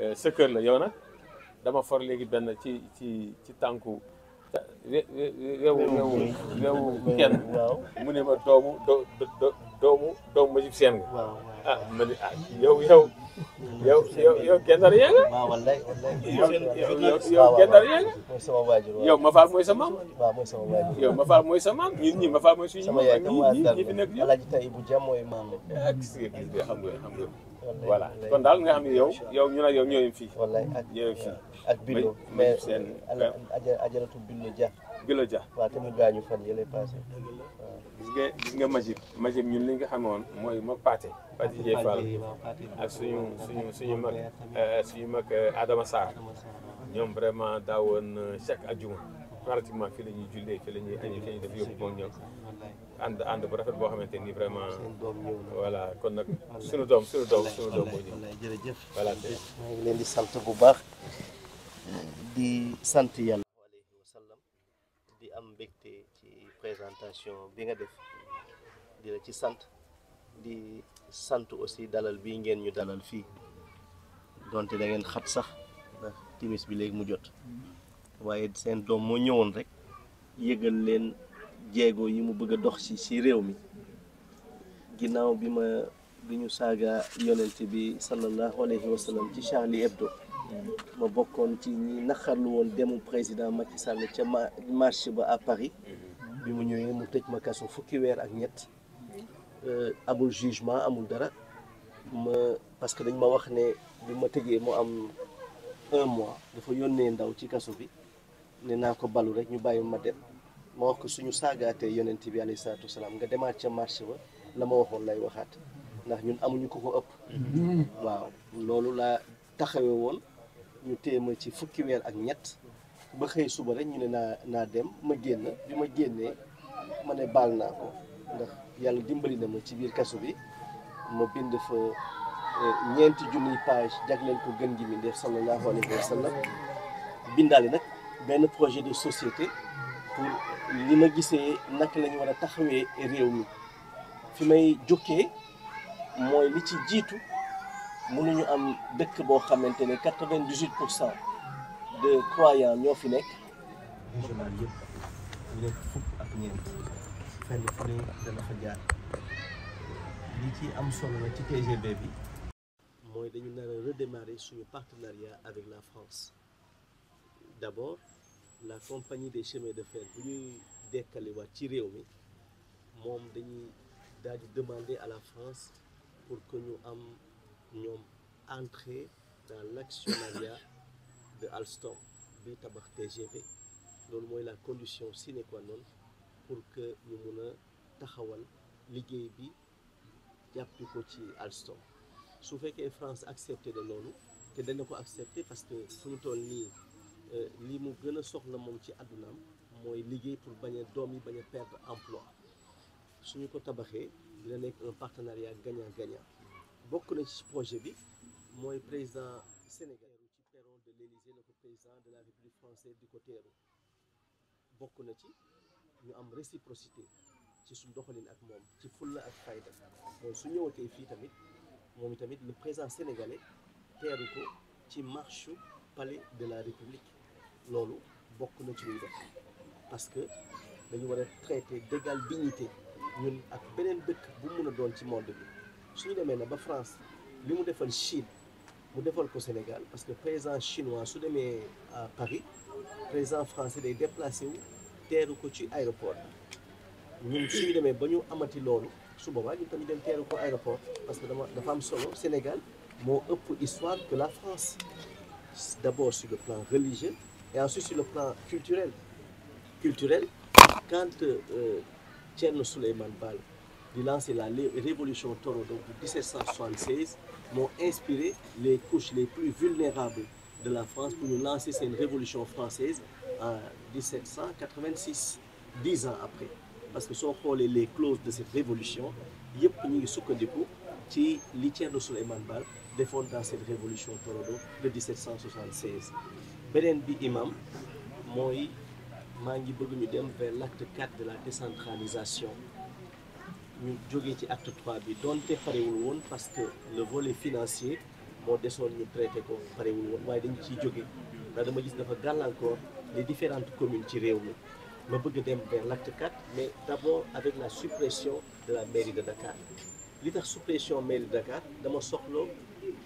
[SPEAKER 9] euh, sa la yow nag dama for léegi benn ci ci ci tànku wewu wewu kenn mu ne ma doomu do doomu doomu égyptien nga ah ma ne ah yow yow yow yow yow gennar yaa nga yow ma faal mooy sa maam
[SPEAKER 6] yow ma faal mooy sa maam
[SPEAKER 9] ñun ñi ma faal mooy suñu maam ak ñi ñi fi
[SPEAKER 6] nekk ñëpp alaaji tay bu jàmm mooy maam ak si xam nga xam voilà kon daal
[SPEAKER 9] nga xam ne ñu ne yow ñëwee fii ñëwee fii ak Bilo mais seen
[SPEAKER 6] ajaratu Bilo Dia Bilo Dia waaw te mu gaañu fan yële passé waaw
[SPEAKER 9] gis nga gis nga Majib Majib ñun li nga xamoon mooy ma Paate Paate Dieye Fall ak suñu suñu suñu mag euh, suñu mag euh, Adama Sarr ñoom vraiment daawoon euh, chaque ajuma pratiquement fii la ñuy jullee fii la ñuy añi fii la ñuy def yóbbu moom ñoom ànd ànd bu rafet boo xamante ni vraiment voilà kon nag suñu doom suñu doom suñu doom moo ñëw voilà maa ngi
[SPEAKER 6] leen di sant bu baax di sant yàlla alayhi wa sallam di am mbégte ci présentation bi nga def di la ci sant di sant aussi dalal bi ngeen ñu dalal fii donte da ngeen xat sax timis bi léegi mu jot waaye seen doom moo ñëwoon rek yëgal leen jéego yi mu bëgg a dox ci ci réew mi ginnaaw bi ma bi ñu saaga yonent bi sallallahu alayhi wa sallam ci Charlie Hebdo ma bokkoon ci ñi naqarlu woon demu président Macky Sall ca marché ba à Paris bi mu ñëwee mu tëj ma kaso fukki weer ak ñett euh, amul jugement amul dara ma parce que dañ ma wax ne bi ma tëjee mu am un mois dafa yónnee ndaw ci kaso bi ne naa ko balu rek ñu bàyyi ma dem ma wax ko suñu saagaatee yonent bi alayhi salaatu wasalaam nga demaat ca marché ba la ma waxoon lay waxaat ndax ñun amuñu ko ko ëpp
[SPEAKER 7] mm-hmm.
[SPEAKER 6] waaw loolu laa taxawe woon ñu téye ma ci fukki weer ak ñett ba xëy suba rek ñu ne naa naa dem ma génn bi ma génnee ma ne baal naa ko ndax yàlla dimbali na ma ci biir kaso bi ma bind fa eh, ñeenti junniy page jagleel ko gën gi mi def sallallahu alayhi wa sallam bindaale nag benn projet de société pour li ma gisee naka la war a taxawee réew mi fi may jukkee mooy li ci jiitu ñu am dëkk boo xamante ne quatre-vingt-dix-huit pour cent de croyants ñoo fi nekk. régional yëpp ñu fukk ak ñeent fenn fu dana fa jaar li ci am solo la ci TGV bi. mooy dañu nar a suñu partenariat avec la France d'abord la compagnie des chemins de fer bu ñuy dekkaliwaat ci réew mi moom dañuy daal di demander à la France pour que ñu am. ñoom entrer dans l'actionnariat de Alstom bi tabax TGV loolu mooy la condition sine qua non pour que ñu mun a taxawal liggéey bi jàppi ko ci Alstom su fekkee France accepté de loolu te dana ko accepté parce que fu ñu toll nii euh, li mu gën a soxla moom ci àddunaam mooy liggéey pour bañ a doom yi bañ a perdre emploi suñu ko tabaxee dina nekk un partenariat gagnant gagnant bokk na ci projet bi mooy président Sénégal ci perron de l'Élysée la ko président de la République française di ko teeru bokk na ci ñu am réciprocité ci suñ doxalin ak moom ci fulla ak fayda mooy su ñëwatee fii tamit moom tamit le président sénégalais ko ci marche palais de la République loolu bokk na ci luy def parce que dañu war a traité d'égal dignité ñun ak beneen dëkk bu mun a doon ci monde bi suñu demee na ba France li mu defal Chine mu defal ko Sénégal parce que président chinois su demee à Paris président français day déplacé wu teeru ko ci aéroport ñun suñu demee ba ñu amati loolu su boobaa ñu tamit dem teeru ko aéroport parce que dama dafa am solo Sénégal moo ëpp histoire que la France d'abord sur le plan religieux et ensuite sur le plan culturel culturel quand euh, Thierno Souleymane Baal di lancer la révolution taureau donc 1776 moo inspiré les couches les plus vulnérables de la France pour ñu lancer seen révolution française en 1786 dix ans après parce que soo xoolee les clauses de révolution yëpp ñu sukkandiku ci li Thierno Souleymane Baal defoon dans cette révolution torodo de 1776 beneen bi imam mooy maa ngi bëgg ñu dem vers l'acte 4 de la décentralisation ñu jógee ci acte 3 bi donte parewul woon parce que le volet financier moo desoon ñu traité ko parewul woon waaye dañu ciy jóge ndax dama gis dafa gàllankoor les différentes commune ci réew mi ma bëgg dem vers l'acte 4 mais d'abord avec la suppression de la mairie de Dakar li tax suppression mairie de Dakar dama soxlo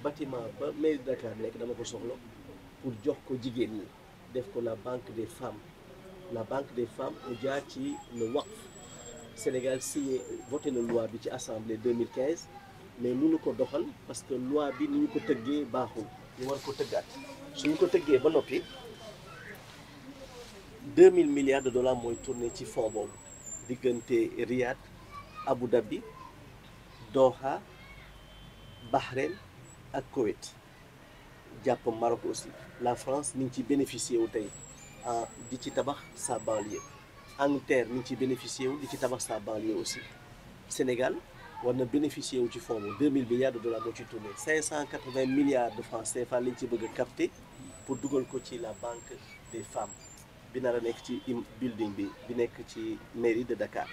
[SPEAKER 6] bâtiment ba mairie de Dakar nekk dama ko soxlo pour jox ko jigéen ñi def ko la banque des femmes la banque des femmes mu jaar ci lu waqf Sénégal signé voté na loi bi ci assemblée 2015 mais nu ko doxal parce que loi bi ni ñu ko tëggee baaxul
[SPEAKER 13] ñu war ko tëggaat
[SPEAKER 6] suñu ko tëggee ba noppi 2000 milliards de dollars mooy tourné ci fonds diggante Riyad Abu Dhabi Doha Bahreïn ak Koweït jàpp Maroc aussi la France ni ngi ci bénéficier wu tey di ci tabax sa banlieue Angleterre mi ngi ciy bénéficié wu di ci tabax sa banlieue aussi Sénégal war na bénéficié wu ci fonds boobu 2000 milliards de dollars moo ci tourné 580 milliards de francs CFA lañ ci bëgga a capté pour dugal ko ci la banque des femmes bi nar a nekk ci building bi bi nekk ci mairie de Dakar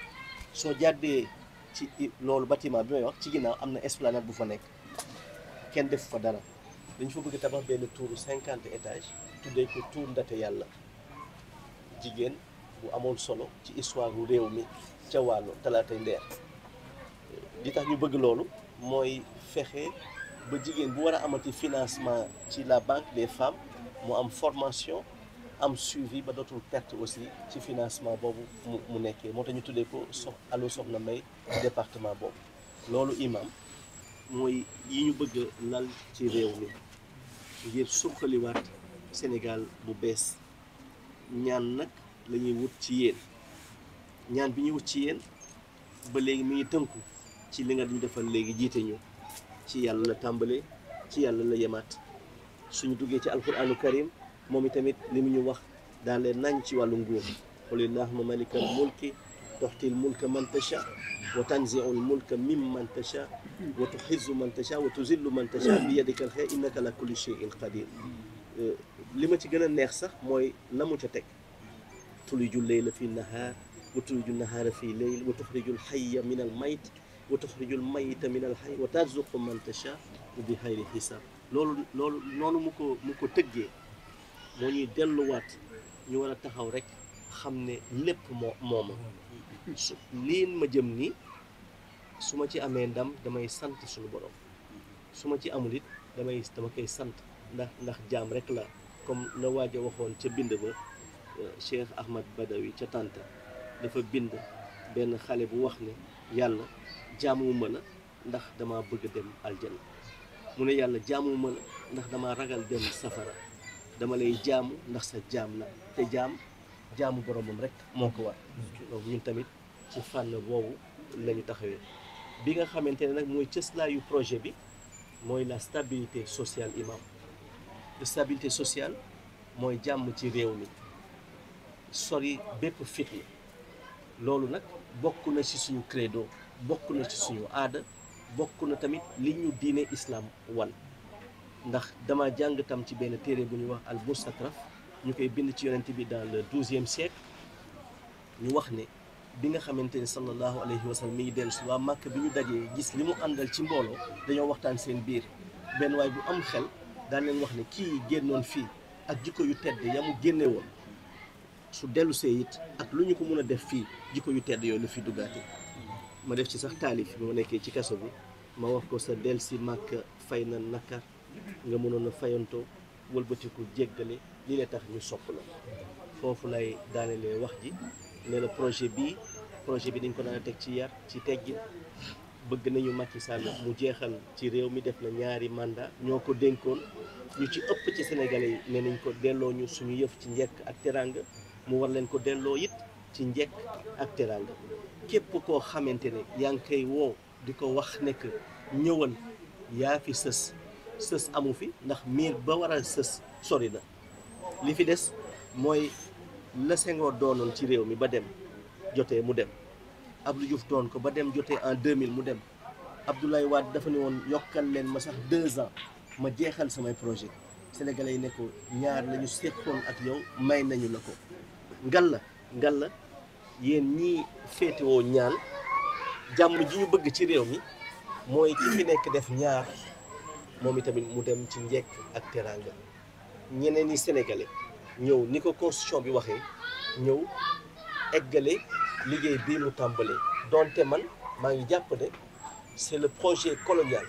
[SPEAKER 6] soo jàddee ci loolu bâtiment bi may wax ci ginnaaw am na esplanade bu fa nekk kenn def fa dara dañ fa bëgg tabax benn tour cinquante étage tuddee ko tour ndate yàlla jigéen. bu amoon solo ci histoire bu réew mi ca wàllu talaatay ndeer ditax tax ñu bëgg loolu mooy fexe ba jigéen bu war a amati financement ci la banque des femmes mu am formation am suivi ba dootul perte aussi ci financement boobu mu mu nekkee moo tax ñu tuddee ko sox allo Soxna May ci département boobu loolu imam mooy yi ñu bëgg lal ci réew mi ngir suqaliwaat Sénégal bu bees ñaan nag la ñuy wut ci yéen ñaan bi ñuy wut ci yéen ba léegi mi ngi tënku ci li nga ñu defal léegi jiite ñu ci yàlla la tàmbalee ci yàlla la yemaat suñu duggee ci alquranu karim moom itamit li mu ñu wax daal leen nañ ci wàllu nguur qul illahuma malikal mulki tuxtil mulka man tasha wa tanziul mulka mimman tasha wa tuxizzu man tasha wa tuzillu man tasha bi yadika alxeer innaka la kulli cheyin qadir euh, li ma ci gën a neex sax mooy la mu ca teg tuliju leyla fi nahaar wa tuliju nahaara fi leyl wa tuxriju lxaya min almayt wa tuxriju lmayta min alxay wa tarzuqu man tacha bi xayri xisaab loolu loolu noonu mu ko mu ko tëggee moo ñuy delluwaat ñu war a taxaw rek xam ne lépp moo mooma liin ma jëm nii su ma ci amee ndam damay sant sunu borom su ma ci amul it damay dama koy sant ndax ndax jaam rek la comme la waaja waxoon ca bind ba Cheikh Ahmad Badawi ca Tànta dafa bind benn xale bu wax ne yàlla jaamu mën a ndax dama bëgg dem aljana mu ne yàlla jaamu mën a ndax dama ragal dem safara dama lay jaamu ndax sa jaam la te jaam jaamu boromam rek moo ko war donc tamit ci fànn boobu lañu ñu taxawee bi nga xamante ne nag mooy cëslaayu projet bi mooy la stabilité sociale imam stabilité sociale mooy jàmm ci réew mi sori bépp fitna loolu nag bokk na ci suñu credo bokk na ci suñu aada bokk na tamit li ñu diine islam wan ndax dama jàng tam ci benn téere bu ñuy wax al mustatraf ñu koy bind ci yonent bi dans le douzième siècle ñu wax ne bi nga xamante ni sallallahu alayhi wa sallam mi ngi dellu si waa màkk bi ñu dajee gis li mu àndal ci mbooloo dañoo waxtaan seen biir benn waay bu am xel daan leen wax ni kii génnoon fii ak jikko yu tedd ya mu génne woon su dellu see it ak lu ñu ko mën a def fii jikko yu tedd yooyu la fi duggaate ma def ci sax taalif bi ma nekkee ci kaso bi ma wax ko sa del si màkk fay na nakar nga mënoon a fayantoo wëlbatiku jéggale lii la tax ñu sopp la foofu lay daanelee wax ji ne la projet bii projet bi dañ ko daan teg ci yar ci teggin bëgg nañu Macky Sall mu jeexal ci réew mi def na ñaari mandat ñoo ko dénkoon ñu ci ëpp ci sénégalais yi ne nañ ko delloo ñu suñu yëf ci njekk ak teranga mu war leen ko delloo it ci njekk ak teraanga képp koo xamante ne yaa ngi koy woo di ko wax nekk ñëwal yaa fi sës sës amu fi ndax miir ba war sës sori na li fi des mooy la doonoon ci réew mi ba dem jotee mu dem Abdou Diouf doon ko ba dem jotee en 2000 mu dem Abdoulaye Wade dafa ne woon yokkal leen ma sax deux ans ma jeexal samay projet sénégalais yi ne ko ñaar la ñu seqoon ak yow may nañu la ko ngal la ngal la yéen ñii féetewoo ñaan jàmm ji ñu bëgg ci réew mi mooy ki nekk def ñaar moom itamit mu dem ci njekk ak teraanga ñeneen ñi sénégalais ñëw ni ko constitution bi waxee ñëw eggale liggéey bii mu tàmbalee donte man maa ngi jàpp ne c'est le projet colonial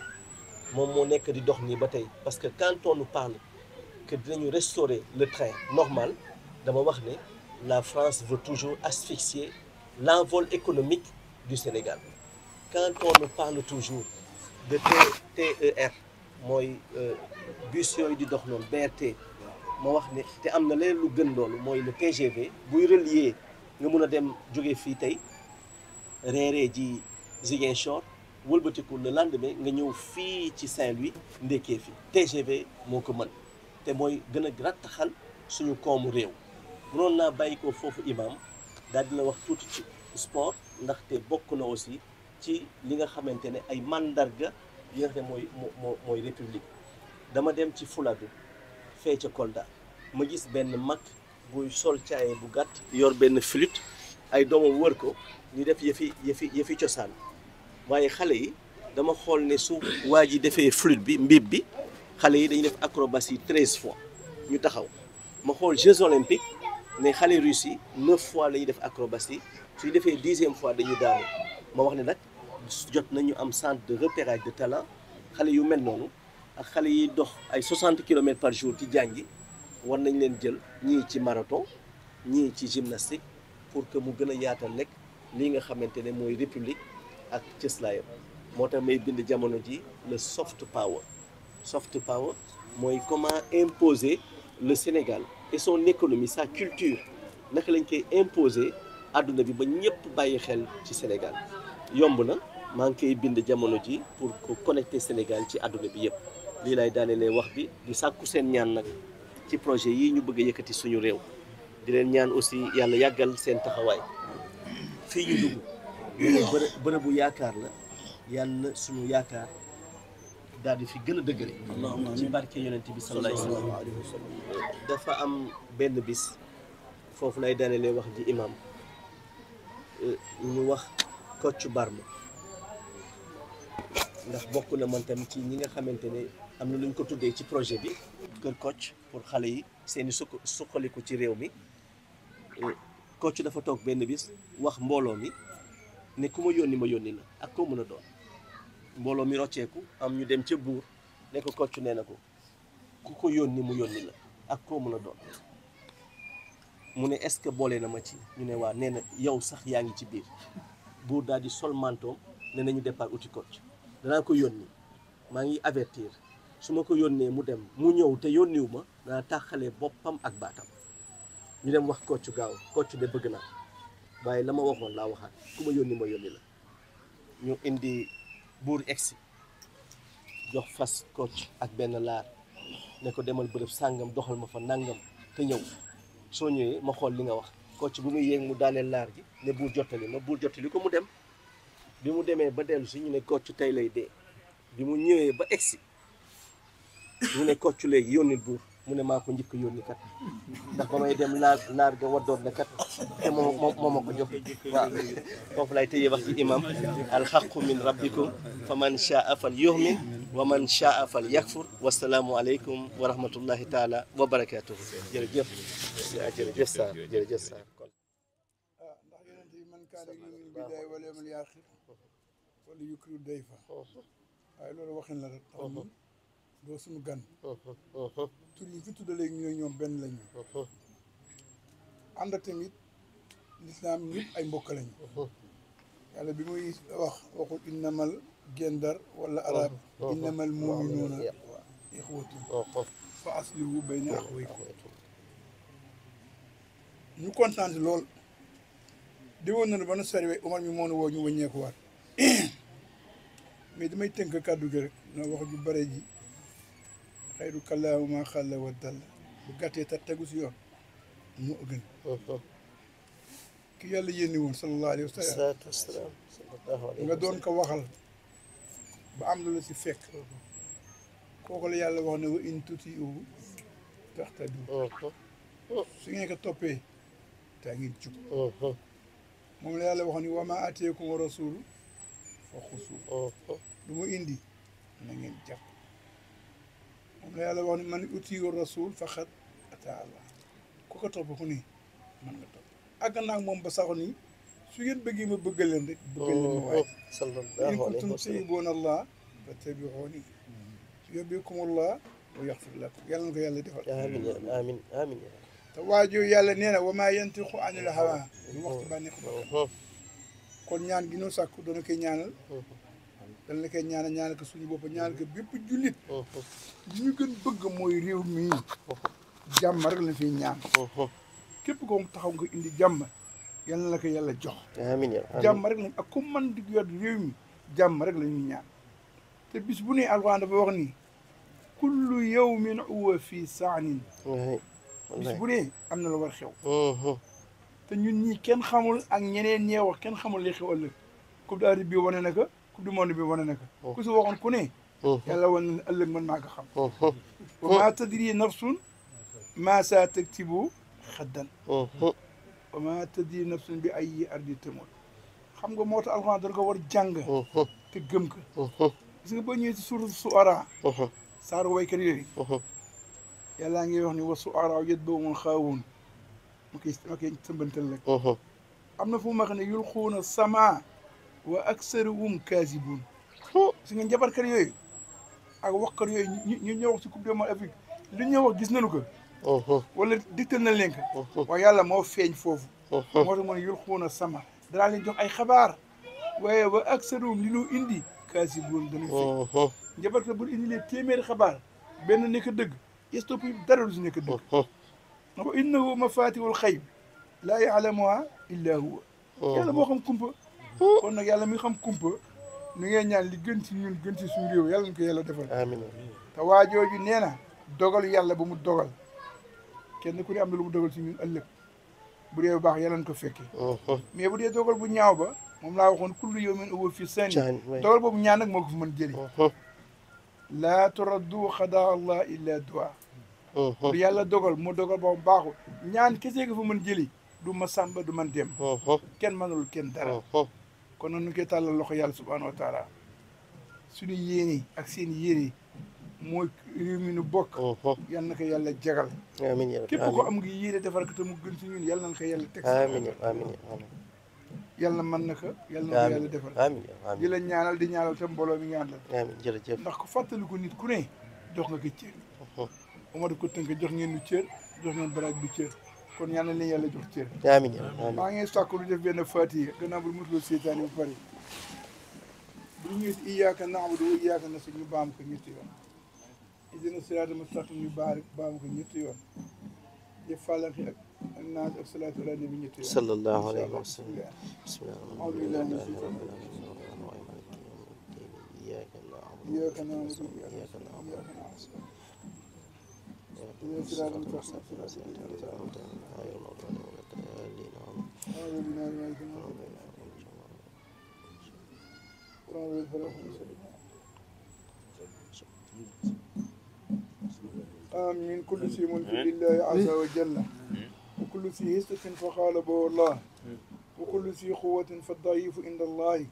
[SPEAKER 6] moom moo nekk di dox ni ba tey parce que quand on nous parle que dinañu restaurer le train normal dama wax ne la France veut toujours asphyxier l'envol économique du Sénégal quand on parle toujours de TER mooy euh, bus yooyu di dox noonu BRT ma wax ne te am na leen lu gën loolu mooy le TGV buy relier nga mun a dem jóge fii tey reeree ji Ziguinchor wëlbatiku le lendemain nga ñëw fii ci Saint-Louis ndekkee fi TGV moo ko mën te mooy gën a rattaxal suñu koomu réew mënoon naa bàyyi ko foofu imam daal dina wax tuuti ci sport ndaxte bokk na aussi ci li nga xamante ne ay mandarga yi nga xam mooy moo mooy république dama dem ci Fuladu fee ca Kolda ma gis benn mag buy sol caaye bu gàtt yor benn flûte ay doomam wër ko ñu def yëfi yëfi yëfi cosaan waaye xale yi dama xool ne su waa yi defee flûte bi mbib bi xale yi dañuy def acrobatie treize fois ñu taxaw ma xool Jeux olympiques mais xale russe yi neuf fois la ñuy def acrobatie suñu defee dixième fois dañuy daanu ma wax ni nag jot nañu am centre de repérage de talent xale yu mel noonu ak xale yiy dox ay 60 kilomètres par jour ci jàngi war nañ leen jël ñii ci marathon ñii ci gymnastique pour que mu gën a yaatal nekk lii nga xamante ne mooy république ak cëslaayam moo tax may bind jamono ji le soft power soft power mooy comment imposer le Sénégal et son économie sa culture naka lañ koy imposer àdduna bi ba ñëpp bàyyi xel ci Sénégal yomb na maa ngi koy bind jamono ji pour ko connecter Sénégal ci àdduna bi yëpp lii lay daanelee wax bi di sàkku seen ñaan nag ci projet yii ñu bëgg a yëkkati suñu réew di leen ñaan aussi yàlla yàggal seen taxawaay fii ñu dugg bërëbu yaakaar la yàlla suñu yaakaar daal di fi gën a dëgëre ci barke yonent bi sallallahu alayhi wa sallam dafa am benn bis foofu lay daanele wax ji imam ñu wax Kocc Barma ndax bokk na man tamit ci ñi nga xamante ne am na lu ñu ko tuddee ci projet bi kër Kocc pour xale yi seeni suk suqaliku ci réew mi Kocc dafa toog benn bis wax mbooloo mi ne ku ma yónni ma yónni la ak koo mën a doon mbooloo mi rocceeku am ñu dem ca buur ne ko kocc nee na ko ku ko yónni mu yónni la ak koo mën a doon mu ne est-ce que boole na ma ci ñu ne waa nee na yow sax yaa ngi ci biir buur daal di sol mantoom ne nañu départ uti kocc danaa ko yónni maa ngi avertir su ma ko yónnee mu dem mu ñëw te yónniwu ma danaa tàqale boppam ak baatam ñu dem wax kocc gaaw kocc de bëgg naa waaye la ma waxoon laa waxaat ku ma yónni ma yónni la ñu indi buur egsi jox fas coach ak benn laar ne ko demal bërëb sàngam doxal ma fa nangam te ñëw soo ñëwee ma xool li nga wax coach bu muy yéeg mu daaneel laar gi ne buur jottali ma buur jottali ko mu dem bi mu demee ba dellu si ñu ne coach tey lay dee bi mu ñëwee ba egsi ñu ne coach léegi yónnil buur mu ne maa ko njëkk yónni kat ndax ba may dem naar naar ga waddoon na kat te moom moo ma ko jox waaw foofu lay tëjee wax ci imam alxaqu min rabbikum fa man shaa fal yu'min wa man shaa fal yakfur wasalaamu aleykum wa rahmatullahi taala wa barakatuhu jërëjëf jërëjëf Sarr jërëjëf
[SPEAKER 15] Sarr kon
[SPEAKER 10] waaye loolu waxin la rek doo suñu gan. Uh-huh, uh-huh. tur yi fi tuddalee ñu ne ñoom benn lañu. Uh-huh. ànd tamit lislaam ñëpp ay mbokk lañu. yàlla bi muy wax waxul innamal gendar wala arab innamal muminuuna ixwatu fa aslihu bayna ñu kontaan si woon na ba nu sariwe Omar [coughs] mais damay tënk kàddu gi rek na wax ju bare ji xayru kalaamu maa wa dalla bu gàttee te tegu si yoon moo gën uh-huh. ki yàlla yénni woon sallallahu wa sallam nga doon ko waxal ba la si fekk uh-huh. kooku la yàlla uh-huh. ngeen ko toppee taa ngeen jub moom la yàlla wax ni wa maa ateekum wa rasulu fa xusu lu indi na ngeen moom la yàlla wax ni man utiyu rasul faqat ata allah ku ko topp ku nii man nga topp àgg naa moom ba sax nii su ngeen bëggee ma bëgg leen rek bëgg leen waaye oh, in kuntum tuhibbuuna allah fattabi'uuni yuhbibkum allah wa yaxfir lakum yàlla na ko yàlla defal amin amin te waajo yàlla nee na wa maa yantiqu anil hawaa oh, oh. waxtu baa nekk kon ñaan gi noo sàkk doona koy ñaanal dañ la koy ñaanal ñaanal ko suñu bopp ñaanal ko bépp jullit oh, oh. li ñu gën bëgg mooy réew mii oh, jàmm rek lañ fiy ñaan képp ko taxaw nga indi jàmm yal na la yàlla jox
[SPEAKER 13] amiin jàmm
[SPEAKER 10] rek lañ ak ku man di yor réew mi jàmm rek la ñuy ñaan te bis bu ne alxuraan dafa wax ni huwa fii saanin bis bu am na la war te ñun ñii kenn xamul ak ñeneen ñee wax kenn xamul li xew ëllëg coupe wane na ko coupe du monde bi wane na ko oh. ku si waxoon ku ne oh. yàlla wan na ëllëg man maa ko xam oh. wa maa tadri nafsun maa saa taktibu xaddan wa maa tadri nafsun bi ay ardi tamut xam nga moo tax alxuraan dara ko war jàng te gëm ko gis nga boo ñëwee si suuratu suara saaru waykat yooyu yàllaa ngi wax ni wa suara yët boo mun xaawun ma koy ma koy sëmbantal rek am na fu ma xam ne yulquuna sama wa aksaruhum kaasibuun si nga njabarkat yooyu ak waxkat yooyu ñu ñoo wax ci coupe du monde li ñoo gis nañu ko wala digtal na leen ko waaye yàlla moo feeñ foofu moo tax mu ne sama danaa leen jox ay xabaar waaye wa aksaruhum li indi kaasibuun dañu fekk njabarkat bu indi leen téeméeri xabaar benn nekk dëgg estop yi dara du si dëgg na ko innahu mafatihul xayb laa illa huwa yàlla moo xam kumpa kon nag yàlla mi xam kumpa nu ngee ñaan li gën si ñun gën ci suñu réew yàlla ñu ko yàlla defal amiin te waa jooju nee na dogalu yàlla bu mu dogal kenn ku ne am na lu mu dogal ci ñun ëllëg bu dee bu baax yàlla ñu ko fekke uh-huh. mais bu dee dogal bu ñaaw ba moom laa waxoon kullu yawmin huwa fi sha'nin dogal boobu ñaan nag moo ko fi mën jëli uh-huh. laa turaddu xadaa allah illa du'a lu uh-huh. yàlla dogal moo dogal ba mu baaxul ñaan kese nga fa mën jëli du ma sàmba du man dem kenn mënul kenn dara kon noonu ñu koy tàllal loxo yàlla subhaanahu wa taala suñu yéene ak seen yéene mooy réew mi nu bok yal na ko yàlla jagal. amiin képp ko am nga yéene defar ko te mu gën si ñun yal na ko yàlla teg. amiin amiin yàlla mën na ko. na ko yàlla defal amiin amiin di la ñaanal di ñaanal tam mbooloo mi nga àndal. amiin jërëjëf ndax ku fàttaliku nit ku ne jox nga ko cër. Omar ko tënk jox ngeen nu cër jox ngeen baraaj bi cër. kon yal na leen yàlla jox cër maa ngi sàkku lu def benn fatiha gannaaw bu mutuloo seytaane bu pare bu ñu ñëwee si iyaaka naabudu wa iyaaka nasta'iin ñu baam ko ñetti yoon ihdina siraatal mustaqiim ñu آمين كل شيء ملك لله عز وجل وكل ذي هسة فقال به الله وكل ذي قوة فالضعيف عند الله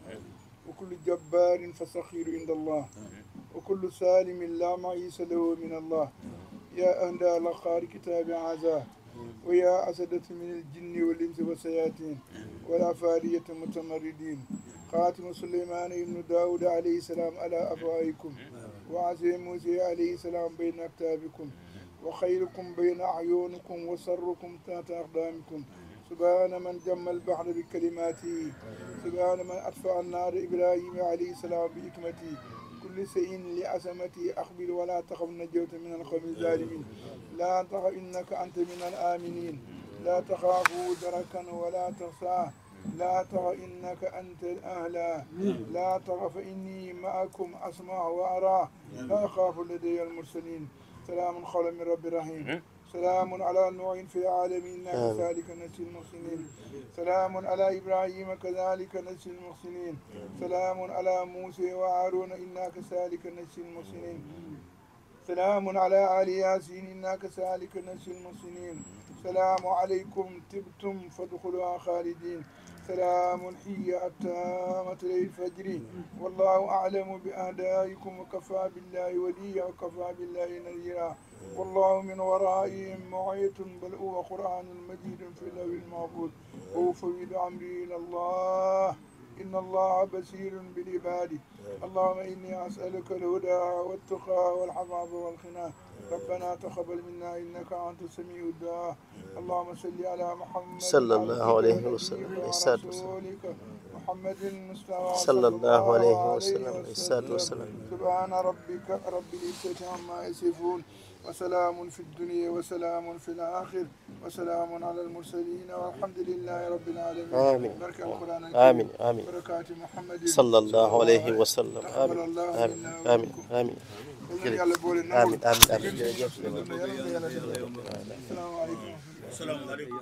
[SPEAKER 10] وكل جبار فالسخير عند الله وكل سالم لا معيس له من الله يا أهل لقار كتاب عزاه ويا أسدة من الجن والإنس والشياطين ولا فارية متمردين خاتم سليمان بن داود عليه السلام على أفواهكم وعزيم موسى عليه السلام بين أكتابكم وخيركم بين أعينكم وسركم تحت أقدامكم سبحان من جم البحر بكلماته سبحان من أطفأ النار إبراهيم عليه السلام بحكمته كل شيء لعظمته أخبر ولا تخف نجوت من القوم الظالمين لا تخف إنك أنت من الآمنين لا تخاف دركا ولا تخشاه لا تر إنك أنت الأعلى لا تر فإني معكم أسمع وأرى لا أخاف لدي المرسلين سلام قولا من رب رحيم سلام على نوح في العالمين كذلك نجزي المحسنين سلام على إبراهيم كذلك نجزي المحسنين سلام على موسى وهارون إنا كذلك نجزي المحسنين سلام على آل ياسين إنا كذلك نجزي المحسنين سلام عليكم تبتم فادخلوها خالدين سلام هي حتى مطلع الفجر والله أعلم بأعدائكم وكفى بالله وليا وكفى بالله نذيرا والله من ورائهم معيت بل هو قرآن مجيد في اللوح المحفوظ أفوض أمري إلى الله إن الله بصير بالعباد اللهم إني أسألك الهدى والتقى والحفاظ والغنى ربنا تقبل منا إنك أنت
[SPEAKER 6] السميع الدعاء اللهم صل على محمد صلى الله عليه وسلم محمد المصطفى صلى الله عليه وسلم الصلاة والسلام
[SPEAKER 10] سبحان ربك رب العزة عما يصفون وسلام في الدنيا وسلام في الآخر وسلام على المرسلين والحمد
[SPEAKER 6] لله رب العالمين آمين بركة القرآن الكريم آمين آمين بركات محمد صلى الله عليه وسلم آمين آمين آمين آمين آمين آمين آمين السلام عليكم
[SPEAKER 13] السلام عليكم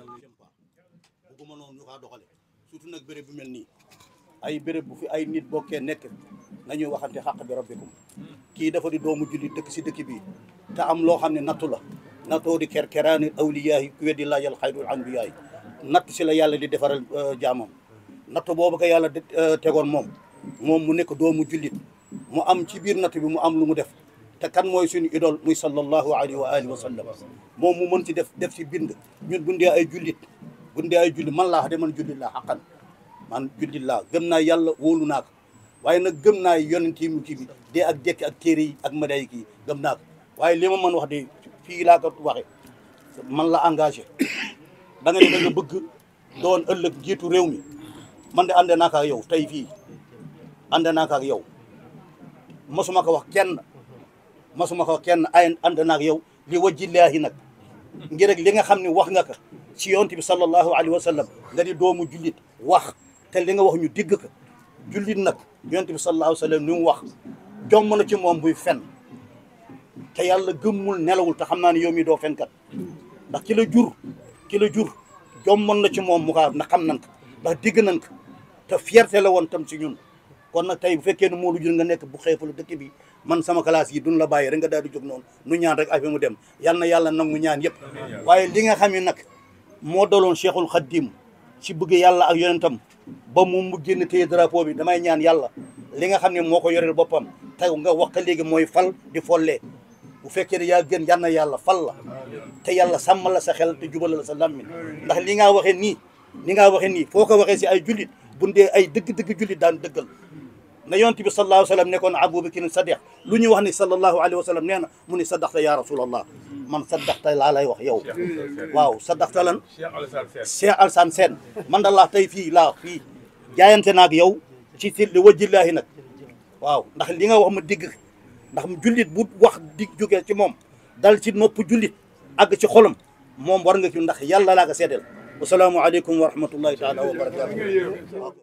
[SPEAKER 13] bëgguma noonu ñu kaa doxale surtout nag béréb bu mel nii ay béréb bu fi ay nit bokkee nekk nañuy waxante xàq bi rabbikum hmm. kii dafa di doomu jullit dëkk si dëkk bi te am loo xam ne nattu la nattoo di kerkeraani awliyaayi ku weddi laajal xayrul anbiyaayi nattu si la yàlla di defaral euh, jaamam nattu boobu ko yàlla euh, tegoon moom moom mu nekk doomu jullit mu am ci biir natt bi mu am lu mu def te kan mooy suñu idol muy sallallahu alayhi wa alihi wa sallam moom mu mën ci def def si bind ñun bundee ay jullit bundee ay jullit man laa de man jullit laa xaqan man jullit laa gëm naa yàlla wóolu naa waaye nag gëm naa yonent yi mu kii dee ak dekk ak téere yi ak malaayika yi gëm naa ko waaye li ma mën wax de fii laa ko waxee man la engage [coughs] da nga bëgg doon ëllëg njiitu réew mi man de ànd naa ak yow tey fii ànd naa ak yow mosuma ko wax kenn mosuma ko wax kenn ay ànd naa ak yow li wajjilaahi nag ngir rek li nga xam ne wax nga ko si yonent bi sallallahu alayhi wa nga di doomu jullit wax te li nga wax ñu digg ko jullit nag yonent bi sallallahu alayhi wa sallam mu wax jomm na ci moom buy fen te yàlla gëmmul nelawul te xam naa ne yow mii doo fenkat ndax ki jur ki la jur jommoon na ci moom mu kaa ndax xam nan ko ndax digg nan ko te fierté la woon tam si ñun kon nag tey bu fekkee ne moo lu jur nga nekk bu xeefalu dëkk bi man sama kalaas yi duñ la bàyyi rek nga daal di jóg noonu nu ñaan rek affaire mu dem yal na yàlla nangu ñaan yëpp waaye li nga xam ne nag moo daloon Cheikhul Khadim si buggee yàlla ak yonentam ba moom mu génn téye drapeau bi damay ñaan yàlla li nga xam ne moo ko yoreel boppam te nga wax ka léegi mooy fal di follee bu fekkee ne yaa gën yàlla na yàlla fal la te yàlla sàmm la sa xel te jubala la sa làmmiñ ndax li nga waxee nii ni nga waxee ni foo ko waxee si ay jullit bu dee ay dëgg-dëgg jullit daan dëggal na yonent bi sallallahu alayhi wa sallam nekkoon aboubakirin sadiq lu ñuy wax ni sallallahu alayhi wa sallam nee na mu ni sadaqta ya rasulallah man sadaqta laa lay wax yow waaw sadaqta lan Cheikh Alassane Sène man da laa tey fii laa fii jaayante naag yow ci si li wajjillaahi nag waaw ndax li nga wax ma dégg ndax jullit bu wax di jógee ci moom dal ci nopp jullit àgg ci xolam moom war nga ci ndax yàlla laa ko seedeel wasalaamu aleykum wa rahmatullahi taala wa
[SPEAKER 7] barakatu